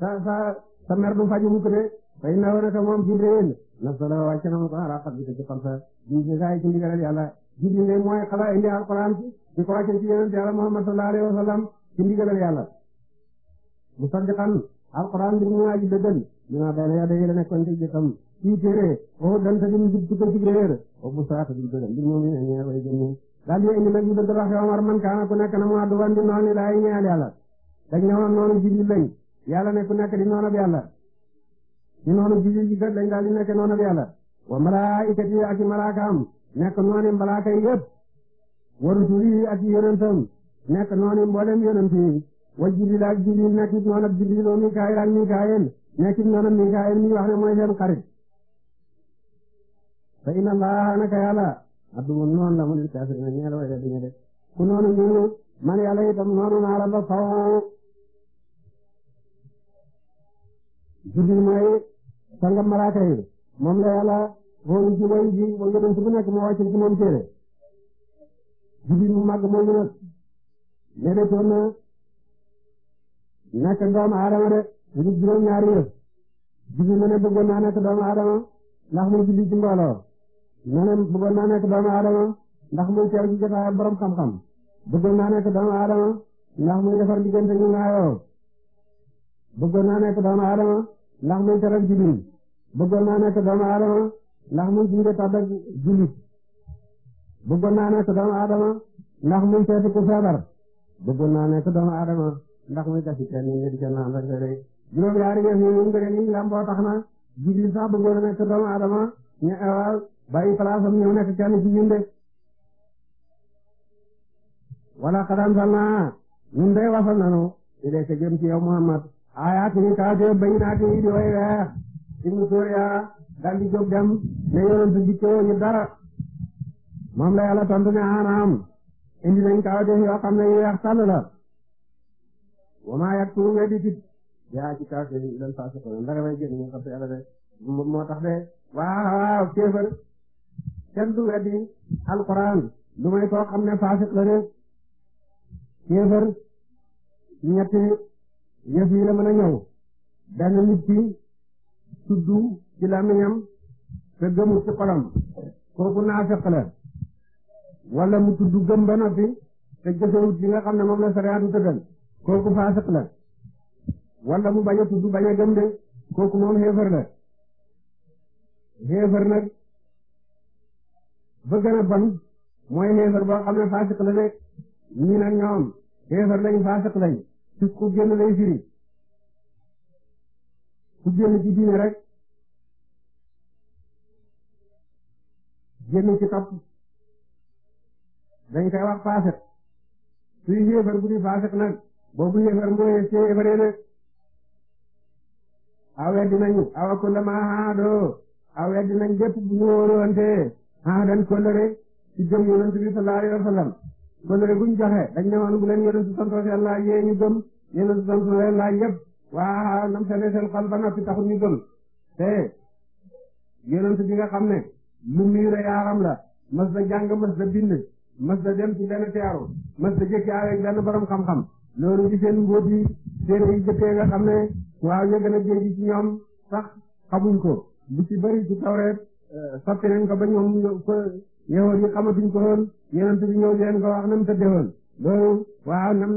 sa sa sa mer du faju mukk de fay naw naka moom jibril na solo wàcc mu ko ala xat ta ci xol sa di saay ci ndigalal yàlla jibril ne mooy xala indi alquran ci di ko wàcce ci muhammad sallallahu alayhi wa sallam ci dinaa doon yaa dégg la nekkoon ci jëkkam ci téere o danta dim jub tukkal ci réer o bu saata dim dolam dim moom ñe way gëm ñi daal di indi nag ñu dëgg waxe Omar man kaana ku nekk na mu addu wan di noon ni laay ñeel yàlla dañ ne woon noonu jibil lañ yàlla ne ku nekk di noonu yàlla di noonu jibil ji kat lañ daal di nekk noonu yàlla wa malaayikati yi ak i malaakaam nekk noonu yi yëpp wa yi ak i yonentam nekk noonu mboolem yonent yi wa jibil ak jibil nekk noonu jibil o Mikaayil ak ne ci noonu Mikaayil mi wax ne mooy seen xarit fa inna Allaha naka yàlla addumun noonu la mu ne kaafirina ñeel way weddi ña de ku noonu ñunu man yàlla itam noonu naa la ba faw julli sanga malaaka moom la yàlla woon ji way ji way ji bu nekk mu wàccul ci moom téere julli mu màgg moomu nag ne de toon na nekk doomu aadama de wala juróom-ñaari yëpp jiw mu ne bëggoon naa nekk doomu aadama ndax muy julli ci mbooloo mu ne bëggoon naa nekk doomu aadama ndax muy teew ci jotaay borom xam-xam bëggoon naa nekk doomu aadama ndax muy defar diggante ñu naayoo bëggoon naa nekk doomu aadama ndax muy teral jullit bëggoon naa nekk doomu aadama ndax muy jiite tàddak jullit bëggoon naa nekk doomu aadama ndax muy seeti ku feebar bëggoon naa nekk doomu aadama ndax muy gasi kenn ñu di ca naan rek rek juróom-ñaari yëf yi moom dëgg yi tax na Jibril sax bëggoon a nekk doomu aadama ñu waaw bàyyi place am ñëw nekk kenn ci ñun de wala xadam sal naa ñun day wasal nanu ilayka jëm ci yow Muhammad ayaat yi kaate bayinaat yi di way weex ibnu Suriya dal di jóg dem ne yonent dikkoo ñu dara moom la yàlla tontu ne anaam indi nañ kaate yoo xam ne yu weex la wa maa yaktubu yaa ci kaw kër yi dañ faa soxla ndax damay jënd ñu xam te yàlla moo tax de waaw waaw kenn du weddi alquran lu may koo xam ne faasiq la de kéefar ñetti yëf la mën a ñëw benn tuddu ci làmmiñam te gëmu ci xolam kooku naafiq la wala mu tuddu gëm ba noppi te jëfewut li nga xam ne moom la sariyaatu tëddal kooku faasiq la wala mu bañ a tudd bañ a gëm de kooku moom xeefar la xeefar nag ba gën a bon mooy xeefar boo xam ne faasiq la de ñii nag ñoom xeefar lañ faasiq lañ ci ku génn lay firi ku génn ci diine rek génn ci topp dañ koy wax faasiq suy xeefar bu di faasiq nag boobu aw weddi nañu aw kullama haadoo aw weddi nañ bépp bu ñu wóoroonte haadan kóllëre ci gëm yonent bi sallallahu alayhi wa sallam kóllëre guñ joxe dañ ne woon bu leen yonent santoo seen laaj yee ñu gëm yonent santoo seen laaj yëpp waa nam sene seen xol ba noppi taxul ñu gëm te yonent bi nga xam ne lu miira yaaram la mas da jàng mas da bind mas da dem ci benn teeru mas da jëkki aweeg benn borom xam-xam loolu ci seen mbóot yi téere yi jëkkee nga xam ne waaw ña gën a dégg ci ñoom sax xamuñ ko lu ci bëri ci tawreet euh, soppi nañ ko ba ñoom ko yowoon ñu xamatuñ ko woon yeneen bi ñëw leen ko wax nam tëdde woon loolu waaw nam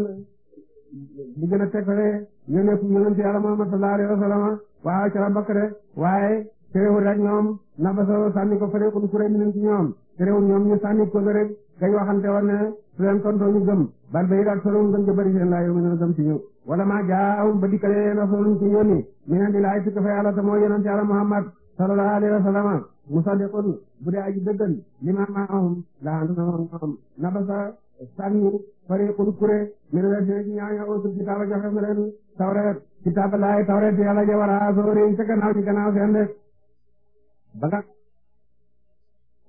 li gën a tegtale ñu nekk yonent yàlla Muhammad sallallahu alayhi wa sallam waaw ca la bokk de waaye terewul rek ñoom na ba soo sànni ko fële kun kuré minen ci ñoom terewul ñoom ñu sànni ko rek gañ waxante woon ne su leen tontoo ñu gëm bal ba yi daal solo ngëm ga bëri seen laa yow mi gëm ci ñu wala maa jaahum ba dikkalee leen rasulun ci yónni min indillaahi tukka fa yàlla te mooy yonente yàlla Muhammad sallallahu wa sallam musaddiqun bu dee aji dëggal limaa maahum laa ànd na moom nabasa sànni fariqul kuré min alladina ci ñaaña utul kitaaba na leen tawreet kitaaba laay tawreet yàlla ja ca gannaaw ci gannaaw seen de ba nga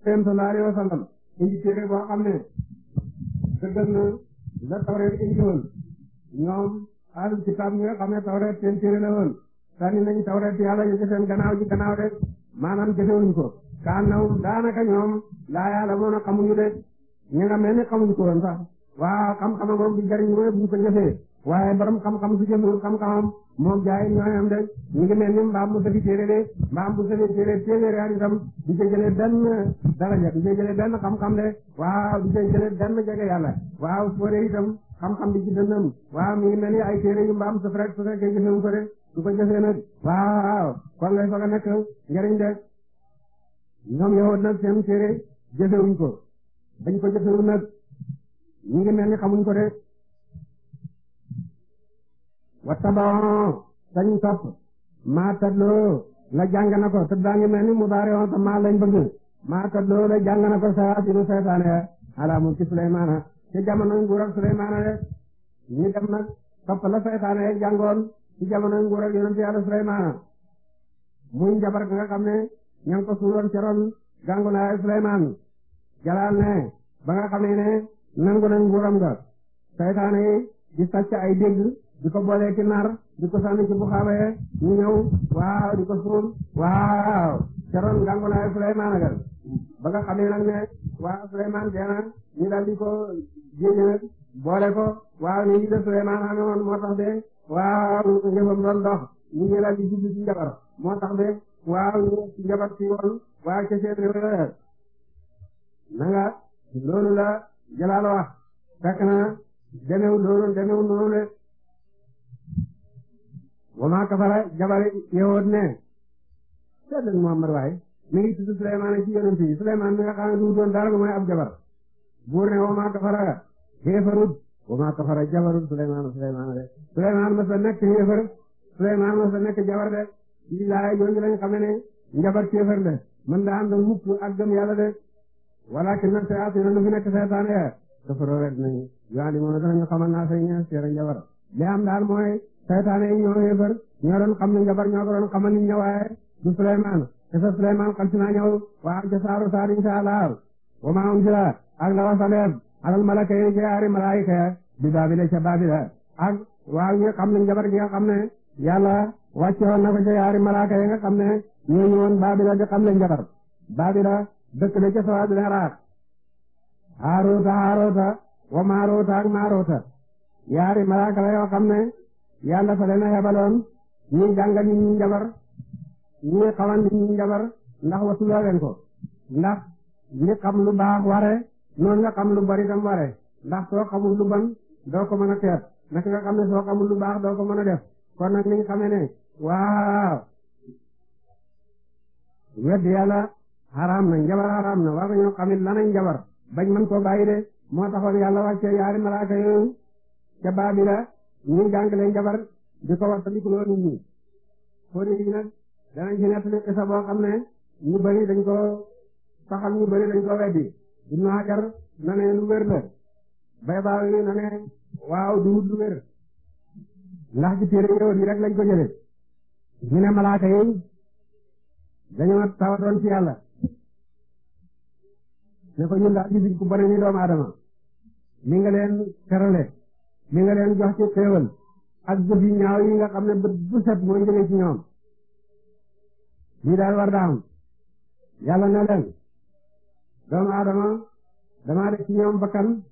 seen sallallahu alayhi wa sallam indi téere boo xam ne dëggal na ñoom ahlul kitaab ñi nga xam ne tawreet seen téere la woon sànni nañu tawreet yàlla yu ci seen gannaaw ji gannaaw de maanaam jëfewuñ ko kaan nawum daanaka ñoom laa yàlla moon a xamuñu de ñu nga mel ni xamuñu ko woon sax waaw xam-xama ngoom di jariñ mooy buñ ko jëfee waaye borom xam-xam su jëfewul xam-xamam moom ja ñooñam de ñu ngi mel ni mbaam mu safi téere de mbaam bu safi téere téeméeri at itam di ca jëlee benn daraja di ca jëlee benn xam-xam de waaw di ca jëlee benn jege yàlla waaw foore xam-xam bi ci dënnam waaw mi ngi mel ay téere yu mbaam sëf rek su fekkee jëfewu ko de du ko jëfee lay foog a nekk njariñ de ñoom yowoot nag seen téere jëfewuñ ko bañ ko jëfewu nag ñu ngi mel ko de wa tabaon sañ topp maa tadloo la jàng na ko te daa ngi mu baare woon te maa lañ bëgg maa tadloo la jàng na ko sawaasinu seytaane ya alaa mulki Sulaymaana ci jamonoy nguural Suleymaan rek ñu dem nag topp la saytaane jàngoon ci jamonoy nguural yonent Yàlla Suleymaan muy njabar nga xam ne ña ko suuloon ca ne ba nga ne nangu nañ nguuram nga saytaane yi di sàcc ay dégg di ko boolee ci nar di ko sànni ci bu xaabaye ñu ñëw di ko suul waaw ca ron gàngu naa Suleymaan ba nga xamee nag ne waaw dee na daal di ko génne boole ko waaw ni ñu def Souleymane xame woon moo tax de waaw njëfam doon dox ñu ngi daal di jublu ci njabar moo tax de waaw ñu nekk ci njabar ci woon waaw ca seen réew na nga loolu la Jalaal wax fekk na demewul loolu demewul noonu de wa maa kafara jabari yawut ne seet leen Muhammad waaye mi ngi tudd Souleymane ci yonent yi Souleymane mi nga xam ne du doon dara lu mooy ab jabar buur ne wa maa kafara xéefarut wa maa kafara jabarut Suleymaan Suleymaan de a nekk xéefar Suleymaan mas a nekk jabar de lii laay jooju lañ xame ne njabar xéefar de man daa ànd mukk ak gëm yàlla de walakin nag te at yéen a fi nekk seetaan ya kafaroo wet nañu yoani moom danañu xamal naa sa ñeent seera njabar li am daal mooy seytaane yi ñoo xéefar ñoo doon xam ne njabar ñoo ko doon xamal nit ña waaye du Suleymaan te sa Suleymaan xal si naa ñëw ak la wasaneef alal malaka yi ñaari malaayika ya bi baabila ca baabila ak waaw ñi xam ne njabar gi nga xam ne yàlla wàcce woon na ko ca yaari malaaka yi nga xam ne ñoo ñëwoon baabila di xam ne njabar baabila dëkk la ca sawaadul Iraaq haaroota haaroota wa maaroota ak maaroota yaari malaaka la yoo xam ne yàlla fa a yebaloon ñi jàngal nit ñi njabar ñi xamal ndax wasuloo leen ko ndax ñi xam lu baax ware noonu nga xam lu bari tam waree ndax soo xamul lu ban doo ko mën a teet naka nga xam ne soo xamul lu baax doo ko mën a def kon nag niñ xamee ne waaw wedd yàlla xaraam na njabar xaraam na war nañoo xamit lanañ njabar bañ mën koo bàyyi de moo taxoon yàlla wàccee yaari malaaka yooyu ca Baabila ñuy jàngale njabar di ko war tandikuloo nit ñi foo nit ñi nag danañ ci nettali xisa boo xam ne ñu bari dañ ko saxal ñu bari dañ ko weddi Ibnu Hajar na ne lu wér la Baydawi na waaw duut lu wér ndax ci téere yow yi rek lañ ko jële ñu ne malaaka yi dañoo tawatoon ci yàlla ne ko ñun daal gisuñ ku bone ni doomu aadama li nga leen terale li nga leen jox ci xéewal ak jëf yu ñaaw yi nga ne bët bu set mooy njëge ci ñoom lii daal war daa am na leen doomu aadama damaa def ci ñoom bakkan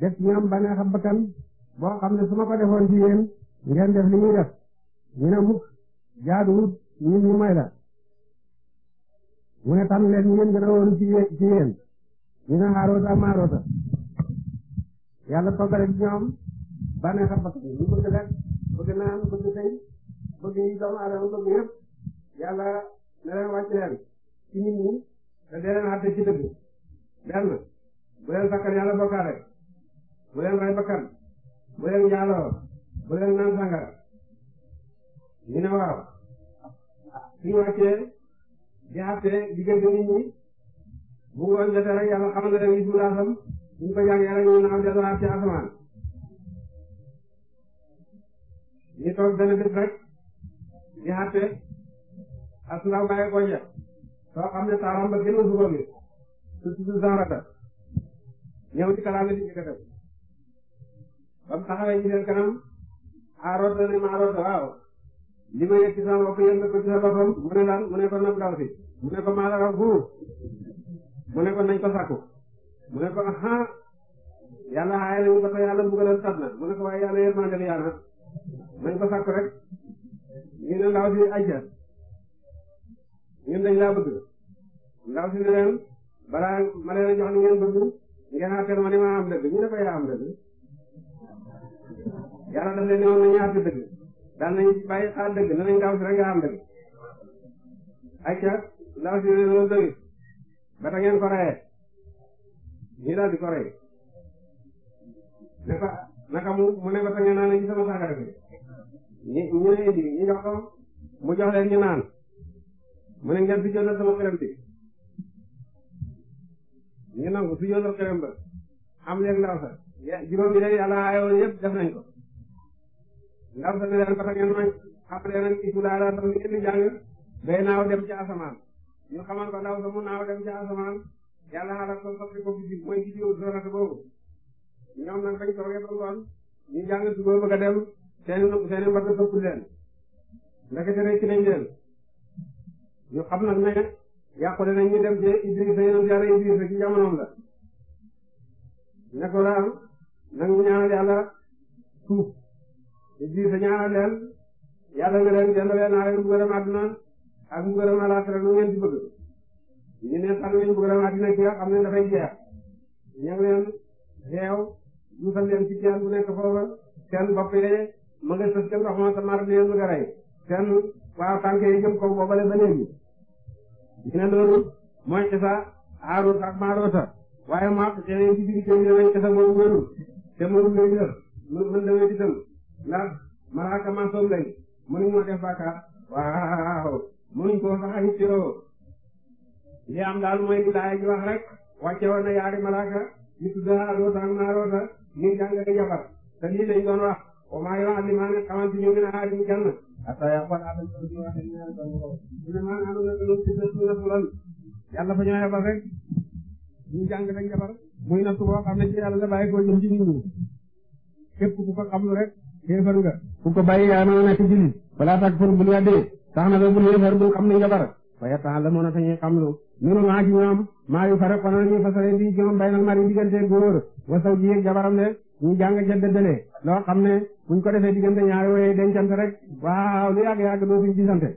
def ci ñoom baneex a bakkan boo xam ne su ma ko defoon ci yéen ngeen def li ñuy def ñu ne mukk jaaduwut ñun ñu may la mu ne tànn leen ñu ngeen gën a woon ci ci yéen ñu ne xaaroota maaroota yàlla toggale ci ñoom baneex a bakkan ñu bëgg lekk bëgg naan bëgg tey bëgg yi doomu aadama bëgg yëpp yàlla ne leen wàcc leen ci nit ñi te dee leen àtte ci dëgg benn bu leen bakkal yàlla bokkaale bu leen rey bakkan bu leen njaaloo bu leen naan sàngara ñu ne waaw suñu wàccee di àtte diggante nit ñi bu ngoon jotee rek yàlla xamal na leen ismu laasam ñu ko jàngee rek ñu naaw dellu waat ci asamaan toog benn rek di àtte as ndaw bàyyi ko ja soo xam ne taaram ba gën a suba su su saarata ñëw ci kalaame di jëkkëtam ba mu taxawee ci seen kanam aaroot na ne ma aaroot waaw li ma yegg ci sama bopp yéen ko ci sa boppam mu ne lan mu ne ko nag ndaw si mu ko maa la raw fuuf ko nañ ko sakku mu ne ko aha yàlla xaay nañu ko te yàlla mbugalal tat na ne ko waaye yàlla yërmande la yàlla ko sakku rek ñu ne ndaw si ajja ñun dañ laa bëgg ndaw si ne leen balaa ma leen a jox li ngeen bëgg ngeen àttal ma ne dëgg ñu ne ko yaa am dëgg daf leen ne woon nañu àtt dëgg daan nañu bàyyi xaar dëgg ne nañ ndaw si dëgg ayca ndaw si ngeen ko di ko ne ko naka mu mu ne ba ta ngeen naan ci sama sàngara bi ñu ñu ne indi ñu jox ko mu jox leen ñu naan mu ne ngeen di jëndal sama xelam bi ñu nangu su jootal xewem ba am léegi ndaw sa juróom yi day yàlla aayoon yëpp def nañ ko ndaw sa ne leen ba ngeen may xamale nañ ci sulaala tam ngeen di jàng day naaw dem ci asamaan ñu xamal ko ndaw sa mu naaw dem ci asamaan yàlla xaaral ko soppi ko guddi mooy guddi wu dorate boobu ñoom nag bañ toogee ba ngoon ñu jàng suba bëgg a dem seeni seeni mbar na soppi leen ndekete rek ci lañ leen ñu xam nag ne yàqu danañ ñu dem ci Idrissa yonent Yàlla Idrissa ci jamonoom la ne ko daal nangu ñaanal yàlla suuf Idrissa ñaanal leen yàlla nga leen delloo naa leen mbugalam àdduna ak mbugalam àllaaxira lu ngeen ci bëgg ñu ne xam ngeen mbugalam àdduna ki nga xam ne dafay jeex ña leen xeew musal leen ci teen bu nekk foofa seen bopp yi ma nga sës ca ndox ma sa mar leen bëgg a rey seen waaw tànk yi jëm kaw boobale ba léegi ne loolu mooy isa aarut ak maaroota waaye maa keneen ci biir kër gi damay isa moom wérul te moom lay wér man man damay dital ndax malaaka man soom lañ mënuñ ma def bàkkaar waaw mënuñ koo sax ak ittoo li am daal mooy li laay ji wax rek wàcce woon yaari malaaka ñu tudd aarut ak maaroota ñu jàng ak jabar te lii lañ doon wax wa maa yoo ñu gën a aari ñu asaya kon am yàlla fa ñoo yebal rek ñu jàng rek jabar muy nattu boo xam ne ci yàlla la bàyyi ko jëm ci nit ñi képp ku ko xamlu rek kéefar nga ku ko bàyyi yaa noo nekk jullit wala tak pour bul weddee tax na ba bul yéefar bul xam ne jabar waaye tax la moon a tañuy xamlu minu maa ci ñoom maa yu fare kono ñu fasale bi ñoom bay na mari diggante góor wa saw ji yeeg jabaram de ñu jàng jëddële loo xam ne buñ ko defee diggante ñaari woyee dencante rek waaw lu yàgg yàgg doo fi gisante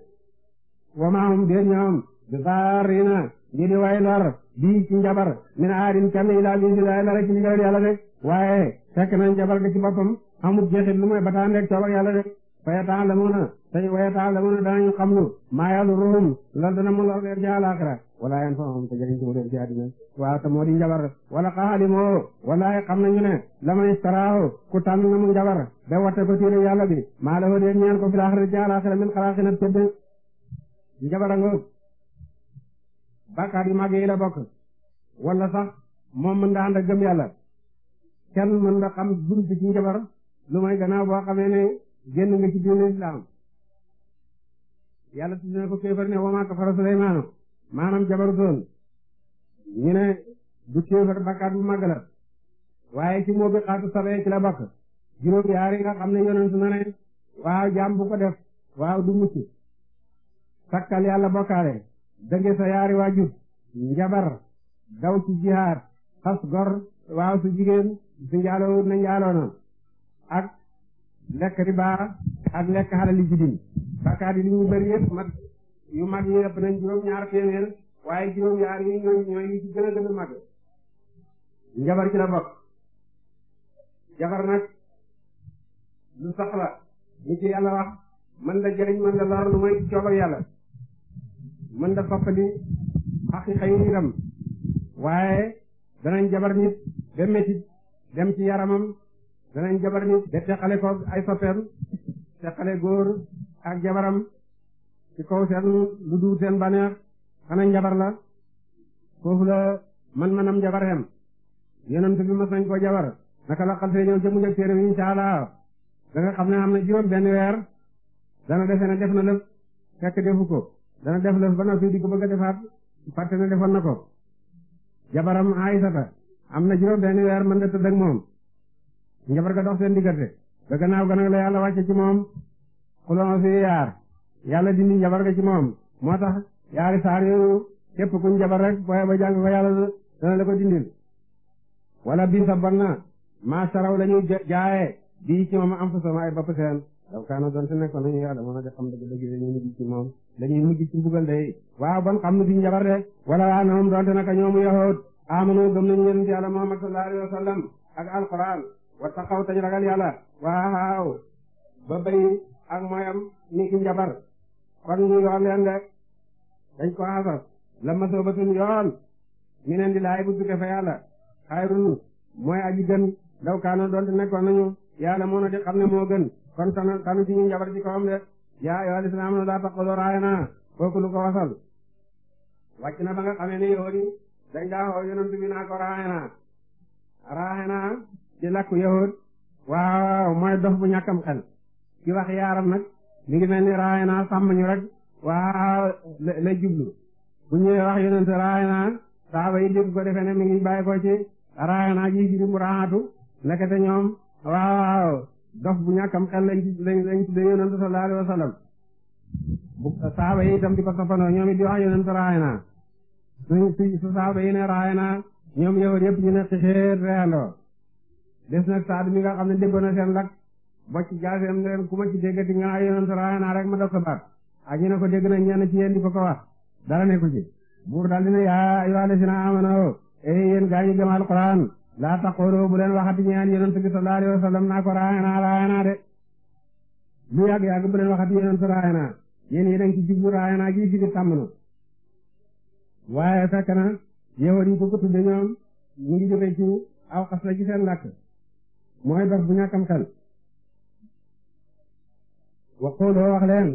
wamaahum dee ñoom bi saarina di di way lor bii ci njabar min aadin kenn ilaa bii si laay la rek ci ndigalal yàlla rek waaye fekk nañ njabar ga ci boppam amut jeexit lu mooy bataan rek coobak yàlla rek wayataan la a tey wayataan la mun a danañu xam lu maa yàllu ruum la dana mu lor leen ci àllaaxira wala yan fahum te jëriñ ci mu leen ci àddina waaw te moo di njabar wala xaalimoo walaay xam nañu ne la may saraaw ku tànn na mu njabar ba wate ko tiire yàlla bi maa la fa deen ñeen ko fi laaxira ci àllaaxira min xalaaxi na tëdd njabara nga bàkkaar yu màgg yi la bokk wala sax moom mën na ànd ak gëm yàlla kenn mën na xam buntu ci njabar lu may gannaaw boo xamee ne génn nga ci diine islam yàlla tudd na ko kéefar ne wa maa kafara Suleymaanu maanaam jabarutoon ñu du kéefar bakkaat bu màgg waaye ci moo bi xaatu sabee ci bakk juróom yaari nga xam ne yonent na ne waaw jaam bu def waaw du mucc sakkal yàlla bokkaale dënge sa yaari waajur njabar daw ci jihaad xas gor waaw su jigéen su njaaloo na njaaloona lekk riba ak lekk xalali jidim bàkkaar yi li ñu bëri yëpp mag yu mag yi yëpp nañ juróom ñaar téeméer waaye juróom ñaar yi ñooy ñooy yi ci gën a gën a mag njabar ci la bokk jabar nag lu sax la yàlla wax mën da jëriñ mën da lor lu mooy coobar yàlla mën da soppali xaqiqa yi itam waaye danañ jabar nit ba métit dem ci yaramam danañ jabar nit de teqale ko ay soppeem teqale góor ak jabaram ci kaw seen lu du seen baneex xana njabar la foofu la man manam jabar xem yonent bi mas nañ ko jabar naka la xal see ñëw ca mu njëkk téere bi insha allah da nga xam am na juróom benn weer dana defe ne def na lëf fekk defu ko dana def lëf ba noppi di ko bëgg a defaat fàtte ne defoon na ko jabaram Aysata am na juróom benn weer mën da tëdd ak moom njabar ga dox seen diggante ba gannaaw ga nag la yàlla wàcce ci moom xulon fi yaar yàlla dindi njabar ga ci moom moo tax yaari saar yooyu ku njabar rek booye ba jàng ko yàlla dana la ko dindil wala bi sa bon na jaaye bii ci moom am ay bopp seen daw kaana doon te nekkoon nañu yàlla mën a def xam dëgg dëgg dañuy mujj ci moom dañuy mujj ci mbugal day waaw ban xam ne duñ njabar de wala waa na moom doonte naka ñoomu yahoot amanu gëm wa taxaw tañ ragal yàlla waaw ba bay ak mooyam ni ki njabar kon ñu yoon leen de dañ ko xasas la ma soobatun mi neen di laay bu duke fa yàlla xayrun mooy aji gën daw kaano doonte nekkoon nañu yàlla moo na di ne moo kon tan tanu njabar ci kawam de yaa yow alislaam na daa taqaloo raaya naa kooku lu ko wasal wàcc na ba nga xamee ni yow dañ daa xoo yonent bi naa ko raaya naa raaya naa di lakk yahud waaw mooy dof bu ñàkkam xel ci wax yaaram nag mi ngi mel ni raay sàmm ñu rek waaw la jublu bu ñëwee wax yonent raay saaba yi dégg ko defe ñoom waaw dof bu ñàkkam xel lañ ci lañ saaba yi itam di ko soppanoo ñoom it di wax yonent raay su saaba yi ne raay ñoom yahud yëpp ñu ne xixéet reandoo des nag Saad mi nga ne déggoon na seen lakk bocc jaaseem ne leen ku ma ci déggati nga ay yonent raxe naa rek ma def sa baat aji na ko dégg na ñenn ci yéen di ko ko wax dara nekku ci buur daal dina yaa ayyuhal lazina amanu ey yéen gaa ñi gëm alquran laa taqooloo bu leen waxati ñaan yonent bi sallallahu alayhi wasallam naa ko raxe naa raxe naa de lu yàgg yàgg bu leen waxati yen raxe naa yéen yéen a ci jublu raxe naa ji fi di tàmm na waaye fekk na yow di ko ko tudde ñoom ngi jóge ci aw xas la mooy dof bu ñàkkam xel waxooloo wax leen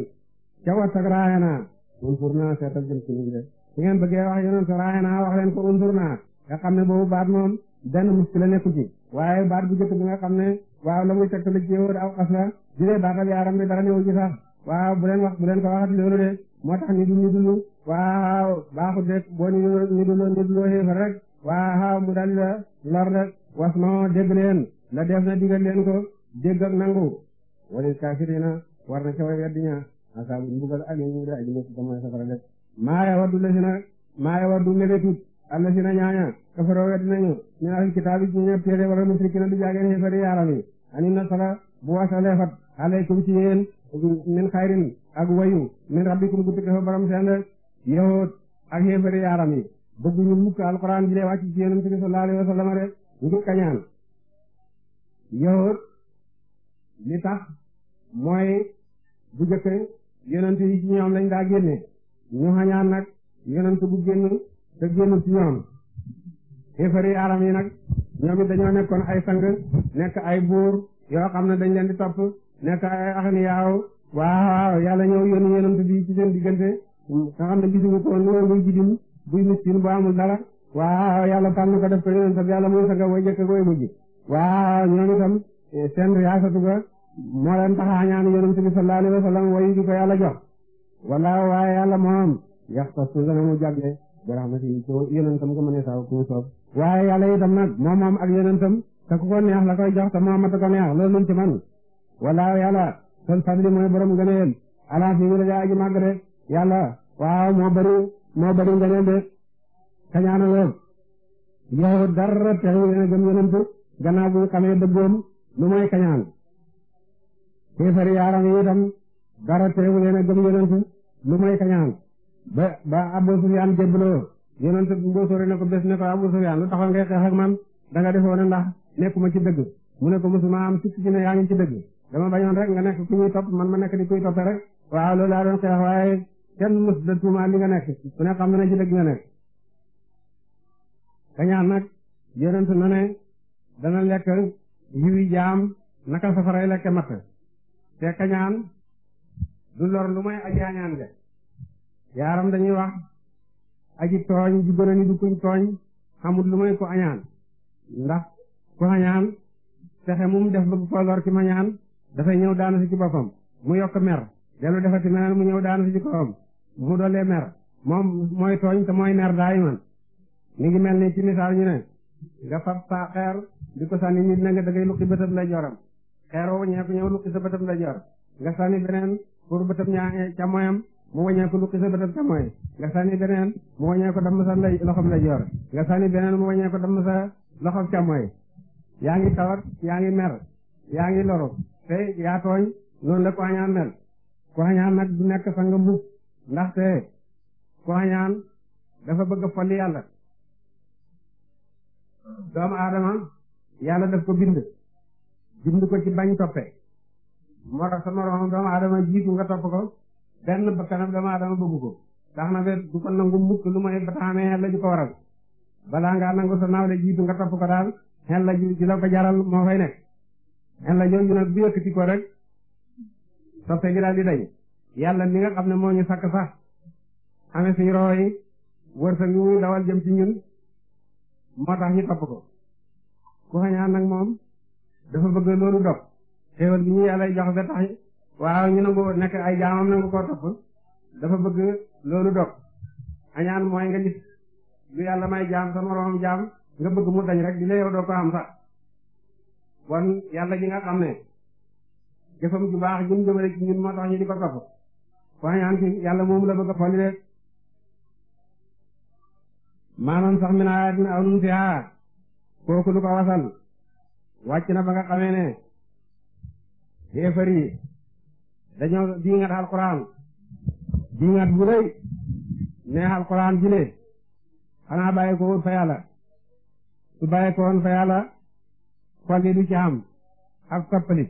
ca wasak raaya naa unfur naa seetal jëm ci nit de su ngeen bëggee wax yonent raaya naa wax leen ko unfur naa nga xam ne boobu baat moom benn muskila nekku ci waaye baat bu jëkk bi nga xam ne waaw la muy teg la jiwóor aw xas la bi dara wax bu ko waxat loolu de moo tax ñu dul ñu dul waaw baaxut de boo ñu dul ñu dul ñu dul xéefar rek waaw mu dal la lor de noo dégg leen la def na digal leen ko dégg ak nangu walil kaafiriina war na ca way weddi ña mbugal ale ñu de aji métti mooy safara def maaya waddu la si na maaya waddu mébétut alla si na ñaaña kafaroo weddi nañu ñu al kitaabi ci ñëpp téere wala musrikina du jaageen xeefari yaaram yi ani nasala bu wasalee fat alaykum ci yéen xayrin ak wayu min rabbikum gu tëgg fa borom seen rek yahoot ak xeefari yaaram yi bëgguñu mukk alquran ji lee wàcc ci yéen sallallahu yahut li tax mooy bu jëkk yonent yi ci ñoom lañ daa génne ñu xañaan nag yonent bu génn te génn ci ñoom xéefari aram yi nag ñoom it ay sang nekk ay buur yoo nekk ay axniyaaw waaw yàlla ñëw yónni yonent bi ci seen diggante nga xam ne gisuñu ko woon muy jidim buy miskin bu amul dara waaw yàlla tànn ko def ko yonent bi yàlla muy sa nga jëkk way mujj waaw ñooñu tam eh, seen riyaasatu ga moo leen tax a ñaan yonent bi sallallahu alayhi wa sallam way di ko yàlla jox wala waaye yàlla moom yaxtasu dana mu jagle bi rahmati ko yonentam ko mën a saw ku soob waaye yàlla itam nag moom moom ak yonentam te ku ko neex la koy jox te moom te ko neex loolu luñ ci man wala yàlla sol fadli mooy borom gëneel ala fi wala aji màgg de yàlla waaw moo bari moo bari gëneel de kañaana lool yow dara teew yéen a gëm yonentu gannaaw bu xamee dëggoom lu mooy kañaan kéefari yaaram yi itam dara teewu leen a gëm yonent lu mooy kañaan ba ba Abu Sufyaan jébbaloo yonent mbóosóore ne ko bés ne ko Abu Sufyaan lu taxoon ngay xeex ak man da nga defoon ne ndax nekkuma ci dëgg mu ne ko mosuma am sikk ci ne yaa ngi ci dëgg dama bañoon rek nga nekk ku ñuy topp man ma nekk di kuy toppe rek waaw loolu laa doon xeex waaye kenn mos da tuuma li nga nekk ku ne xam na ne ci dëgg nga nekk kañaan nag yonent na dana lekk yiwi jaam naka safaray lekke matt te kañaan du lor lu may aji añaan de yaaram dañuy wax aji tooñ ju gën a ni du kuñ tooñ xamul lu may ko añaan ndax ku añaan pexe mu def ba bu ko lor ki ma ñaan dafay ñëw daanu si ci boppam mu yokk mer dellu defati meneen mu ñëw daanu si ci boppam mu dolee mer moom mooy tooñ te mooy mer daay man mi ngi mel ni ci misaal ñu ne nga fab saa di ko sànni nit na nga da ngay luqi bëtam nday joram xeer wa waññeeku ñëw luqi sa bëtam nday jor nga sànni beneen pour bëtam ñaa eh, càmmoyam mu waññeeku luqi sa bëtam càmmoy nga sànni beneen mu waññeeku damm sa nday loxom nday jor nga mu waññeeku damm sa loxom càmmoy yaa ngi tawat yaa ngi mer yaa ngi loru te yaa tooñ noonu la ko añaan mel ko añaan nag du nekk sa nga mbub ndaxte ko añaan dafa bëgg a folli yàlla yàlla daf ko bind bind ci bañ toppee moo tax sa moroom doomu aadama jiitu nga topp ko benn bakkanam doomu aadama bëgg ko tax na fet du ko nangu mukk lu may bataamee xel la ju ko waral balaa ngaa nangu sa nawle jiitu nga topp ko daal xel la ji la ko jaral moo fay nekk xel la jooju nag bu yëkkati ko rek soppe gi daal di dañ yàlla mi nga xam ne moo ñu sakk sax amee suñu rooy wërsëg yu dawal jëm ci ñun moo tax ñu topp ko ku xañaan nag moom dafa bëgg loolu dog xéewal gi ñu yàlla jox ba tax waaw ñu nangu nekk ay jaamam nangu koo topp dafa bëgg loolu dog añaan mooy nga gis lu yàlla may jaam sa moroomam jaam nga bëgg mu dañ rek di la yow doo ko am sax bon yàlla ji nga xam ne jëfam ju baax ñun jëmale ci ñun moo tax ñu ko topp ku añaan ci yàlla moom la bëgg a folli de maanaam sax fi haa kooku lu ko wasal wàcc na ba nga xamee ne xeefar dañoo diingat alquran diingat bu rëy ne alquran ne xanaa bàyyi ko woon fa yàlla su bàyyi ko woon fa du ci am ak toppali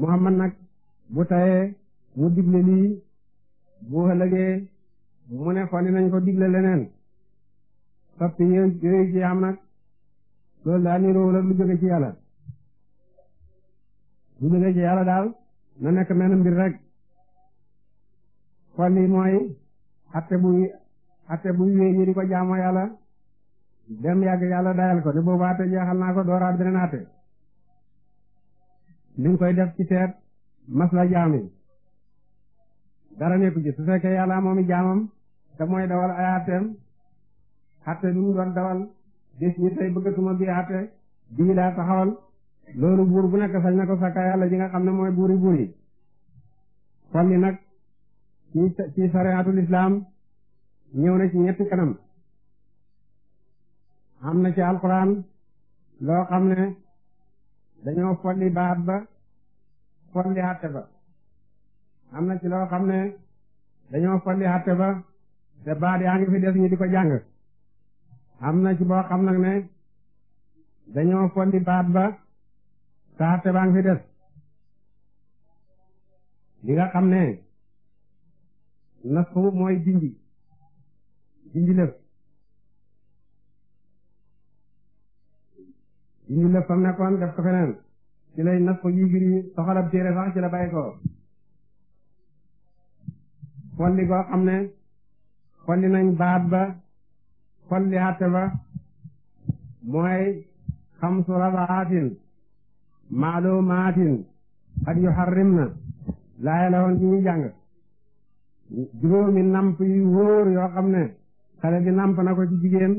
Muhammad nag bu mu digle lii bu ëllëgee mu ne xolli nañ ko digle leneen toppi yooyu ci am nag loolu daal ni roog lu jóge ci yàlla lu jóge ci yàlla daal na nekk menn mbir rek kon lii mooy atte buy bu buy wéy ñu di ko jaamoo yàlla dem yàgg yàlla dayal ko ne boobu atte jeexal naa ko dooraat beneen atte ni nga koy def ci teet masla jaami dara nekku ci su fekkee yàlla moomi jaamam te mooy dawal ay atteem atte bi dawal bis ni tey bëggatuma bi àtte bii laa taxawal loolu buur bu nekk sañ na ko sakka yàlla ji nga xam ne mooy buuri buur yi folli nag ci ci sariatul ñëw na ci ñetti kanam am na ci alquran loo xam ne dañoo folli baat ba folli àtte ba am na ci loo xam ne dañoo folli àtte ba te baat yaa ngi fi des ñi di ko jàng am na ci boo xam nag ne dañoo fondi baat ba saarte baa fi des li nga xam ne nasxu mooy dindi dindi lëf dindi lëf fam nekkoon def ko feneen ci lay nasxu yi firi soxalab téere sax ci la bàyyi ko fondi goo xam ne fondi nañ baat ba kon li àtte ba mooy xamsu rabaatin maalumaatin xad yu xarrim na laaya la woon ci ñu jàng juróomi namp yu wóor yoo xam ne xale bi namp na ko ci jigéen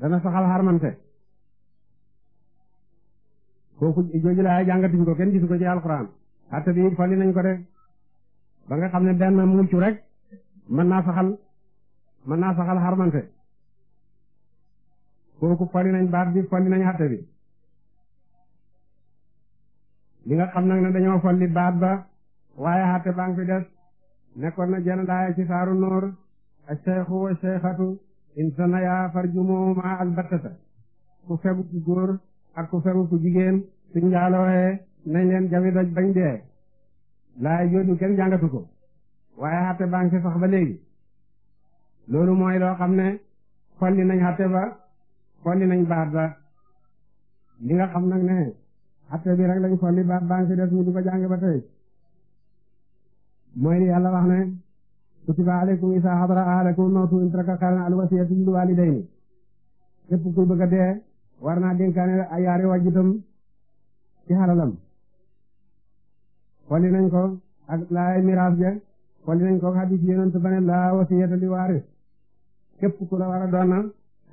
dana saxal xarmante kooku jooju laaya jàngatuñ ko kenn gisu ko ci alxuraan àtte bi fali nañ ko de ba nga xam ne benn muccu rek mën naa saxal mën naa saxal xarmante kooku folli nañ baat bi folli nañ xatte bi li nga xam nag ne dañoo folli baat ba waaye xatte baa fi des nekkoon na jenn daaya ci saaru noor a seexu wa seexatu insana yaa farjumoo ma albattata ku fegu ku góor ak ku fegu ku jigéen suñ njaalooxee nañ leen jawi bañ dee laay jooju kenn jàngatu ko waaye xatte baa fi sax ba léegi loolu mooy loo xam ne folli nañ xatte ba folli nañ baat ba li nga xam nag ne atte bi rek lañ folli baat baa des ñu di ko ba tey mooy li yàlla wax ne kutiba aleykum isa hadara ahalakum mawtu in taraka xayran al wasiyatu lil walidayni képp ku bëgg a dee war naa dénkaane ay yaari wàjjitam ci xalalam folli nañ ko ak laay miraas ja folli nañ ko ak hadis yonent ba ne laa wasiyata li waaris képp ku la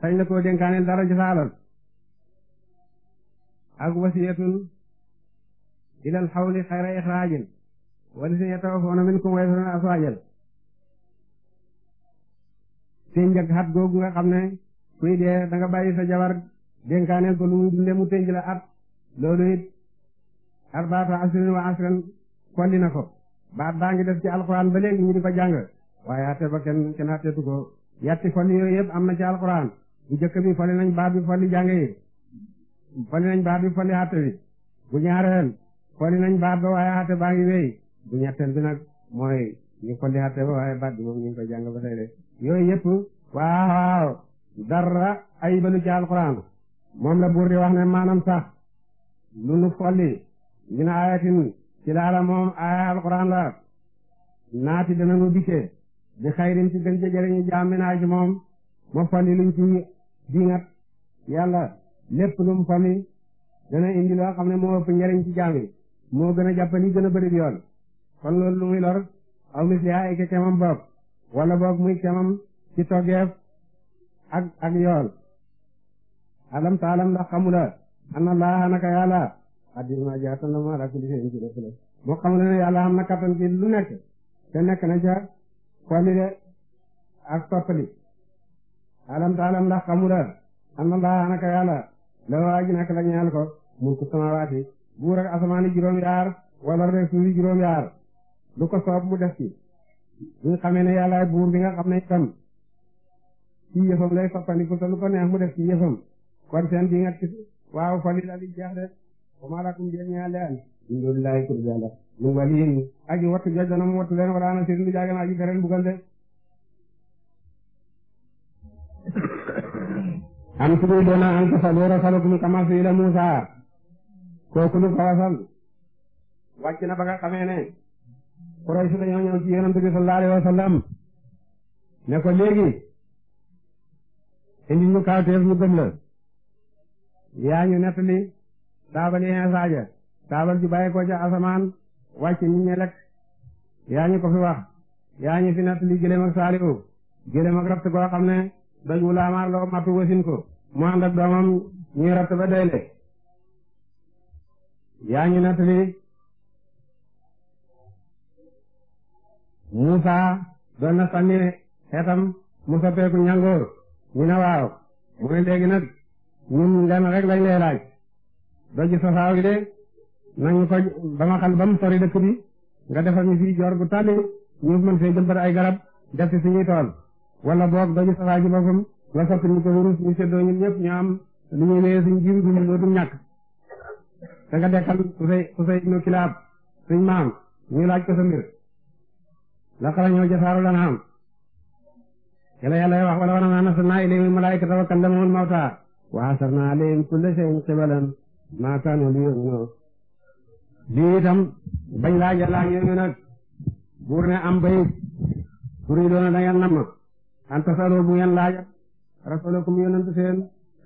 sañ la koo dénkaaneel dara ci sa alal ak wasiyatun ilal xawli xayra ixraajin wala si yatawafoona minkum wa yasuna aswaajal seen njëg xat googu nga xam ne kuy dee da nga bàyyi sa jabar dénkaaneel ko lu mu dundee mu tënj la at loolu it arbaata asrin wa asran kolli na ko baat baa ngi def ci alquran ba léegi ñu di ko jàng waaye àtte ba kenn kenn àtteetu ko yatti kolli yooyu yëpp am na ci alquran bu jëkk bi fali nañ baat bi fali jàng yi fali nañ baat bi fali àtte bi fali nañ baat ba waaye àtte baa ngi wéy bu ñetteel bi nag mooy ñu fali àtte ba waaye baat bi moom ñu ngi ko jàng ba tey yooyu yëpp waaw dara ay balu ci alxuraan moom la buur di wax ne maanaam sax lu nu folli min ayatin ci laala moom aaya alxuraan la naati dana nu dikkee bi xayrin ci gën ca jëriñu ci moom ma folli luñ ci diingat yàlla lépp lu mu fami dana indi ne moo ëpp njariñ ci jaam yi gën a gën a bëri yoon kon loolu lu aw misli ay ka kemam boog wala boog muy kemam ci toggeef ak ak yool alam taalam ndax xamula anna laaha naka yàlla addi ma jaatan la ma rakk li ci def la moo xamula ne yàlla am na lu nekk te nekk na ca xolli ak soppali alam taalam ndax xamula anna laa naka yàlla la waa ji nak la ñeel ko mulku samaawaati buur ak asamaani juróom yaar wala rek suufi juróom yaar lu ko soob mu def ci bi nga xamee ne yàllaay buur bi nga xam ne itam ci yëfam lay soppandiku te lu ko neex mu def ci yëfam kon seen bi nga waaw fali la li jeex de wama lakum bi ñaan leen indul laay kur jàlla lu waliin aji wattu jojjanam wattu leen wala na seen lu jaagan aji daren bugal de am turiiduuna an tusallu rasulakum kamaa su'ila Muusaa kooku lu ko wasal wàcc na ba nga xamee ne Quraysh ci yonent bi sallallahu alayhi ne ko léegi indi ñu kawteef ñu gëm la yaa ñu taabal yeen taabal ju bàyyi asamaan wàcc nit ñi lekk ko fi wax yaa fi nettali gëléem ak saaliw gëléem ak rabt ne doj wu laamaar la ko mattu mu ànd ak doomam ñuy ba doyle yaa ngi nettali Muusa doon na sànni xeetam mu soppeeku ñangoor ñu ne waaw mu ne léegi nag ñun lenn rek lañ lay laaj doji safaaw yi de nañu ko ba ma sori dëkk bi nga defal ñu fii joor bu tàlli ñu mën fee jëmbat ay garab def ci suñuy tool wala boog ba ñu safaa ji boppam nga sotti ñu ko wurus ñu seddoo ñun ñëpp ñu am lu ñuy wee suñ jiw duñu dootum ñàkk da nga dekkal Qusay Qusay ibnu Kilaab suñ maam ñu laaj ko sa mbir laqara ñëw jasaaru lana am yàlla yàlla wax wala wana naa nasarnaa ilayhim malaa'ikatan wa kallamahumul mawtaa wa asarnaa alayhim kulla shay'in qibalan maa kaanu liyu'minu lii itam bañ laa jàllaa ñëw ñu nag buur ne am bayit pour yi doona da ngeen namm an tasaloo bu ngeen laajat rasulakum yonent seen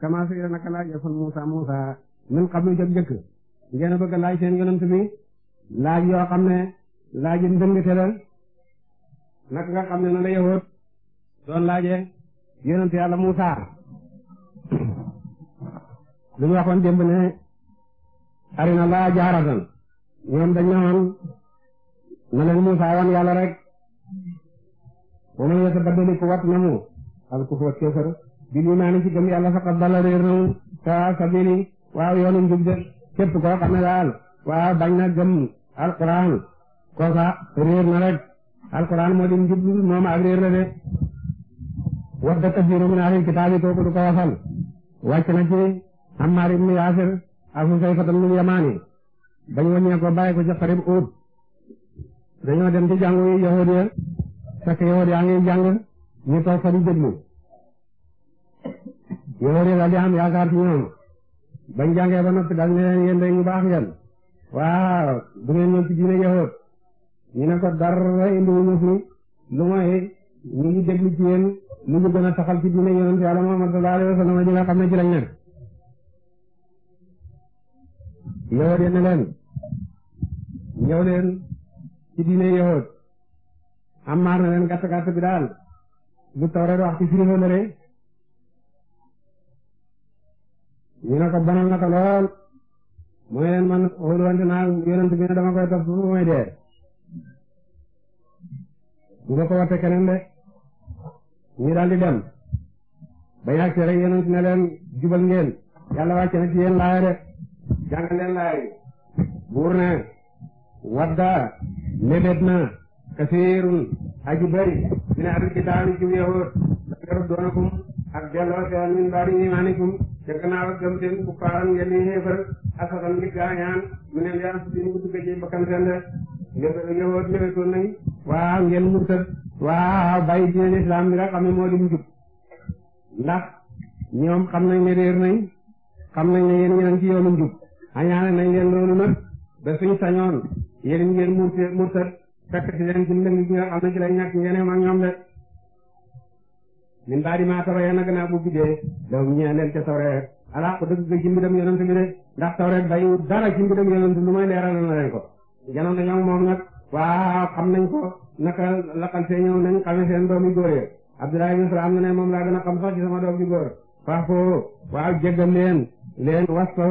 kama sira naka laaje kon Musa Musa min qablu jëkk jëkk ngeen a bëgg a laaj seen yonent bi laaj yoo xam ne laaji ndëngte la naka nga xam ne na la yahoot doon laaje yonent yàlla Musa lu ñu waxoon démb arina laa jaaratan ñoom dañ ne woon na leen Musa wan yàlla rek wa man yatabaddali ku wat namu al kufra kéefar bil imaani ci gëm yàlla faqad dalla réer namu saa sabili waaw yoonu njub de képp koo xam ne daal waaw bañ na gëm alquran kooka réer na rek alquran moo di njub moom ak réer la de wadda kabiru min ahli kitaabi kooku du ko wasal wàcc na ci Ammaar ibn Yaasir ak Husayfa ibn Yamaani dañ wàññee ko bàyyi ko ci xarib uut dañoo dem ci jàngu yi fekk yow yaa ngi jàng ñu toog fa di déglu yow daal di am yaakaar ci ñoom bañ jàngee ba noppi daal ne leen yéen dañu baax ngeen waaw bu ngeen ñëw ci diine yahood ñu ne ko dara indiwuñu fi lu mooy ñu ngi déglu ci yéen lu ñu gën a taxal ci diine yonent Yàlla Muhammad sallallahu alayhi wasallam ñi nga xam ne ci lañ ne leen ñëw leen ci diine yahood amaar na leen gàtt bi daal lu tawreet wax ci firi loolu rek ñu ne ko bonal na ko lool mu ne leen man xóoluwante naa yonent bi ne dama koy topp bu may dee nga ko watte keneen de ñu daal di dem bañ ak rek yonent ne jubal ngeen yàlla wàcce na ci yéen laaya de jàngal leen laaya buur ne wadda lébét na kasiirun aji bëri min ahlil kitaabi ci yahuud la yardoonakum ak delloo seen min ba'di iimaanikum ca gannaaw ak gëm seen kuffaaran ngeen di xeefar asatan ngir gaañaan mu neen yaan si diñ ko dugge ci bakkan seen de ngeen yahuud nañ waaw ngeen murtad waaw bàyyi diine islam bi nga xam ne moo di ñoom xam nañ ne réer nañ xam nañ ne yéen ñeneen ci yoonu njub añaane nañ leen loolu nag ba suñ sañoon yéen ngeen murtad fekk ci leen gën leen nga xam ne ci la ñàkk ñeneen ak ñoom de min baadi maa tabayyana nag naa bu biddee lahum ñeen leen ca sawreet alaa ko dëgg ci mbidam yonent bi de ndax sawreet bayu dara ci mbidam yonent lu may leeral na leen ko janoon nañoo moom nag waaw xam nañ ko naka laqal see ñëw nañ xame seen doomi góor ya Abdullah ibn Salaam ne moom laa gën a xam sax ci sama doom bi góor faafoo waaw jéggal leen leen was ko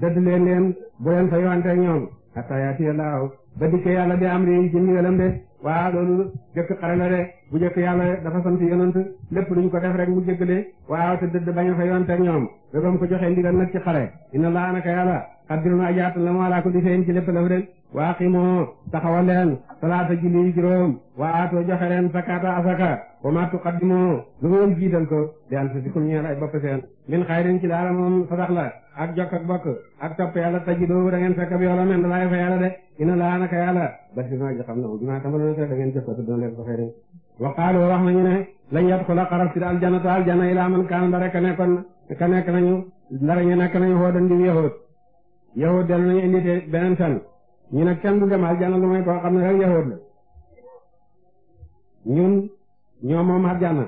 dëdd leen leen bu leen fa yowanteeg ñoom hatta yaatiya laaw ba dikkee yàlla bi am ri ci ndigalam de waa loolu jëkk xare la de bu jëkk yàlla dafa sant yonent lépp lu ñu ko def rek mu jéggale waaw te dëdd bañ a fa yoon teg ñoom ba ba mu ko joxee ndigal nag ci xare inna laa naka yàlla xaddirun ajaatan la moo laa ko difeen ci lépp laf de waa qimoo taxawal leen salaata julli juróom waa aatoo joxe leen sakaata asaka wa ma tuqaddimoo lu ngeen jiital ko di anfusikum ñeel ay bopp seen min xayrin ci daala la ak jokk ak ak topp yàlla tajidu da ngeen fekk bi yoola men da ina na naka yàlla basi naa ji xam ne bi maa tamaloon da na jëf ko te dina leen ko xëy rek waxaalo wax nañu ne lañ yat ko la xaraf si daal jannata aljanna ilaa man kaan ndare ka nekkoon ka nekk nañu ndare ñu nekk nañu xoodan di yahud yahud dellu nañu indi te beneen fen ñu ne kenn du dem aljanna lu may koo xam ne rek yahud la ñun ñoo moom aljanna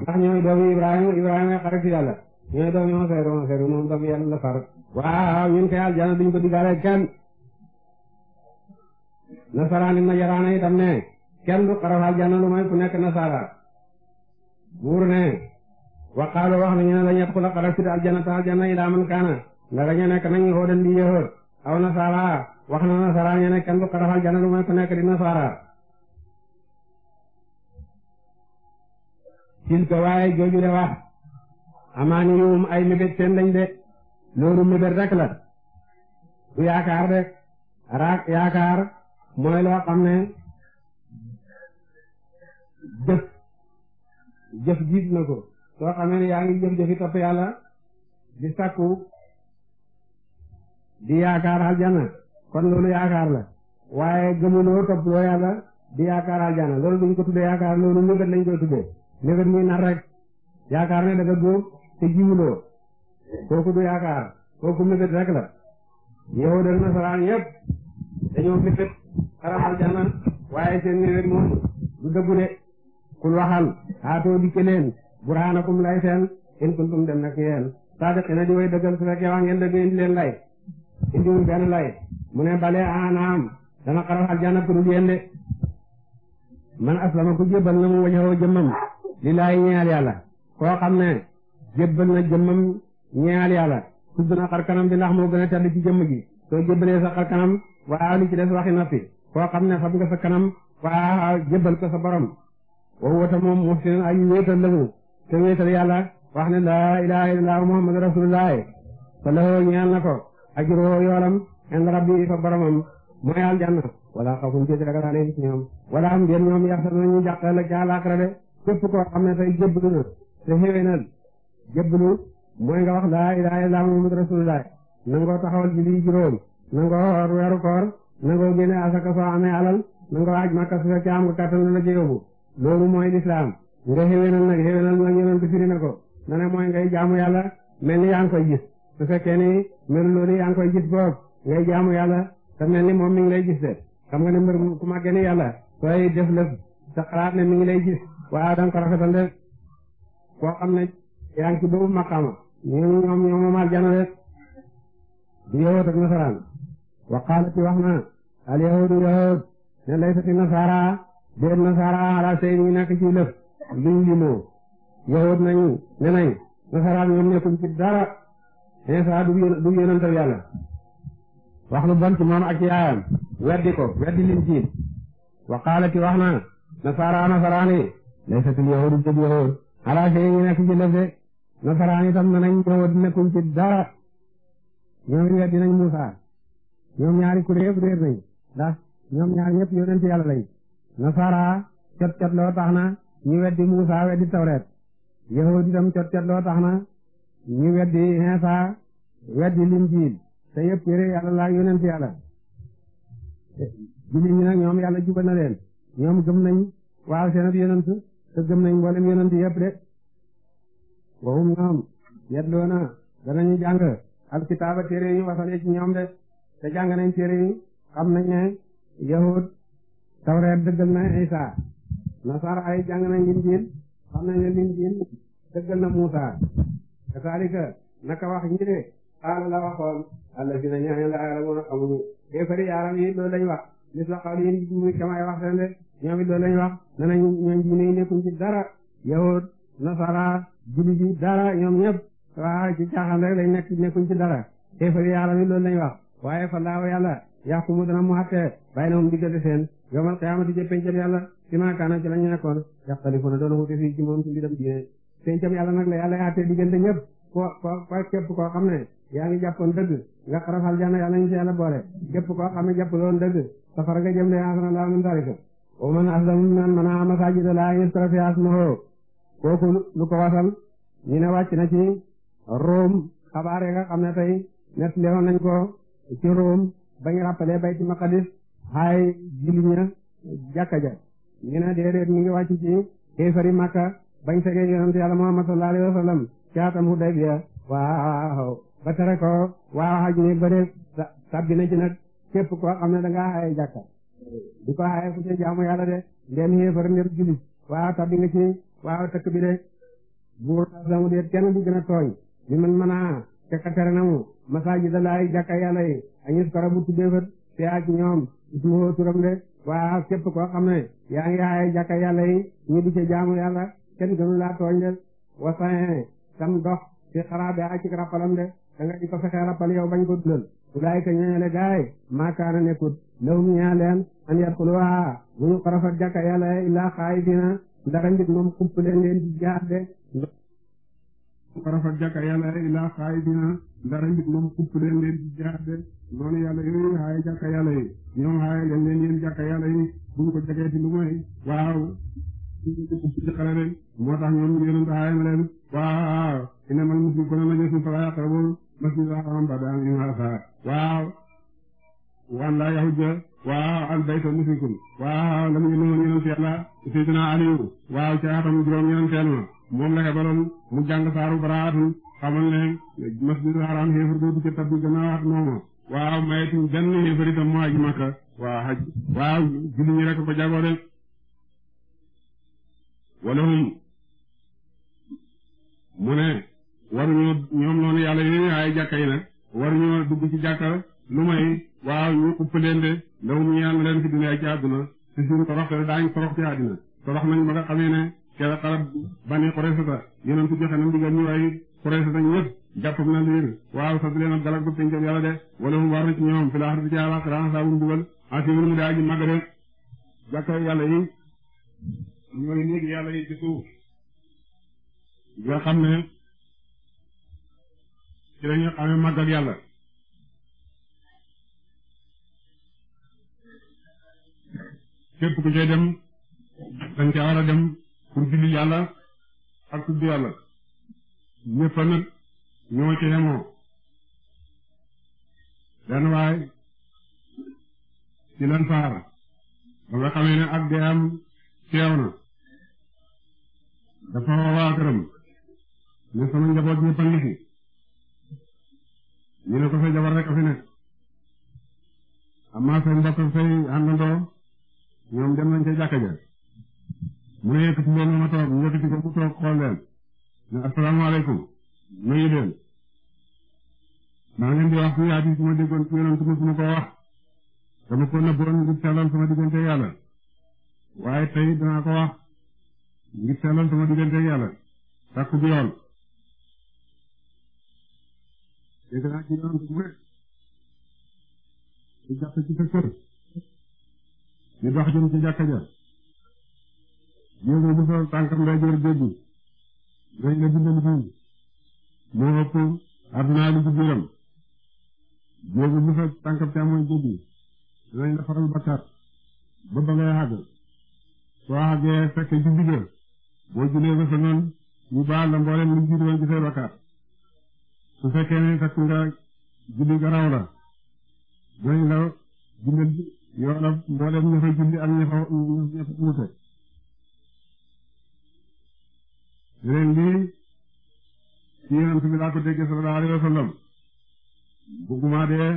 ndax ñooy doomu Ibrahima Ibrahima xarit si yàlla ñooy doomu Seydou Seydou moom doomu yàlla la far waaw ñun kay aljanna duñ ko digaale kenn nasaraani najaraana itam ne kenn du xaraf aljanna lu may ku nekk nasara buur ne waqaalu wax nañu ne la ñett ku la xaraf fit aljanna ta aljanna ilaa man kaana ndara ña nekk nañu xoodan di yëhoot aw nasara wax na nasara ña ne kenn du xaraf aljanna lu may ku nekk di nasara sil ko waaye jooju de wax amaani yuum ay mébét seen lañ de loolu mébét rek la du yaakaar de raak yaakaar mooy loo xam ne jëf jëf jiit na ko soo xamee ne yaa ngi jëf jëfi topp yàlla di sakku di yaakaar aljana kon loolu yaakaar la waaye gëmuloo topp loo yàlla di yaakaar aljana loolu duñ ko tudde yaakaar koy tudde nëbët muy nar rek yaakaar ne daga góob te jiwuloo kooku du yaakaar kooku nëbët rek la yow dal nasaraan yépp dañoo nëbët xaramal janna waaye seen ñëwet moom du dëggu de kul waxal haatoo dikke leen burhaanakum lay seen in kuntum dem nak yeen saadiqina di way dëggal su fekkee wax ngeen dëgg indi leen lay indiwul benn lay mu ne bale anaam dana xaral aljanna ku dul de man aslama ku jébbal na mu wajhoo jëmmam lillaahi ñeyal yàlla koo xam ne jébbal na jëmmam ñeyal yàlla tudd na xar kanam bi ndax moo gën ci jëmm ji soo jébbalee sa xar kanam waaw li ci des koo xam ne xam nga sa kanam waa jébbal ko sa borom wa wota moom muhsin aji wéetal lamu te wéetal yàlla wax ne laa ilaha illallah muhammadu rasulullah fa lahoo ñeel na ko ajuroo yoolam inda rabbi fa boromam mooy aljanna wala xawfun jéet ragalaane ci ñoom wala am déen ñoom yaxsa nañu jàqal ak àllaaxira de képp koo xam ne tey jébbalu na te xéwénal jébbalu mooy nga wax laa ilaha illallah muhammadu rasulullah nangoo taxawal julli juróom nangoo nangoo génne asaka soo amee alal nangoo aj makka su fekkee am nga kattan lu la ci yóbbu loolu mooy lislaam nga xéwénal nag xéwénal nag yonent bi firi na ko na ne mooy ngay jaamu yàlla mel ni yaa ngi koy gis su mel loolu yaa ngi koy gis boog ngay jaamu yàlla te mel ni moom mi ngi lay de xam nga ne mbir mu ku màggee ni yàlla sooy def lëf te xalaat ne mi ngi lay gis waaye da nga ko rafetal de ne yaa ngi ci boobu maqaama ñoom ñoom ñoom moom aljana de di yowoot waqaalati wax na al yahudu yahud ne laysati nasara déet nasara ala sey ñu nekk ci lëf luñ yahud nañu ne nañ nasara ñoom nekkuñ ci dara Iisaa du du yonental yàlla wax lu bon ci moom ak ci yaayam weddi ko weddi liñ jiit waqaalati wax na nasara nasaraani laysati al yahud ala sey ñu nekk ci lëf de nasaraani tam ne nañ yahud nekkuñ ci dara weddi nañ Muusaa ñoom ñaari kuréel yëpp réer nañ ndax ñoom ñaar ñëpp yonent yàlla lañ nasara cot cot loo tax na ñu weddi Muusa weddi tawreet yahudi tam cot cot loo tax na ñu weddi Iisa weddi linjiil te yëpp yére yàlla la yonent yàlla jullit ñi nag ñoom yàlla jubal na leen ñoom gëm nañ waaw seen ab yonent te gëm nañ mboolem yonent yëpp de wowum ñoom yedloo na danañu jàng alkitaaba téere ñu wasalee ci de te jàng nañ téere yi xam nañ ne yahud tawreet dëggal na Isa nasara jàng nañ linjiil xam nañ ne linjiil dëggal na Musa te saalika wax ñi de xaala la waxoon alla si na ñaane la alamoon xamuñu kéefari yaaram yi loolu lañ wax mis la xaw yéen muy kamay wax seen de ñoom it loolu lañ wax ne nañ ñoom diine nekkuñ ci dara yahud nasara julli ji dara ñoom ñëpp waa ci caaxaan rek lañ nekkuñ ci dara kéefari yaaram yi loolu lañ wax waaye fa laaw yàlla yaxkumu dana mu xattee bàyyi na moom diggante seen yowmal qiyaamati jë pencam yàlla si maakaana ci la ñu na doon wuute fii ci moom ci mbiram diine pencam yàlla nag la yàlla yaatee diggante ñëpp ko ko ko képp koo xam ne yaa ngi jàppoon dëgg nga xarafal jana yàlla ñu ci yàlla boole képp koo xam ne jàppaloon dëgg safara nga jëm de yaasana laa min dalika wa man aslamu mimman mana'a masaajida llaahi yuzkara fiihaa ismuhu kooku ne wàcc ne tey net lewoon ko ci Rome bañ rappelé Bayti Maqdis xaay julli ña jàkka ja ñu ne déedéet mu ngi wàcc ci kéefari Makka bañ tegee yonente yàlla Muhammad sallallahu alayhi wasallam ci atam Hudaybiya waaw ba tere ko waaw xaj ne bëre sabbi na ci nag képp koo xam ne da ngaa xaye jàkka di ko xaye ku ci jaamu yàlla de ndem xéefar ndem julli waaw tabbi nga ci waaw tëkk bi de buur samu deet kenn du gën a tooñ li man mën a cekka tere na mu masaajida laay jàkka yàlla yi añis kara bu tuddeefat fi ak ñoom ismuhu turam de waa képp koo xam yaa ngi aaye jàkka yàlla ñu di ca jaamu yàlla kenn gënu laa tooñ de wasaen tam dox fi xaraabe ak ci rappalam de da nga di fexee rappal yow bañ ko dulal ulaay ka ñooñale gaay maakaana nekkut lawum ñaa leen an yadxuluha bu ñu xarafat jàkka yàlla illaa xaayifiina ndara njit moom xupp leen leen di jaar de xarafat jàkka yàlla illaa dara nit moom kupp leen leen ci jaar de noonu yàlla yooyu xaaye jàkka yàlla yi ñoom xaaye leen leen yéen jàkka yàlla yi buñ ko jegee ci lu mooy waaw ci xale leen moo tax ñoom yonent xaaye na leen waaw innamal mushrikuuna najasun falaa yaqrabul masjidal haraam ba'da amihim haazaa waaw waan laa yahujja waaw al bayta mushrikun waaw lam ñu noon yonent yàlla sayyidina Aliyu waaw ca atam juróom ñeenteel ma moom la xebaloon mu jàng saaru baraatun xamal ne masjidul haram xéefar dootu ca tabbi gannaawaat moomu waaw mayetuñ benn xéefar itam mu aji makka waaw xaj waaw julli ñi ko jagoo de hum mu ne waruñoo ñoom noonu yàlla yéen ay jàkka yi nag waruñoo dugg ci jàkka lu may waaw ñu upp leen de ndaw mu ñaan leen fi dundee ci àdduna te suñu torox te daañ torox ci àddina torox nañ ba xamee ne kera xarab bani Qurayza yonentu joxe na ndigal ñu ay Quraysh dañ ñëpp jàppam na liir waaw sas leen ak galak bu pencam yàlla de wala mu war na ci ñoom fi ci yàlla yi ñooy néegi yàlla yi ci suuf nga xam ne ci lañu xamee mag ak yàlla képp ku cay dem dañ ca dem pour julli yàlla ak tudd yàlla ñëpp nag ñoo ci yemoo lan faar ba nga xamee ak dee am teew na dafa waa këram ne sama njaboot ñëpp a ngi fi ñu ne jabar rek a fi nekk amaa say mbokk say àndandoo ñoom dem nañ ca jàkka ja mu ne yëkkati leen ma toog mu yëkkati ko mu toog xool leen ne asalaamaaleykum nuyu leen di wax ci hadiis ma déggoon ci yonent bi ma ko wax dama ko nëbboon ngir sellal sama diggante yàlla waaye tey danaa ko wax ngir sellal sama diggante yàlla takku bi yoon dégg naa ci yonent bi mu ne ci jàpp ci sa kër ñu dox jëm ci jàkka ja jéego bu sol tànkam day jër dégg dañ la bindal fii moo ëpp ar naa li ci biiram fa tànkab te mooy jéggi dinañ la faral ba ba ngay soo xàggee fekk ci digg boo julee ba sa noon ñu baal la mboolem lu jiitu su fekkee ne nga julli garaw la dinañ la bindal yoonam mboolem ña fa julli ak ña fa ña fa ne bi laa ko déggee sallallahu alayhi wa sallam bëgguma dee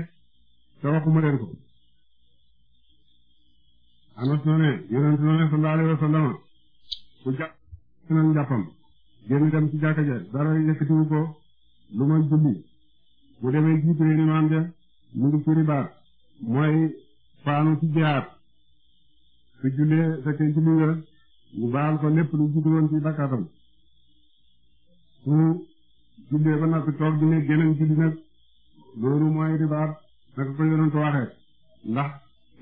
te waxuma leen ko anas na ne yonent na ne sallallahu alayhi dem ci jàkka ja dara yëkkatiwu ko lu julli bu demee jiitu leen imaam ja mu ngi ci ribaat mooy faanu julli nga ñu baal ko lépp lu juguloon ci bakkaatam su jullee ba noppi toog di ne geneen julli nag loolu mooy ribaat naka ko yonent waxe ndax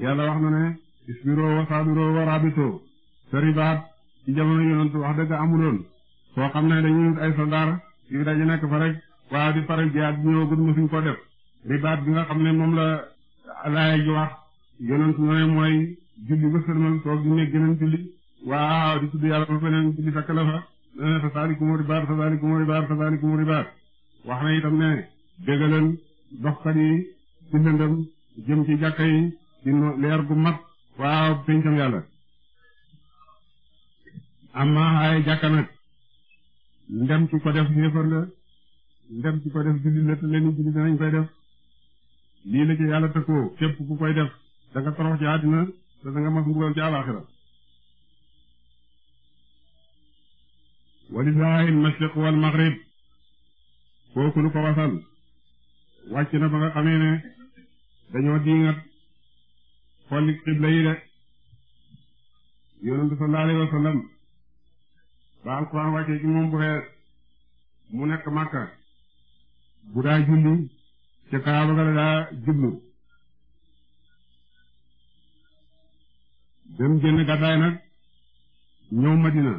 yàlla wax na ne isbiroo wa saabiroo wa raabitoo te ribaat ci jamono yonent wax dëgg amuloon foo xam ne dañuy ay soldaar yu daje nekk fa rek waa di pare jiyaat ñëwagul mësuñ ko def ribaat bi nga xam ne moom la laay wax yonent na ne mooy julli ba sëlmal toog di ne geneen julli waaw di tudd yàlla fa feneen julli fekk la fa dana fa saalikum ribaar saalikum ribaar saalikum ribaar wax na itam ne déggaleen doxkat yi ci lëndëm jëm ci jàkka yi ci leer gu mat waaw pencam yàlla amma ay jàkka nag ndem ci ko def xéefar la ndem ci def julli la te leen julli danañ koy def lii la ci yàlla tëkkoo képp ku koy def da torox ci àddina te da mas mbugal ci àllaaxira walillahi almashriq walmaghrib kooku lu ko wasal wàcc na ba nga ne dañoo diingat xolli xibla yi de yonent sallallahu alayhi wa sallam ba alquran wàccee moom bu xee mu nekk màkka bu daa julli ca kaaba ga daa jublu dem génn gàddaay nag ñëw madina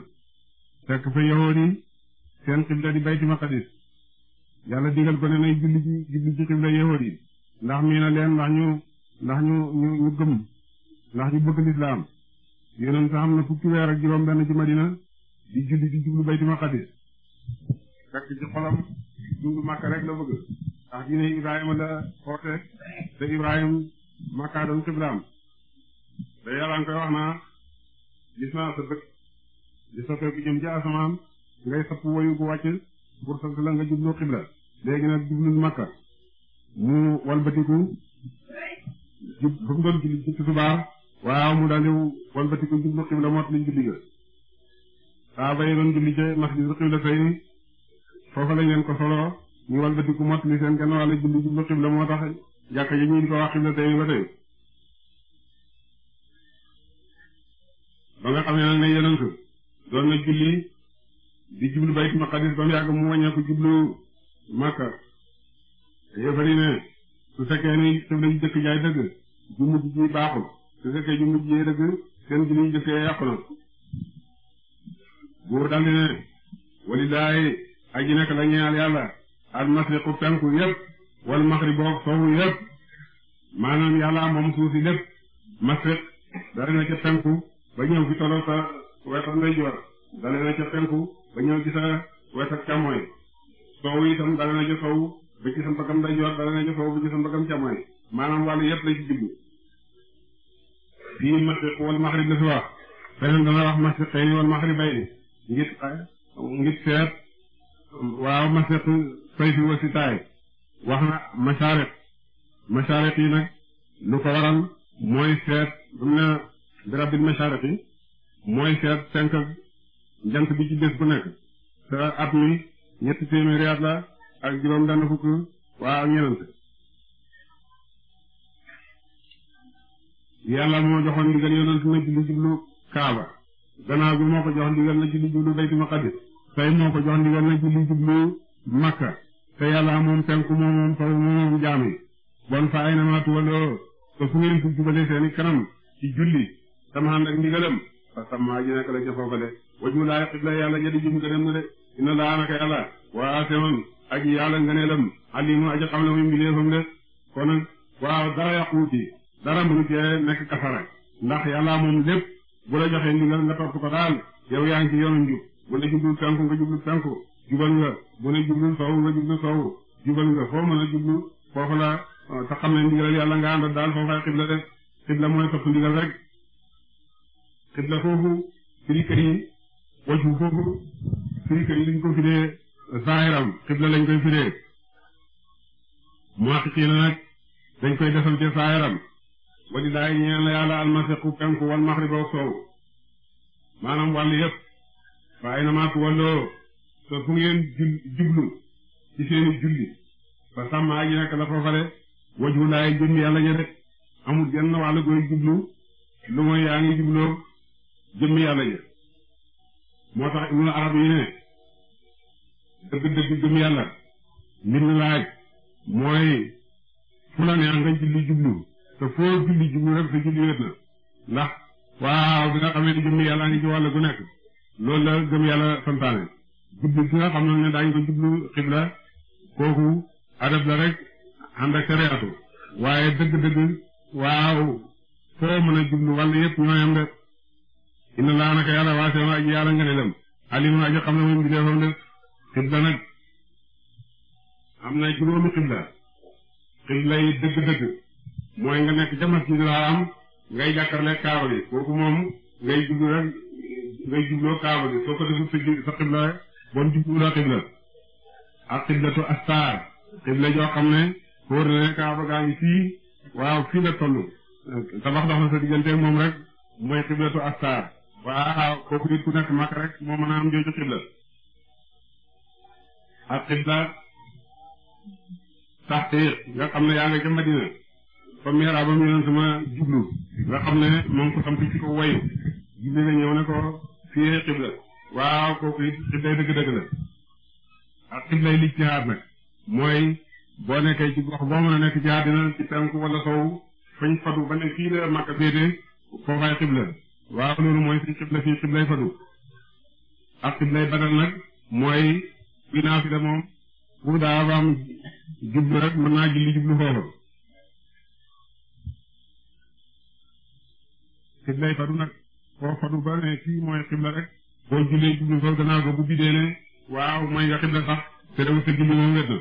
fekk fa yahood yi seen xibla di bayti maqadis yàlla digal ko ne nay julli ci julli ci xibla yahood ndax mii na leen ndax ñu ndax gëm ndax ñu bëgg lislaam yonent am na fukki weer ak juróom benn ci Madina di julli di jublu bayti maqadis fekk ci xolam jublu rek la bëgg ndax diine Ibrahima la xoote te Ibrahim Makka doon xiblaam da yàlla nga koy wax naa gis sa dëkk di soppeeku jëm ci asamaan ngay sapp woyu gu wàcc pour sant la nga jublu xibla léegi nag jublu makka mu walbatiku jub fu doon julli ci tisbaar waaw mu daal walbatiku jublu xibla mot liñ julli ga saa bay doon julli ca masjidul xibla tey ni foofa lañ leen ko soloo ñu walbatiku mot li seen gànnaaw la julli jublu xibla moo tax jàkka ji ñu di ko wax xibla tey ni ba tey ba nga xam ne nag ne yonent doon na julli di jublu baytul maqdis ba mu yàgg mu wàññeeku jublu Makka yéefari ne su fekkee ni sëf lañu jëkk jaay dëgg ju mujj ji baaxul su fekkee ju mujj jee dëgg seen ji ñu jëkkee yàqu na daldi ne walilaahi aji nekk la ñeel yàlla al masriqu penku yépp wal maxribu sowu yépp maanaam yàlla moom suuf si masriq dara na ca penku ba ñëw fi toloo sa wetu ndeyjoor dale na ca penku ba ñëw ci sa wetu càmmooñ soow itam dale na ca sow ba ci sa mbagam ndeyjoor dale na ca sow ba ci sa mbagam càmmooñ maanaam wàllu yëpp la ci jublu fii masiq wal maxrib la fi wax feneen dana wax masiqayni wal maxribayni ngir ngir seet waaw masiq sayfi wa sitaay wax na mashaariq mashaariq yi nag lu ko waral mooy seet dum ne bi rabbil mashaariq yi mooy seet fenk jant bi ci bés bu nekk te at mi ñetti téeméeri at la ak juróom benn fukk waa ak ñenent yàlla moo joxoon ndigal yonent na ci lu kaaba gannaaw bi moo ko jox ndigal na ci lu jublu baytu maqadis tey moo ko jox ndigal na ci lu makka te yàlla moom penku moom moom taw bon fa ay na maa tuwaloo te fu ngeen fu jubalee seeni kanam ci julli tam ak ndigalam parce que maa ji nekk la ca foofa de wajhu laa xibla yàlla ja di jëm gënëm na de inna laa naka yàlla waa asemam ak yàlla ngëneelam alimu aji xam la muy mbindeefam de kon nag waaw dara yàquwu ci dara mënu cee nekk kasara ndax yàlla moom lépp bu la joxee ndigal nga topp ko daal yow yaa ngi ci yoonu njub bu ne jublu tànku nga jublu tànku jubal nga bu ne jublu sowu nga jublu sowu jubal nga foo mën a jublu foofu la ah, ne ndigalal yàlla nga ànd daal foofa xibla def xibla foofu firi yi waju foofu firi yi lañ ko firee zaahiram xibla lañ koy firee muwafiqiina nag dañ koy defal ca zaahiram walilaahi ñeen la yàlla almasiqu penku wal maxriba soow maanaam wàll yëpp fa ay namaatu walloo te fu ngeen jublu ci seeni julli fa sàmmaa ji nekk la foofale waju laay jëm yàlla ña de amul genn wàll gooy jublu lu mooy yaa ngi jubloo moo tax ibnu arab yi ne dëgg-dëgg gëm yàlla li mu laaj mooy fu la neex nga julli jublu te foo julli jublu rek sa julli wét na ndax waaw bi nga xamee ne jëmm yàlla ngi ci wàll gu nekk loolu la gëm yàlla santaane jublu gi nga xam ne ne daañu ko jublu xibla kooku adab la rek ànd ak sariyaatu waaye dëgg-dëgg waaw foo mën a jublu wàll yëpp ñooyam de inna laa naka yàlla waase ma aji nga ne lam alimun aji xam moom bi defam de xibla nag am na juróomi xibla xibla yi dëgg-dëgg mooy nga nekk jamas ci laa am ngay jàkkarle kaaba bi kooku moom ngay jublu rek ngay jubloo kaaba bi soo ko rek bon jubluloo xibla astar xibla joo xam ne xóor na ne kaaba gaa ngi fii waaw fii la toll tabax dox na sa diggante moom rek mooy xiblatu astar waaw kooku nit ku nekk mag rek moo mën a am jooju xibla ak xibla taxtiq nga xam nga xam ne moom ko xam ti ci la ñëw ne xibla dëgg-dëgg la ak xiblay lijtihaad nag mooy boo nekkee ci gox boo mën a nekk ci àddina ci penku wala sow fañ fadu ba ne fii la Makka féete foofay xibla waaw loolu mooy fi xibla fi xiblay fadu ak xiblay badal nag mooy kuy naafila moom bu daa ba am jublu rek mën naa julli jublu foofu xiblay fadu nag foo fadu ba ne kii mooy xibla rek boo jullee jublu foofu gannaaw ko bu bidee ne waaw mooy nga xibla sax te daw sa julli moom wet na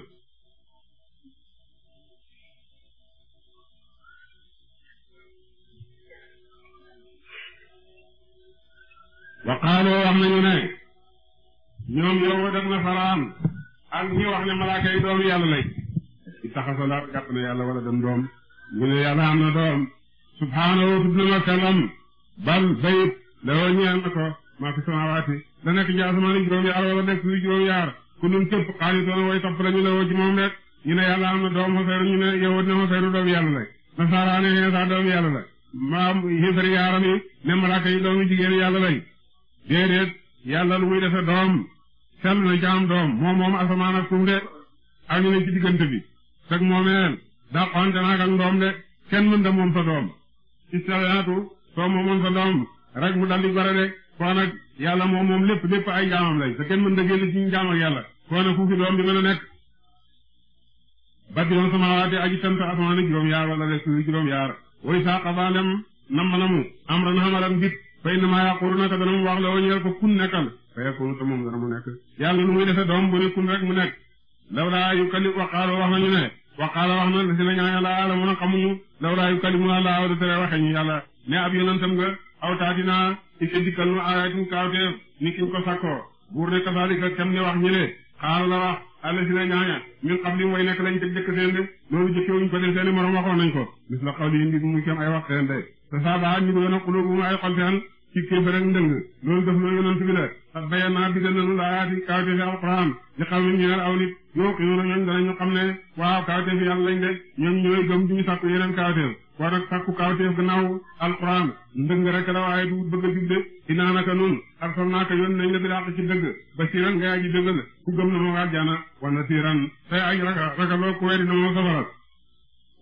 waqaaloo wax nañu ne ñoom yow def na faraan ñi wax ne malaaka yi doomu yàlla lay i taxasala gàtt na yàlla wala dem doom ñu ne yàlla am na doom subhaanahu tudd na ma kalam bal bayit na ko maa fi samaawaati da nekk ci asamaan juróom-yaar wala nekk suuf juróom-yaar ku nun képp xaanitoona way topp la ñu lawoo ci moom rek ñu ne yàlla am na doom xaseeru ñu ne yow ne xaseeru doomu yàlla lay nasaara ne xeesaa doomu yàlla la maam xisari yaaram déedéet yàlla lu muy defe doom sell na jaam doom moom moom asamaan de ak ñu ne ci diggante bi sag moomeel daa xoonte naag ak ndoom de kenn mënta moom sa doom istalaatu soo moomoon sa doom mu daldi gore de koo nag yàlla moom lépp lépp ay jaamam lay te kenn mënta génn ci jaam ak yàlla koo nag doom bi mën a nekk badiyoon samaawaati aji tant asamaan juróom yaar wala de suuf juróom yaar woy saa xabaandem nam ma namu am ran xamalan fay na maa yaquluna te dana mu wax la woo ñeel ko kun nekkal fa yakunu te moom dana mu nekk yàlla nu muy defe doom bu ne kun rek mu nekk lawlaa yu kali waqaala wax nañu ne waqaala wax na si na ñaaña la ala mun a xamuñu lawlaa yu kali mu àlla aw da tere waxe ñu yàlla ne ab yonentam nga aw taatinaa i ka dikkal nu ayatin kaawteef ni kim ko sakkoo buur ne kasaalika kem ne wax ñële xaala la wax alla si na ñaaña min qabli way nekk lañ teg wax seen de te a ci kéefar ak ndëng loolu daf loo yonent bi la ak bayan naa bi nanu laaati kawte fi alquran li xaw ni ñëer aw nit yoo xinuuna ñoom danañu xam ne waaw kawte fi yàlla lañ de ñoom ñooy gëm duñu sàkku yeneen kawteef kon nag sàkku kawteef gannaaw alquran ndëng rek la waaye du bëgg a jub de dinaa naka nun ak sol naaka yoon nañ la bi dàq ci dëgg ba siiran ngay aji dëggal ku gëm na moo a wana siiran tay aj raka rakaloo ku weri na moo safara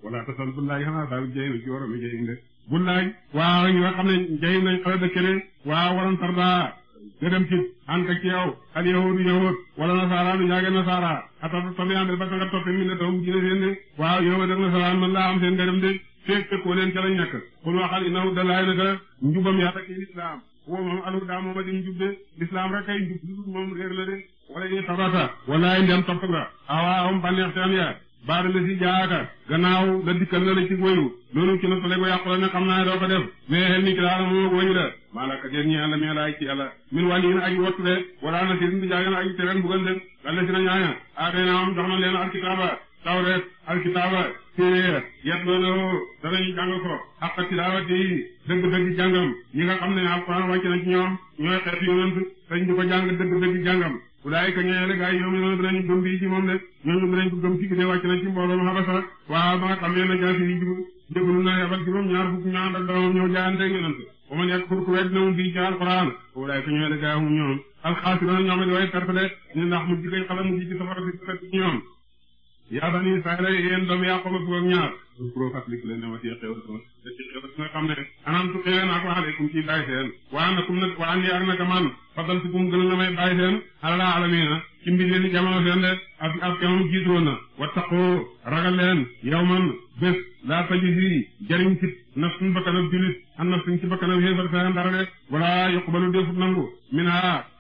wala tasal bu laaj xanaa daaw jeynu ci waram jeyim bu laaj waa ñi nga xam ne jay nañ xala dëkkale waaw waran tarda nga dem ci ànd ak ci yow al yahudu yahud wala nasaara du ñaage nasaara atata tabiambe ba nga toppi mi ne taw dina seen de waa yow ma def nasaraan man laa am seen nga dem de feek tëkkoo leen ca la ñàkk xul waxal inahu dalaay naka njubam yàlla kay lislaam woo moom alu daa mooma dim njub de lislaam rek kay njub moom réer la de wala yi xarata wala yi ndem topp nga awaa baada la si jaaka gannaaw la dikkal na la ci wëyu loolu ci na tale ko yàqu la ne xam naa doo ko def mais xel ni ki daala moom ak wëyu la maalaka teen ñi àlla mais laaj ci yàlla min wàll yin aji wattu de wala na sirin di jaagan aji teran bugal de alla si na ñaaña aatee ah naa am jox na leen alkitaaba tawret alkitaaba téere yet loolu danañu jàng ko xaqa tilaawati dëgg-dëgg jàngam ñi nga xam ne alquran wàcc na ci ñoom ñooy xeet yonent dañ di ko jàng dëgg-dëgg jàngam ulaayika ñeele gaa yi ñoom ñoo dinañ gëm bii ci moom de ñooñu dinañ ko gëm ci de wàcc na ci mbooloom xabasa waaw ba nga xam ne na gaa fi jub jégalu na yabal ci moom ñaar fukk ñaan ak doomam ñoo jaayante a ba man yàgg pour ku wedd na mu bii ci alquran ulaayika ñeele gaa yi ñoom alxaasirona ñoom di way perte de ñu ndax mu ji koy xalam mu ji ci safara si ci ñoom yaa bani Israayla yéen doom Yaaqooba suuf a fàttaliku leen dama cee xew da ci xew a xam ne a su a naa ko aleykum ci bàyyi seen waa nakum nag waa nii ak naka man fadal si kum gën a la may bàyyi seen alala alamina ci mbir leen jamono seen de ak ak kanam jiitoo na wattaqoo ragal leen yow man bés laa tajisi jariñ ci nafsun bakkanab julit a nafsun ci bakkanab xéefar seen dara de wala yuqbalu defut nangu mina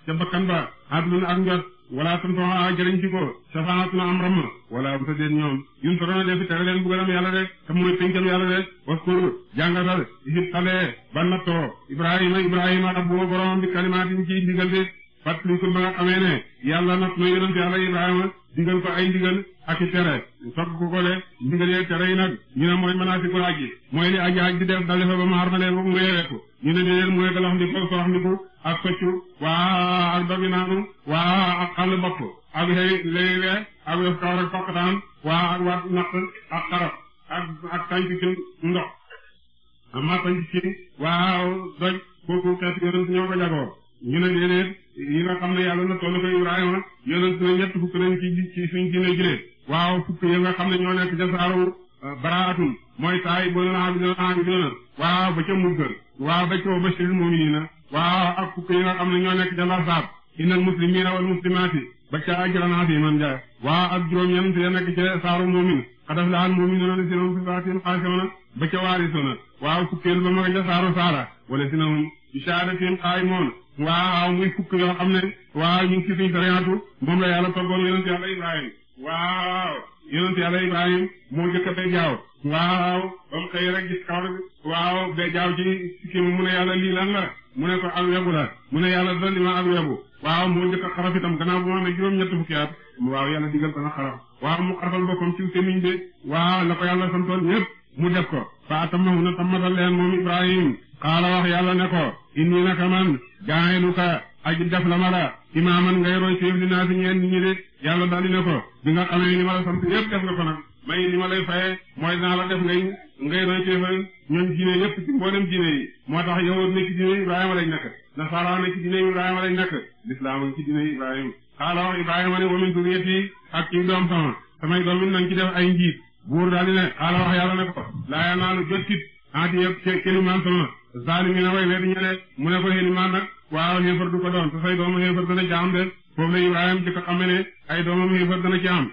ca bakkan ba adlun ak njot wala tantoxa jëriñ ci ko safaatuna am ram wala bu ta deen ñoom yun torona defi tere leen bugalam yàlla rek te mooy pencam yàlla rek waskur jàngatal isib xale ba nattoo ibrahima ibrahima rabbu boromam bi kalimaatin ci ndigal de fàttali ko ba nga xamee ne yàlla nat na yonent yàlla ibrahima digal ko ay ndigal ak i tere sog ko ko de ndigal yeeg tere yi nag ñu ne mooy manaasikul hajj yi mooy li aji hajj di def dale fa ba ma xarmalee foofu nga yeweeku ñu ne déedéet mooy galax ndiku sorox ndiku ak soccu waa ak dogi naanu waa ak xàll bopp ak xëy léegi we ak wef kawar ak foqtaan waa ak waat naq ak xarab ak ak tànc ci ndox amma tànc ci waaw doj kooku xeetu yonent ñoo ko jagoo ñu ne déedéet yi nga xam ne yàlla na toll ko Ibrahima yonent na ñett fukk nañ ci ci suñ dina jëlee waaw fukk ya nga xam ne ñoo nekk ca saaru euh, baraatum mooy taay boo na am dina am dina waaw ba ca munkar waaw ba ca bashiril mu'minina waaw ak fukk ya nga xam ne ñoo nekk ca lasaab innal muslimina wal muslimaati ba ca ajran aziman ja waaw ak juróom-ñeent ya nekk ca saaru mu'min qad aflaha al mu'minuna si noonu fi saatihim xaashi'una ba ca waarisuna waaw fukkeel ba ma nga wala si noonu bi shahaadatihim qaa'imuun waaw muy fukk yoo xam ne waaw ñu ngi ci suñu sariyaatu moom la yàlla toggoon yonent waaw yonent yàlla Ibrahim moo jëkk a bejaaw waaw ba mu xëy rek gis kawar mu ne yàlla lii la mu ne ko ak webu la mu ne yàlla dina ma ak webu waaw moo jëkk a xaraf itam gannaaw bu ma amee juróom-ñett fukki at waaw yàlla digal ko na xaraf waaw mu xarafal boppam ci semiñ de waaw la ko yàlla santoon ñépp mu def ko fa tamahu na tamatal leen moom Ibrahim xaala wax ne ko inni naka man jaayiluka aji def la ma la imaaman ngay roy naa yàlla daal di ne ko bi nga xamee li ma la sant yëpp def nga ko may li ma lay fayee mooy la def ngay ngay doy téefa ñoom diine yëpp ci mboolem diine moo tax yow nekk diine Ibrahima lañ nekk nasaara nekk diine Ibrahima lañ nekk lislaam ci diine Ibrahima xaala wax Ibrahima ne wa min duriyati ak ci doom sama samay doom it nañ ci def ay njiit buur daal di ne xaala wax yàlla ne ko laa naalu jotit enti yëpp kelimaan sama zaalimiina way wedd ñele mu ne ko xelimaan nag waaw xéefar du ko doon te say doom xéefar dana jaam de foofu la Ibrahima di ko xamee ne ay doomam yi far dana ci am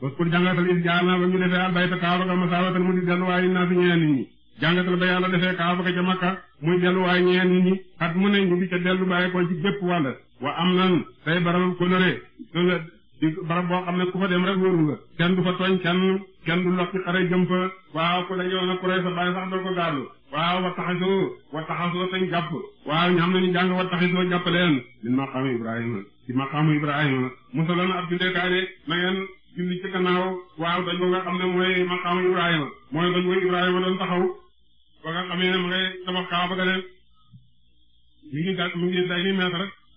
waskul jàngatal is jaar naa ba ñu defee al bayta kaaba ga masaabatal mu di delluwaay naa si ñeen nit ñi jàngatal ba yàlla defee kaaba ga ca makka muy delluwaay ñeen nit ñi at mu ne ñu di ca dellu bàyyi ko ji gépp wàll wa am nan tey ba coloré di barab boo xam ne ku fa dem rek wóoru nga kenn du fa tooñ kenn kenn du lox ci xare fa waaw ku dañoo na kuréy sa bàyyi sax doo ko wa taxasoo wa taxasoo tañ ñu xam ne wa taxisoo ci maqaamu Ibrahima musalana ab bindekaay ne na ngeen julli ci gannaaw waaw dañ ko nga xam ne mooy maqaamu Ibrahima mooy dañ koy Ibrahima doon taxaw ba nga mu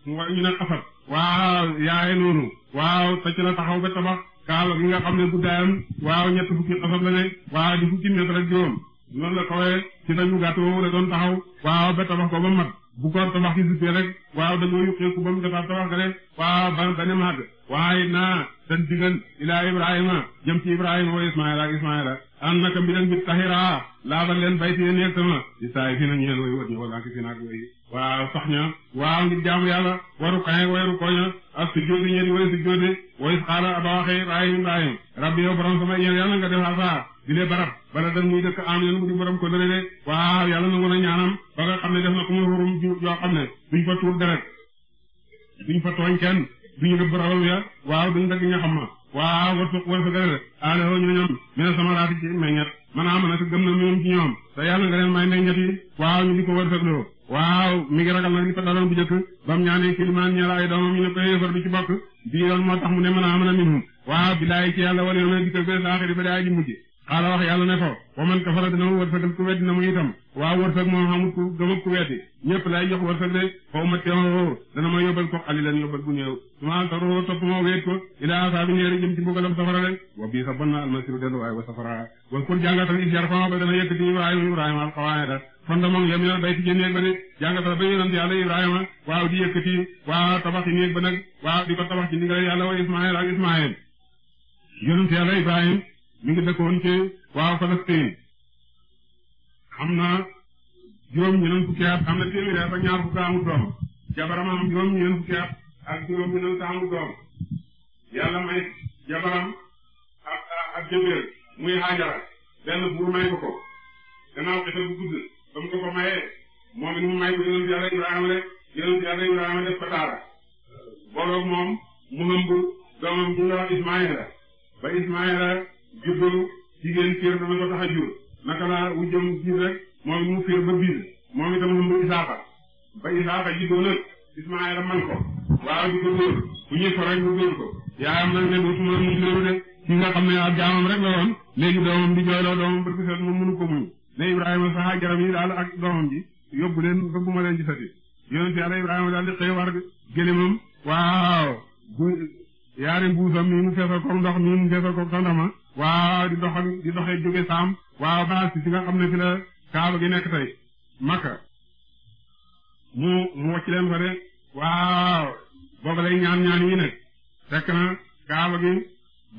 war ñu ne xafat waaw yaaye noonu waaw sëcc na taxaw ba tabax kaaba mi nga xam ne guddaayam waaw ñett fukki xafat la ne waaw di fukki mètre ak juróom noonu la kawee ci dañu gàtt woowu la doon taxaw waaw ba tabax ko ba mat bu ko tabax gi gisee rek waaw da nga yuqeeku ba mu defar tabax ga rek waaw ba ba ne màgg waaye naa dan digal ilaa Ibrahima jëm ci Ibrahima wa Ismaila ak Ismaila an naka mbiran bi a laabal leen bayti yéen yeeg sama di saay fi na ñeen way wat ñi walaaki fi naak way waaw sax ña waaw ngir jaamu yàlla waru kaxe wayru koña ak su jóodi ñeeti way su jóode way xaala abawaxe Ibrahima Ibrahima rabbi yow borom sama yéen yàlla nga def asaa di lee barab bala dan muy dëkk am yéen mu di borom ko dëre de waaw yàlla nangu na ñaanam ba nga xam ne def na ko mu xurum yoo xam ne duñ fa tuur deret duñ fa tooñ kenn duñu rëbb rawal ya waaw duñ dagg ña xam ma waaw war tuq war fa gëre de aale hoo ñooñam mi ne sama raati ci meññet manaa mën a ko gëm na moom ñoom te yàlla nga leen may meññet yi waaw ñu di ko war fagloo waaw mi ngi ragal nag li ko daloon bu jëkk ba mu ñaanee kilimaan ñeela ay doomam ñu ne ko yéefar du ci ne a na minhum waaw yàlla wane na dikkal bee saaxiri ba daa xaala wax yàlla ne ko wa na mu itam waa wërsëg moom xamut ku gëm ak ku weddi ñëpp laay jox wërsëg de faw ma teewoo dana ma yóbbal ko xalilan yóbbal bu néew su ma taroo topp ma weet ko ilaa asaabi ñeeri jëm ci mbugalam safara de wa bii sa bon na almasiru den waaye wa safara wa kur jàngatal is yar fama ba dana yëkkati ibrahima ibrahima al xawaayida fondement ya minal bayti ja néeg ba de jàngatal ba yonent yàlla ibrahima waaw di yëkkati waaw tabax yi néeg ba nag waaw di ko tabax ci ndigal wa ismail ak ismail mi ngi dëkkoon ci waa Palestine am na juróom-ñeneen fukki at am na téeméeri at ak ñaar fukk amul doom jabaram am juróom-ñeneen fukki at ak juróom-ñeneen amul doom yàlla may jabaram ak ak muy Haajara benn buur may ko ko gannaaw xete bu ba mu ko ko mayee moom it mu may ko yonent yàlla Ibrahima rek yonent yàlla Ibrahima def ko taara booloog moom mu ëmb doomam bu ñu wax ba Ismaïla jubbalu jigéen cër dama ko tax a jur naka laa wujjam gis rek mooy mu fiir ba biir moom itam ëmb Isaaxa ba Isaaxa juddoo nag Ismaayla man ko waaw di ko dóor bu ñuy rek mu dóor ko yaayam nag ne dootuma muñ loolu de ki nga xam ne ab jaamam rek la woon léegi doomam di jooyloo doomam bët ko seet moom mënu ko muñ ne Ibrahima sax jaram yi daal ak doomam ji yóbbu leen ba bu ma leen gisati yonent Yàlla Ibrahima daal di xëy gëlëmam waaw yaari mi mu waaw di doxal di doxee jóge saam waaw balaas bi si nga xam ne fi la kaaba gi nekk tey makka mu mu wàcc leen fa de waaw booba lay ñaan ñaan yi nag fekk na kaaba gi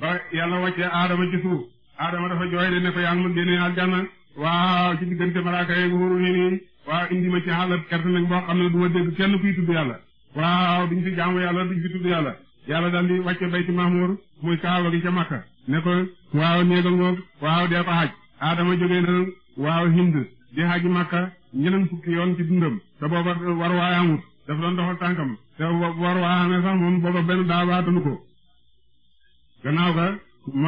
ba yàlla wàccee aadama ci suuf aadama dafa jooy de ne yaa ngi ma génnee aljanna waaw ci diggante malaaka yeeg wóoru ni nii waaw indi ma ci xàll kerte nag boo xam ne du dégg kenn kuy tudd yàlla waaw duñ fi jaamu yàlla duñ fi tudd yàlla yàlla daal di wàcce bayti mahmur muy kaaba gi ca makka ne ko waaw néega ngoog waaw dee ko xaj aadama jógee na waaw hind di xaji makka ñeneen fukki yoon ci dundam te booba war waay amut dafa doon doxal tànkam te war waay amee sax moom booba benn daabaatanu ko gannaaw ga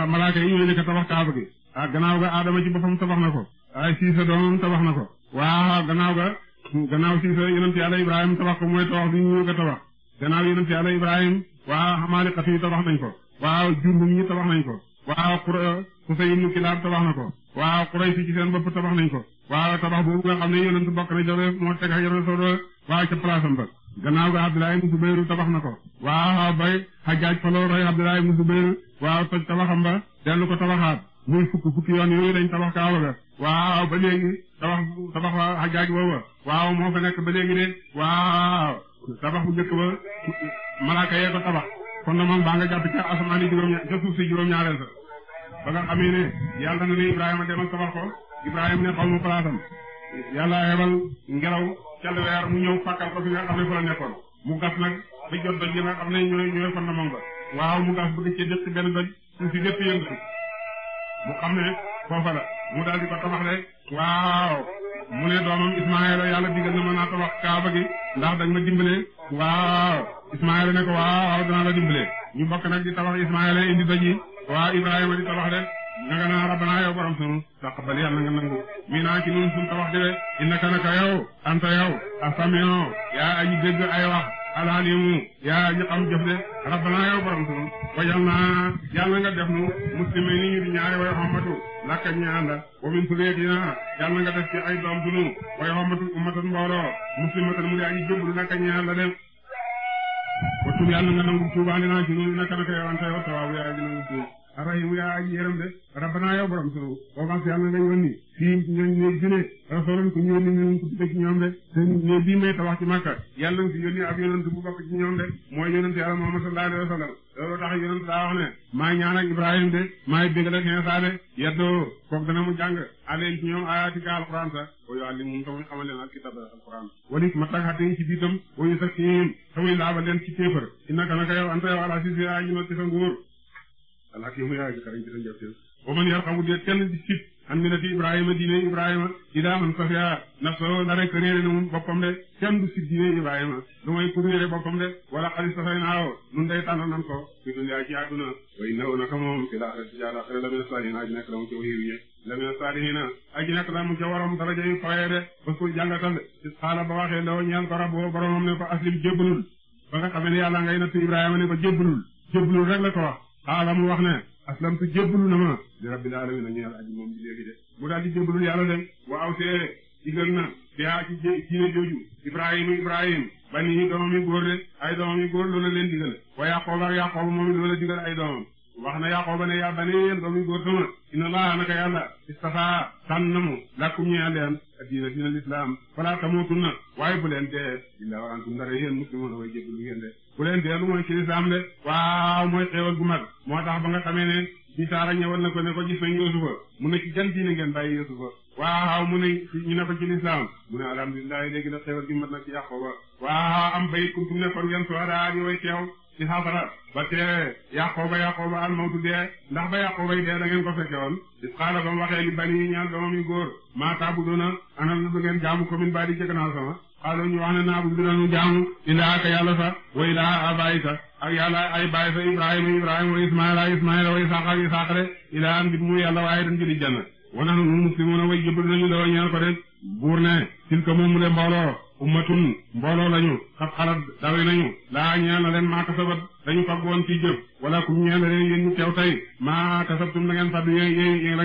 malaaka yi ñoo jëkk a tabax kaaba gi ah, gannaaw ga aadama ci boppam tabax na ko ay ah, siisa doomam tabax na ko waaw gannaaw ga gannaaw siisa yonent yàlla ibrahim tabax ko mooy tabax bi ñu ñëw ga tabax gannaaw yonent yàlla ibrahim waa xamaaliqat yi tabax nañ ko waaw jundum ñi tabax nañ ko waaw xura Xusay ibnu Kilaab tabax na ko waaw xuray si ci seen bopp tabax nañ ko waaw tabax boobu nga xam ne yonentu bokk na jore moo teg ak yore soodo waaw ca place am ba gannaaw ga Abdullah ibnu Zubayru tabax na ko waaw bay Hajjaaj faloo rey Abdullah ibnu Zubayru waaw toj tabaxam ba dellu ko tabaxaat muy fukk fukki yoon yooyu lañ tabax Kaaba ga waaw ba léegi tabax tabax Hajjaaj booba waaw moo fa nekk ba léegi de waaw tabax bu njëkk kon baa nga jàpp ca asamaan juróom ñaareel sa ba nga xamee ne yàlla na ne Ibrahima demal tabax ko Ibrahima ne xaw ma mu ñëw fàkkal ko fi nga xam ne fa la nekkoon mu gas nag ba jot doj yi nga xam ne ñooy ñooy fondement ba waaw mu gas bëgg ci dëkk benn doj suuf si lépp yëngatu mu xam ne foofa la mu daal ko tabax de waaw. mu ne doomam Ismaayila yàlla digal na ma naa tabax kaaba gi ndax dañ ma dimbale waaw Ismaayila ne ko waaw danaa la dimbale ñu bokk nag di tabax Ismaayila indi doj yi waa Ibrahima di tabax rek na nga naa rabbana yow borom sunu taqabbal yàlla nga nangu mi naa ci nun suñu tabax di de innaka naka yow anta yow asamiyo yaa aji dégg ay wax alalimu yaa ñu xam jëf de rabbana yow borom sunu wajal naa yàlla nga def nu muslimin ni ñu di ñaari way xamatu lakka ñu ànda wa min suriyyatina yàlla nga def ci ay doom sunu way xamatu ummatan mbooloo muslimatan mu di aji jublu lakka ñu ànda dem wa tub yàlla nga nangu tuubaani naa ci ñun naka naka yow anta tawaabu yaa ji nangu tuub arrahim yaa aji yërëm de rabbana yow borom sunu ogas yàlla nga ñoon ni fii ñooñ ne junne rasulun ku ñoon ni ñun ko tudde ci de te ne bii may ci Makka yàlla nga fi yónni ab yonent bu bokk ci de mooy yonent yàlla Muhammad sallallahu alayhi wa sallam loolu tax yonent daa wax ne maa ñaan ak Ibrahim de maay dégg ak Insa de yeddoo kook dana mu jàng aleen ci ñoom ayaati ka alquran sax wa yuallimuhum tamuy xamal leen ak kitaab alquran wali ma tax xatin ci biitam wa yusakkihim tamuy laaba leen ci kéefër innaka naka yow anta yow ala alaak yow mu yaay xarañ ci sa njorteel wa man yar xamu déet kenn di sib an millati ibrahima diine ibrahima ida man safiya nafsahu nda rek réere na moom boppam de kenn du sib diine ibrahima lu may ku réere boppam de wala xalis safay naawo nun day tànn nan ko fi dunyaa ci àdduna way naw naka moom fi laaxira ci jaala xare la mine salihin aji nekk la mu ca wiiw ye la mine salihina aji nekk la mu ca warom daraja yu kawee de bas ko jàngatal de is xaala ba waxee law ñaan ko rabbo boromam ne ko aslim jébbalul ba nga xamee ne yàlla ngay natt ibrahima ne ko jébbalul jébbalul rek la ko wax xaala mu wax ne aslamtu jébbalu na ma li rabbil alamin ñeel aji moom bi léegi de mu daal di jébbalul yàlla de wa aw tee digal na bihaa ci diine jooju ibrahima ibrahim bani yi doomam yi góor de ay doomam yi góor loola leen digal wa yaqoob ak yaqoob moom it loola digal ay doomam wax na yaqooba ne yaa bani yéen doom yi góor sama na laaha naka yàlla istafaa tànn na mu lakkum ñeel leen diina diina lislaam falaa tamuutunna waaye bu leen dee illaa wa antum ndare yéen muslimuuna way jébbalu ngeen de bu leen dellu mooy ci lislaam de waaw mooy xéewal gu mag moo tax ba nga xamee ne ci saara na ko ne ko gis nañ Yuusufa mu ne ci jan ngeen bàyyi Yuusufa waaw mu ne ñu ne ko ci lislaam mu ne alhamdulilah léegi nag xéewal gi mat na ci Yaquba waaw am bayit ku ne kon ngeen soodaa di way teew ci xabara ba teewee Yaquba ba al mawtu dee ndax ba Yaquba yi dee da ko fekke woon is ba mu waxee li bani ñaar doomam yu góor maa taabudoona ana lu di jëkk naa sama xaaloo ñu wax ne naa a nañu jaamu ilaa ka yàlla sax wa ilaa abaayika ak yàlla ay baay sa ibrahima ibrahima wa ismaila ismaila wa isaaq ak isaaq de ilaa mbir mu yàlla waaye dañ jëli janna wana nu muslimuuna way jëbal nañu la ñeel ko de buur ne tilka moomu le mbooloo ummatun mbooloo lañu xat xalat dawe nañu laa ñeel na leen maa kasabat dañu faggoon ci jëf wala kum ñeel na leen yéen ñu teew tey maa kasabtum la ngeen fagg yéen la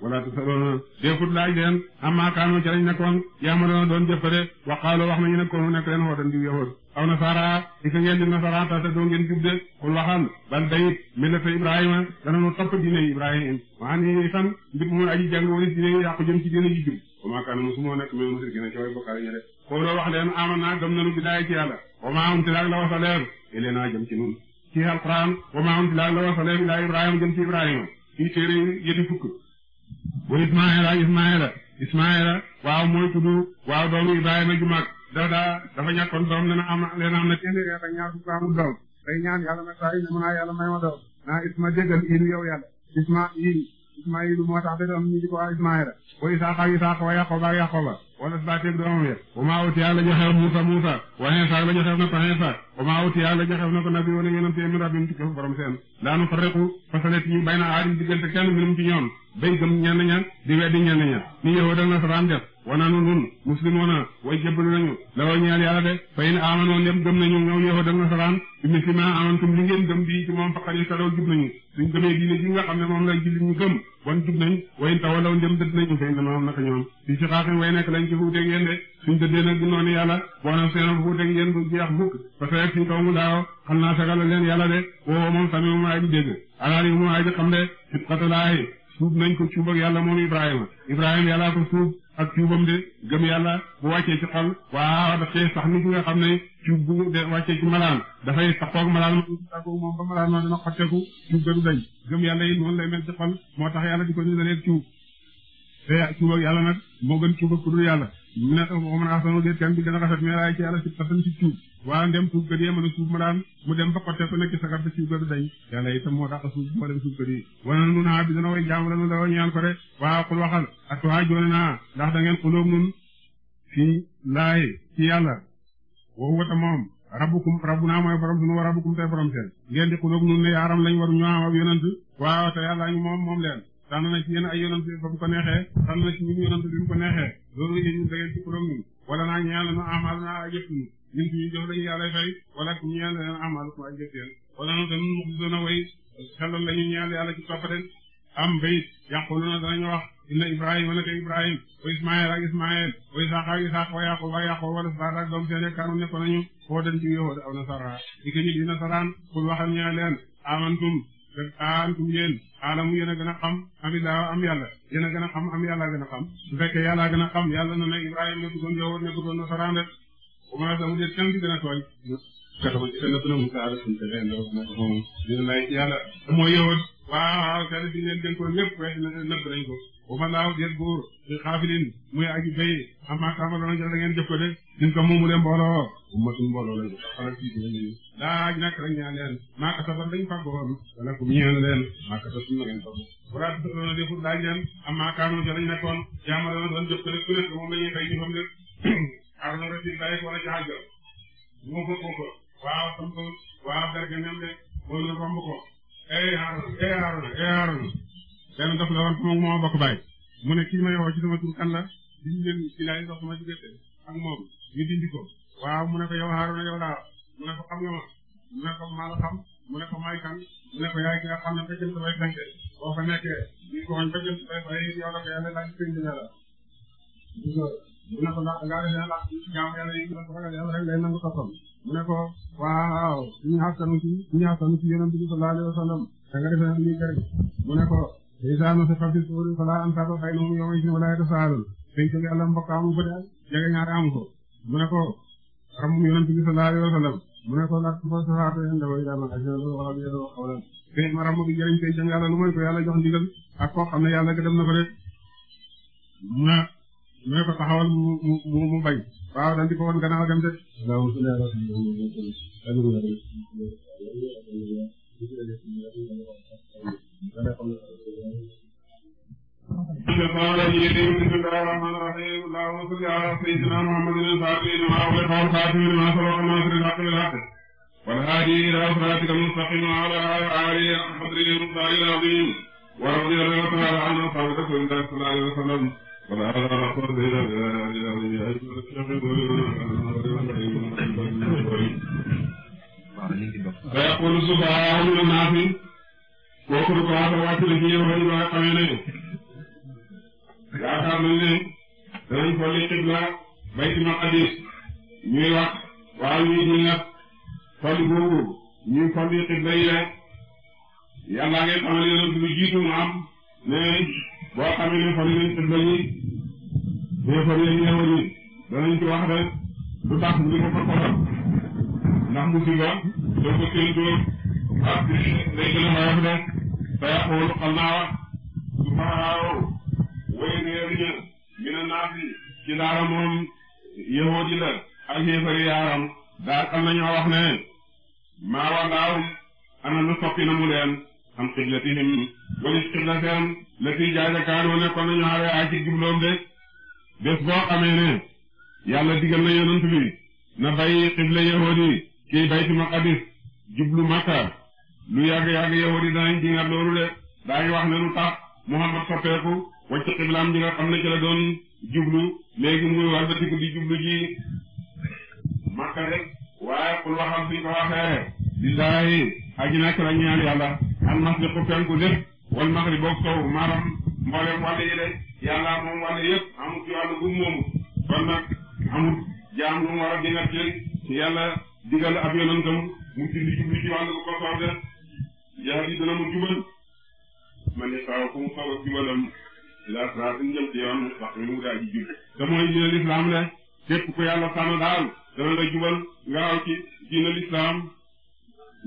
wala tusaluna defut laaj leen amma kaanu ca lañ nekkoon yaamaloona doon jëf de waqaalo wax nañu nekkoon nekk leen wootan diw yahud aw nasara i ka ngeen di nasara ta te doo ngeen jub de xul waxal bal dayit millata ibrahima dananu topp diine ibrahim a ni itam mbir mu aji jàng woni diine yàqu jëm ci diine ji jub wa maa kaana musumoo nekk mel musrikina ca way bokkaale ña de xooloo wax leen amanna gëm nanu bidaay ci yàlla wa maa um tilaak la wasa leer ileena jëm ci nun ci alquran wa maa la wasa leer ilaa ibrahima jëm ci ibrahima ci bu Ismaayila Ismaayila Ismaayila waaw mooy tudd waaw doomu Ibrahima ju mag doodaa dafa ñàkkoon doom dana am leen am na téeméer a ñaar fukk amul doom day ñaan yàlla na saa yi ne naa yàlla may ma doom naa Isma jéggal ilu yow yàlla Isma ilu Isma ilu moo tax da doon ñu di ko waa Ismaayila wa Isaaxa Isaaxa wa Yaaqooba Yaaqooba wala baateeg doomam ya wama wuti yàlla joxew Muusa Muusa wa Iisaa la joxew na ko Iisaa wama wuti yàlla joxew na ko nabi wala yonent min rabbin tukkee borom seen daanu farriqu fasalet ñu bay na aadim diggante kenn minum ci ñoom bay gëm ñenn ña di weddi ñenn ña ni yow dal nasaraan def wana nu nun muslimoona way jébbalu nañu la woo ñeel yàlla de fa in aamanoon dem gëm nañu ñoom yow dal nasaraan bi misli ma amantum gëm bi ci moom faqad ihtadaw jub nañu suñ gëmee diine ji nga xam ne moom lay jullit bon jub nañ way tawalaw ndem dëdd nañu fay dama am naka ñoom di si xaaxin way a lañ ci fuuteeg yéen de suñ dëddee nag du noonu yàlla boonam seen fuuteeg yéen du jeex mukk parce que suñ kaw mu daaw xam naa sagala leen yàlla de woo moom sami mu aji dégg alaali mu aji xam de sibxatalaayi suub nañ ko cuub ak moom Ibrahima Ibrahima yàllaa ko suub ak cuubam de gëm yàlla bu wàccee ci xol waaw dafay sax nit nga xam ne ci bu de wàccee ci malaan dafay taxoog malaan moom tàggoog moom malaan moom dina xotteeku cuub gënu dañ gëm yàlla yi noonu lay mel ci moo tax yàlla di ko ñu dalee cuub yàlla nag moo gën cuub ku dul yàlla ne mën a asanu déet kenn bi gën rafet mais laay ci yàlla si tatan ci cuub waa ndem suuf gën yee mën a suuf malaan mu dem ba xotteeku nekk sagar te cuub gënu dañ yàlla itam moo tax a suuf moo dem suuf gën yi wana nun a bi dana way jaam la nun dawa ñaan ko de waa xul waxal ak waa naa ndax da ngeen xulóog waxu wata moom rabbukum rabbunaa mooy borom sunu wa rabbukum tey borom seen ngeen di xuloog nun ne yaaram lañ waru ñu am ab yonent waaw te yàlla ñu moom moom leen tànn na ci yéen ay yonent ba mu ko neexee tànn na ci ñun yonent bi mu ko neexee loolu yéen ñun da ngeen ci xuloog nun wala naag ñeel nu amal naa ay jëf ñun suñu jëf lañu yàlla fay wala ku ñeel leen amal ko ay jëf yéen wala noonu tamit muxlisona way sellal lañu ñeel yàlla ci topp am bayit inna ibrahima naka ibrahim wa ismail ak ismail wa isaaq ak isaaq wa yaqub ak yaqub wa lasbaat ak doom seene kanu nekko nañu foo dan ci yahuud aw a i ka ñu di nasaraan kul waxal ñaa leen amantum antum yéen aalamu yéen a gën a xam amilaa am yàlla yéen a gën a xam am yàlla gën a xam su fekkee yàlla gën a xam yàlla na ne ibrahim ne bëggoon yahuud ne bëggoon nasaraan rek bu ma samu dee kan bi gën a tooñ kataman dina lay yàlla mooy waaw kàlla bi ngeen dénkoon ñëpp waaye dina nëbb nañ ko bu fa laaw jël buur di xaafilin muy aji béy xam naa tàmbaloon jox la ngeen jëf ko de din ko moomu leen mbooloo ummatul mbooloo lañ ko xamal ci dina ñu laaj nag rek ñaan leen maa ko sabab lañ fàggoon wala ku ñëw leen maa ko sabab na ngeen fàgg bu laa doon defut laaj leen am maa kaanu ca lañ nekkoon jàmm la doon jëf ko de ku nekk moom la ñuy fay ñu fam de arno rasi bàyyi ko wala ci ko ko waaw ko waaw berge ey Haaruna ey Haaruna ey Haaruna benn dof la woon moom moo bokk bàyyi mu ne kii may woo ci sama tur kan la di ñu leen ci laay dox sama diggante ak moom ñu dindi ko waaw mu ne ko yow Haaruna yow laa mu ne ko xam nga ma mu ne ko maa la xam mu ne ko maay kan mu ne ko yaay ki nga xam ne ba jëm samay fenke boo fa nekkee di ko woon ba jëm samay fay yow la ko yàlla laaj sëñ bi ne la mu ne ko ndax dangaa def yàlla jaam yàlla yi mu ne ko ragal yàlla rek lay nangu toppam mu ne ko waaw suñu xaasanu ci suñu xaasanu ci yonent bi sallallahu alayhi wasallam da nga defee lii gërëm mu ne ko isa nufixa fi suuri falaa ansaaba baynahum yawma'izin wa laa yatasaaluun dañ ko yàlla mbokk amu ko daal jege ñaare amu ko mu ne ko ramum yonent bi sallallahu alayhi wasallam mu ne ko la ko saxaatu yéen dafay daal ma xasee loolu wala biir loolu xaw la te ma ramm bi jëriñ tey jàng yàlla lu may ko yàlla jox ndigal ak koo xam ne yàlla gërëm na ko de mu ne mu ne ko taxawal mu mu mu bañ waaw daal di ko woon gannaaw dem de. waaw. والهادي إلى صراطك المستقيم وعلى آله حضره المختار العظيم ورضي الله تعالى عن أصحاب رسول الله صلى الله عليه وسلم yàllaa ngay xamal yonent bi jiitu mu am ne boo xamee ne xol yi nañ yi béefar yi ñeewal yi danañ ci wax rek lu tax ñu di ko farfalal ndax mu fi soo ko séentoo ak su faraaw wéy réer ña mi na naaf yi ci daara moom yahood yi la ak yéefari yaaram daal am nañoo wax ne maa wàllaawum ana lu soppi na mu leen am xiblatihim walis xiblatam lati jaaja kaanoo nekkoon nañu xawee ak ci jubloom de bés boo xamee ne yàlla digal na yonent bi na bàyyi xibla yahoodi kii bayti maqadis jublu makka lu yàgg-yàgg yahoodi danañ di nga loolu de daañu wax ne lu tax muhammad soppeeku wacc xiblaam ji nga xam ne ci doon jublu léegi muy walbatiku di jublu ji makka rek waaye xul waxam bi ko waxee aji naa kira ñaan yàlla al masriqu penku lépp wal maxribu sow maanaam mboolem wàll yi de yàlla moom wàll yëpp amul ci wàllu bu moomu kon nag amul jaam lu mu war a dingat ci yàlla digal ab mu ci li jubli ci wàllu ko soob de yàlla di dana mu jubal man de saa ku mu soog a jubalam ila siraatin jëm ci yoon wax mi mu daal di jub te mooy diine lislaam ne képp ku yàlla sànn daal dana la jubal nga aw ci lislaam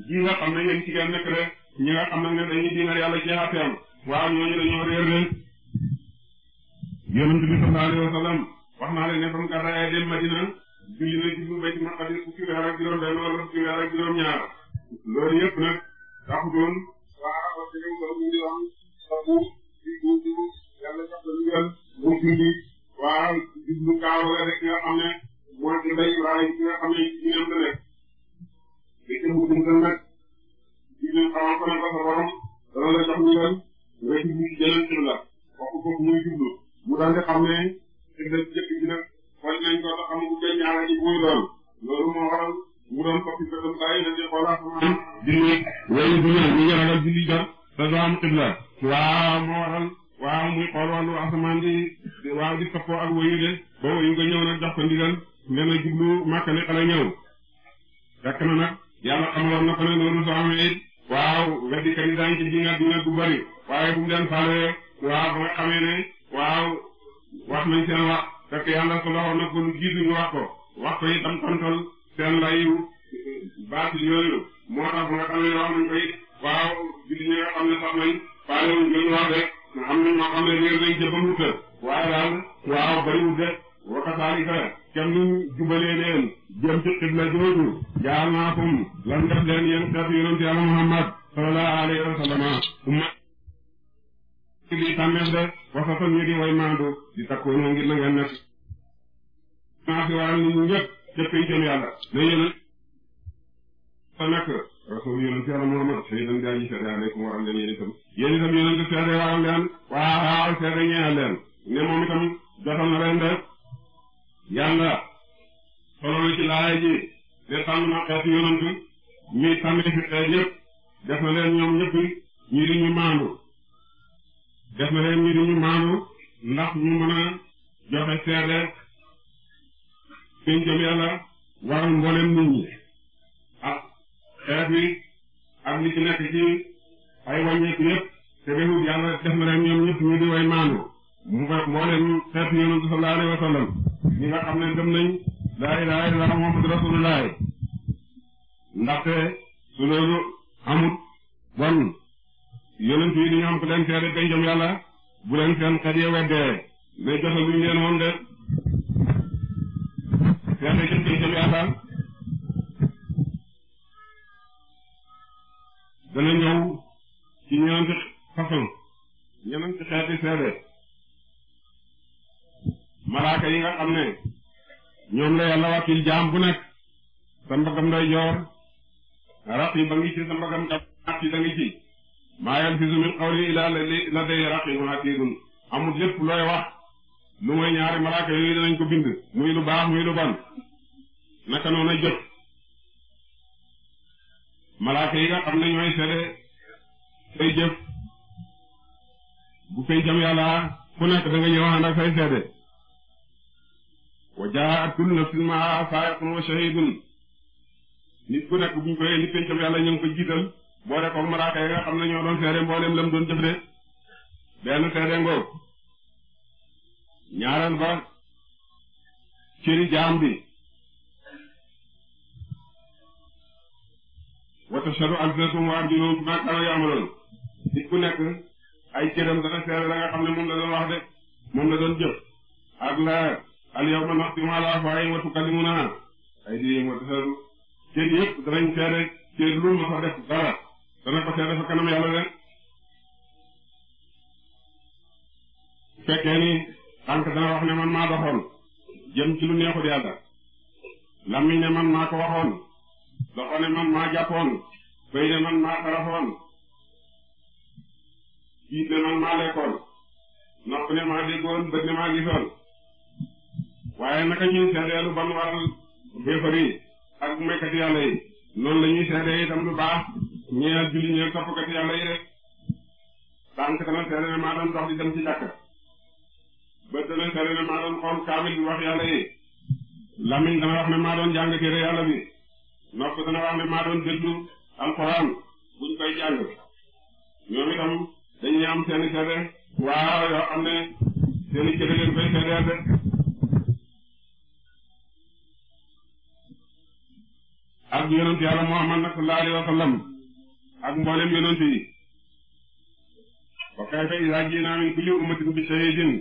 ji nga xam ne yéen ci ngeen nekk de ñi nga xam ne dañuy diinal yàlla ci àtteem waaw ñooñu dañoo réer leen yonent bi sallallahu alayhi wa sallam wax naa leen ne fa mu gàddaay dem Madina julli na jublu Baytul Maqdis fukki weer ak juróom benn wala fukki weer ak juróom ñaar loolu yëpp nag taxutoon waa wax dëgg yàlla ñu ngi wax sa buuf di buuf di buuf yàlla jox la ndigal mu tuuti waa jublu Kaaba la rek nga xam ne moo ci bay Ibrahima ki nga xam ne ci ñoom la nekk léegi mu gën a gën xamal ko ne ko sa borom dana la jox ndigal nga jublu ci jëlee xibla wax ko foofu muy jublu mu daal di xam ne xibla jëkk nag xool nañ ko te xamagu benn ñaara ci muy doon loolu moo mu doon soppi bëtam bàyyi na di xoolaat mu am julli wéyu julli ñu ngi ragal julli ga te doo am xibla waaw moo waral waaw muy xool wàllu asamaan di waaw di toppoo ak wéyu de ba wéyu nga ñëw nag jox ko ndigal nga ne jublu màkk ne xale ñëw fekk na yàlla xamaloon na ko ne loolu du amee it waaw weddikat yi daañu ci jiŋat jiŋat bu bari waaye bu mu leen faale waaw ba wax nañ seen wax fekk yàlla ko loxoon na ko lu jiitu ñu wax ko wax ko it am tontal seen layu baatil yooyu moo tax ba nga xam ne wax nañ ko it waaw julli ñi nga xam ne sax nañ faale wuñ lañu nga xam ne moo xam ne réer nañ ca ba mu waaye daal waaw bariwul de kenn jubalee leen jëm ci xibla jooju jaalnaakum lan def leen yéen xeetu yonent yàlla Muhammad sallallahu alayhi wa sallam umma li tàmmeef de wasatan ñu di way maandu di takkoonoo ngir na ngeen nekk maa fi waral nit ñi ñëpp cëpp yàlla na yéen a nekk rasul yonent yàlla Muhammad shahidan daa ji seede aleykum waral leen yéen itam yéen itam yonent waral leen waaw waaw seede ñeel leen ne moom itam jotal na leen de yàlla tollu ci laay ji de tànn na xeetu yonant mi tànnee fi xeet yëpp def na leen ñoom ñëpp ñi di ñu maandu def na leen ñi di maandu ndax ñu mën a joxe seede fiñ jëm yàlla waral mboolem nit ñi ak xeet wi ak li ci nekk ci ay wàññeeku yëpp te réewut yàlla def na leen ñoom ñëpp ñu di way maandu mboolem xeetu yonant sallallahu alayhi wa ñi nga xam ne gëm nañ laa ilaaha illallaah muhammadu rasuulullaah ndaxte su loolu amut bon yonent yi dañu am ku leen seede kay jëm yàlla bu leen seen xet ya weddee mais joxe luñu leen woon de seede jëm kay jëm yàlla dana ñëw ci ñeenti façon ñeenti xeeti seede malaaka yi nga xam ne ñoom la yàlla wàccil jaam bu nekk sa mbagam day joor raqib ba ngi ci sa mbagam ci da ngi ci maa yalfizu min qawlin illaa ladayhi raqibun atidun amul lépp looy wax lu mooy ñaari malaaka yooyu danañ ko bind muy lu baax muy lu malaaka yi nga xam ne ñooy seede say jëf bu fay jam yàlla ku nekk da say seede wa jaa'at kullu nafsin ma'ahaa saa'iqun wa shahiidun nit ku nekk bu ñu koy nit pencam yàlla ñu ngi ko jiital boole ko malaaka yi nga xam ne ñoo doon seede mbooleem la mu doon jëf de benn seede ngoo ñaareel ba cëri jaam bi wa tashhadu alsinatuhum wa arjuluhum bimaa kaanuu ya'maluun nit ku nekk ay cëram dana seede la nga ne moom la doon wax de moom la doon jëf ak la al yawma naxtimu ala afwaahihim wa tukallimunaa aydiihim wa tashhadu cër yëpp danañ seede cër lu ma fa def dara dana ko seede fa kanam yàlla leen fekkee ni tànk dana wax ne maa doxoon jëm ci lu neexul yàlla làmmiñ ne man maa ko waxoon loxo ne maa jàppoon bëy ne man maa xarafoon biit ne man maa lekkoon bët ne gisoon waaye naka ñuy seedee lu ban waral ak moykati yàlla yi noonu lañuy ñuy seedee itam lu baax ñeel julli ñeel toppkati yàlla yi rek tànk dana seede ne maa doon di dem ci jàkk bët dana seede ne maa doon kaamil bi wax yàlla yi lamiñ dana wax ne maa doon jàng téere yàlla bi nopp dana wax ne maa doon déglu alxuraan buñ koy jàng ñoom itam dañuy am seeni seede waaw yoo xam ne seeni jëfe leen koy seedeel de ak yonent yàlla Muhammad nag sallallahu alayhi wa sallam ak mboolem yonent yi wa kayfa idaa jiinaa min kulli ummatin bi shahidin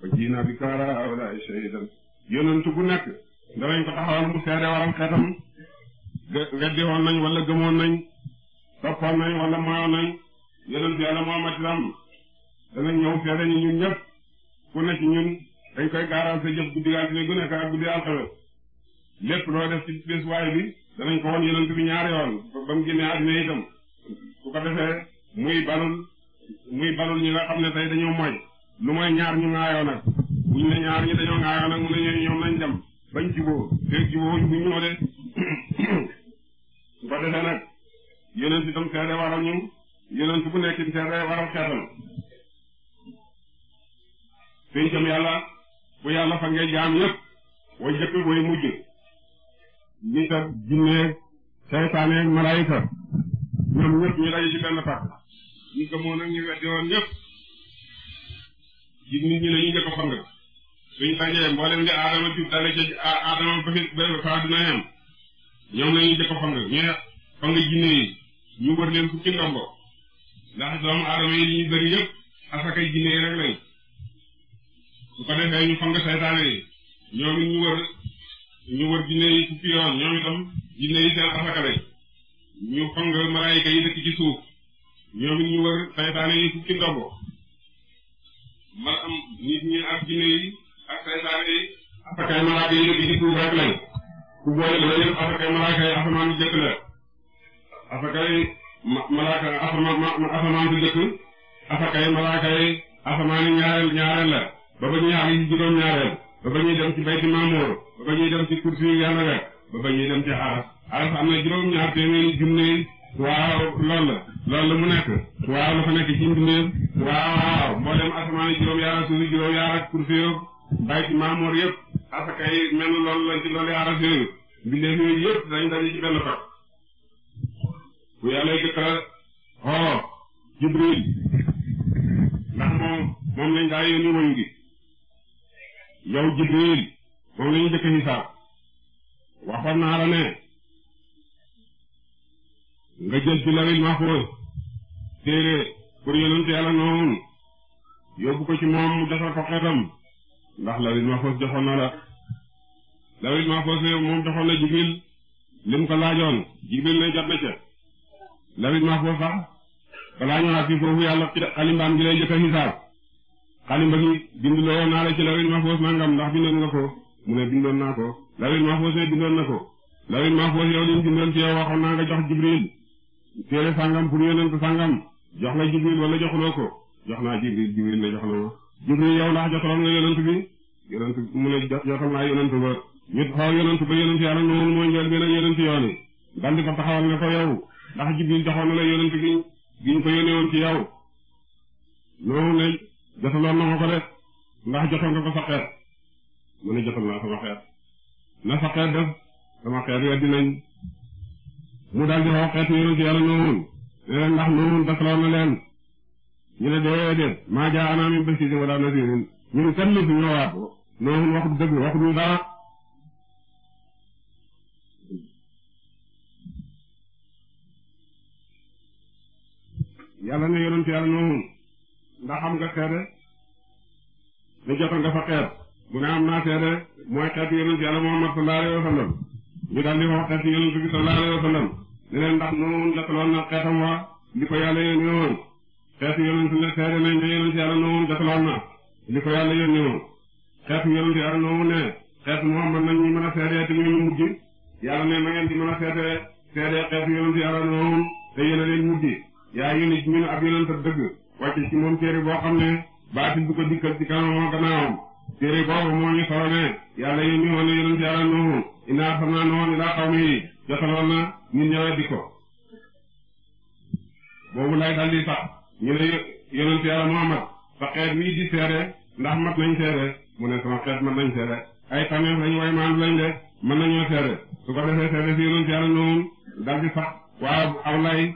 wa jiinaa bika alaa haa'ulaa'i shahidan yonent bu nekk danañ ko taxawal mu seede waral xeetam weddi woon nañ wala gëmoon nañ toppoon nañ wala moyoon nañ yonent yàlla Muhammad itam danañ ñëw seede ñu ñun ñëpp ku ne ñun dañ koy gaaral sa jëf guddi altine gu nekk ak guddi alxames lépp loo def ci bésuwaay bi danañ ko won yonent bi ñaari yoon ba mu génnee àddina itam su ko defee muy balul muy balul ñi nga xam ne tey dañoo mooy lu mooy ñaar ñu ŋaayoo nag bu ñu ne ñaar ñi dañoo ŋaayoo nag mu ne ñoom nañ dem bañ juboo feeg juboo bu ñoo de su ko defee nag yonent itam seede waral ñu yonent bu nekk seede waral xeetam feeñtam yàlla bu yàlla fa ngay jaam yëpp way jëkk way mujj nit ak jinne saytaane ak ñoom ñëpp ñu daje ci benn pàkk ñu gëmoon nag ñu weddi ñëpp nit ñi la ñu njëkk a fang suñ dajee mboolem li aadama jub dale ca aadama ba fi ba fa dina yem ñoom la ñu njëkk fang ñee fang jinne ñu wër leen fukki ndombo ndax doomu aadama yi ñu bëri yëpp asakay jinne yi rek lañ su ko defee ñu fang saytaane yi ñoom ñu wër ñu wër jinne yi fukki yoon ñoom itam jinne yi seen asaka lañ ñu fang malaayika yi dëkk ci suuf ñoom it ñu wër saytaane yi fukki ndogo man am nit ñi ak jinne yi ak asakay malaaka yi dëkk ci suuf rek lañ ku boole loolu asakay malaaka yi asamaan jëkk la asakay malaaka asamaan jëkk asakay malaaka yi asamaan ñaareel ñaareel la ba ba ñaar yi juróom ñaareel ba ba ñuy dem ci bayti Maamuur ba ba ñuy dem ci kursi yu yàlla ga ba ba ñuy dem ci aras aras am na juróom-ñaar téeméeri junne waaw loolu la loolu la mu nekk la fa nekk ci mbindeef waaw mboolem asamaan juróom yaar ak suuf juróom yaar ak kursi yo bayti Maamuur yëpp asaka yi mel na loolu la ci loolu aras yooyu mbindeef yooyu yëpp dañ daje ci benn fat bu yàlla jëkkëra oh Jibril ndax moom moom lañ daa yónni woon gi yow Jibril moom la ñu jëkk xisaab waxoon naa la ne nga jël ci lawil mahfuz téere pour yonent yàlla noonu yóbbu ko ci moom mu defar ko ndax lawil mahfuz joxoon na la lawil mahfuz moom joxoon na Jibril lim ko laajoon ne jot na ca lawil mahfuz sax balaa ñëwaat fii foofu yàlla xalimbaan gi jëkk xisaab xalim ba gi naa la ci lawil mahfuz nangam ndax bindoon nga ko mu ne bindoon naa ko lawil mahfuz ne bindoon na ko lawil mahfuz yow liñ bindoon ci yow waxoon naa nga jox jibril téere sàngam pour yonent sàngam jox nga jibril wala joxuloo ko jox naa jibril jibril ne jox na ma jibril yow ndax joxaloon nga yonent bi yonent mu ne joxal naa yonent ba ñu xaw yonent ba yonent yàlla noonu mooy njël benn yonent yooni dandi ko taxawal nga ko yow ndax jibril joxoon na la yonent bi giñ ko yónne woon ci yow jotaloon na ma ko de ndax jotal nga ko sa xeet mu ne jotal naa sama sa xeet def sama xeet weddi nañ mu daal di xaw xeet yonent yàlla noowoon ne ndax na leen ñu ne déedéet maa jaa anaa min basiirin wa laa nasiirin ñun kenn lu fi ñëwaat noowoon waxut dëgg waxut ñu dara yàlla ndax am nga seede ne jota nga fa xeet bu ne am naa seede mooy xeet yonent yàlla Muhammad sallallahu alayhi wa sallam ñu daal di wax xeet yonent bi sallallahu alayhi wa sallam ne leen ndax noonu jotaloon na xeetam waa li ko yàlla yónni woon xeet yonent ne seede nañ ne yonent yàlla noonu jotaloon na li ko yàlla yónni woon xeet yonent yàlla noonu ne xeet Muhammad nañ ñu mën a seede te ñu mujj yàlla ne na ngeen di mën a seede seede xeet yonent yàlla noonu te yéen a leen mujj yaa yónni ñu ne ab yonent dëgg wàcce ci moom téere boo xam ne baatin du ko dikkal ci kanam gannaawam téere boobu moo ñu solo ne yàlla yónni woon na yonent yàlla Nuuhu innaa arsalnaa Nuuhan ilaa qawmihi jotaloon na ñu ñëwee di ko boobu lay dal di tax ñu ne yonent yàlla Muhammad sa xeet wii di seere ndax mat nañ seere mu ne sama xeet mat nañ seere ay tameef lañu way maandu lañ de mën nañoo seere su ko defee si yonent yàlla Nuuhu dal di sax waa aw lay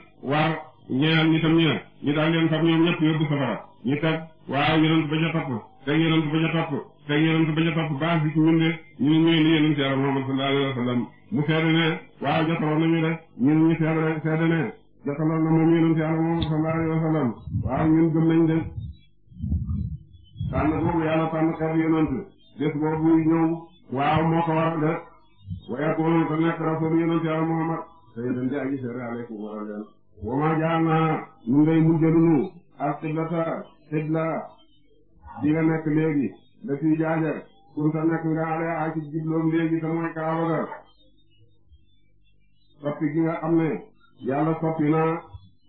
ñeent nitam ñeent ñu daal leen fab ñoom ñëpp yóbbu safara ñu teg waaw yonent ba ca topp teg yonent ba ca topp teg yonent ba ca topp base bi ci ñun de ñu ñooy li yonent yàlla Muhammad sallallahu alayhi wa sallam mu seede ne waaw jotaloon nañu de ñun ñu seede seede ne jotaloon na moom yonent yàlla Muhammad sallallahu alayhi wa sallam waaw ñun gëm nañ de tànn boobu yàlla tànn xeetu yonent des boobu ñëw waaw moo ko waral de waaye ko nekk rasul yonent yàlla Muhammad te yonent di aji seede aleykum waral leen wama jaalna nu ngay mujjalunu ak xiblata xibla di nga nekk léegi da fi jaajar kunta nekk nga ale ak ci léegi te mooy kaaba ga soppi gi nga xam ne yàlla soppi na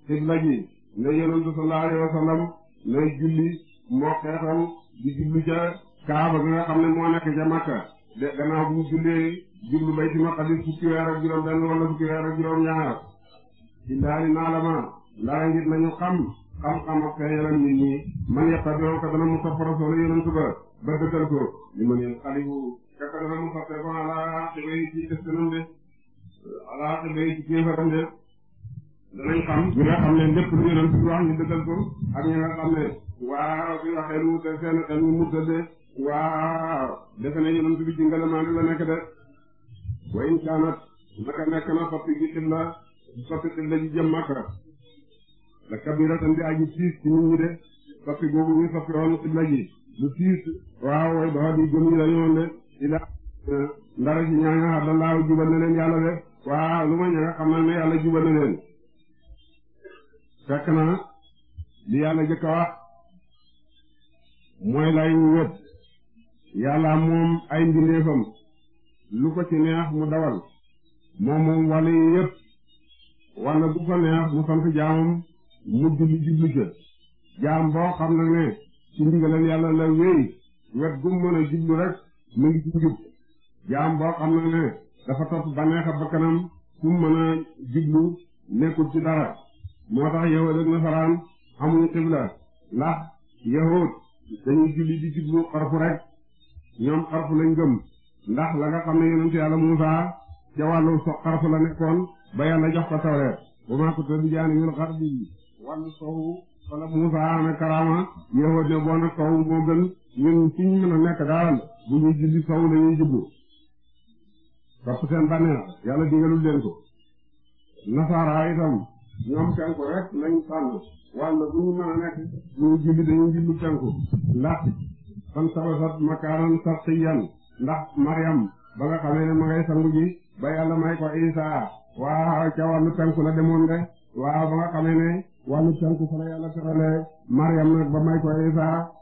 xibla ji ne yonentu sallallahu alayhi wa sallam lay julli moo xeexam di jublu ca kaaba gi nga xam ne moo nekk ca makka de gannaaw bu mu jullee jublu bayti maqdis fukki weer ak juróom benn wala fukki weer juróom ñaar di ndaari maalama ndaara ngir nañu xam xam-xam ak feeñalam nit ñi man yàqa doo ka dana mu topp rasul yonentu ba ba ko li man yeen xaliwu kaka dana mu soppe ko ala xibay ci dëstanam de ala xibay ci kéefaram de danañ xam ñi nga xam ne lépp lu ko ak ñi nga xam ne waaw fi waxee lu te seen xel mu muddade waaw defe ne yonentu bi ci ngalamaandi la nekk de wa in kaanat naka nekk na soppi gi xibla bu soppi la ñu jëm Makka la kabiratan di aji siis ci nit de soppi googu ñu soppi woon ji lu siis waaw way dafa di gëm ñi la euh, ndara ci ñaaña xar la laaw na leen yàlla de waaw lu ma ña nga xam na ne yàlla jubal na leen fekk na li yàlla jëkk a wax mooy lay wét yàlla moom ay mbindeefam lu ko ci neex mu dawal moom moom wàll wala bu ko neex mu sant jaamam mu julli jublu ca jaam boo xam nag ne ci ndigalal yàlla la wéy wet gum mën a rek mu ngi ci jaam boo xam nag ne dafa topp baneex a bakkanam fu mu mën a jublu nekkul ci dara moo tax yahud ak nasaraan amuñu xibla ndax yahud dañuy julli di jublu xarfu rek ñoom xarfu lañ gëm ndax la nga xam ne yonentu yàlla Muusaa ca wàllu so xarfu la nekkoon ba yàlla jox ko tawreet ba maa ko tëdd jaani ñun xar bi wàllu sowu wala Musa amee karaama yéexoot ne boo nag sowu moo gën ñun fi mën a nekk daal bu ñuy jubbi sowu lañuy jubbu topp seen bànneex yàlla digalul leen ko nasaara itam ñoom penku rek lañ tànn wàll bu ñu mën a nekk bu ñuy jubbi dañuy jubbu penku ndax fan sabasat makaanan sartiyan ndax Maryam ba nga xamee ne ma ba yàlla may ko Isa waaw ca wàllu tànku la demoon de waaw ba nga xamee ne wàllu tànku fa la yàlla terale Maryam nag ba may ko Isa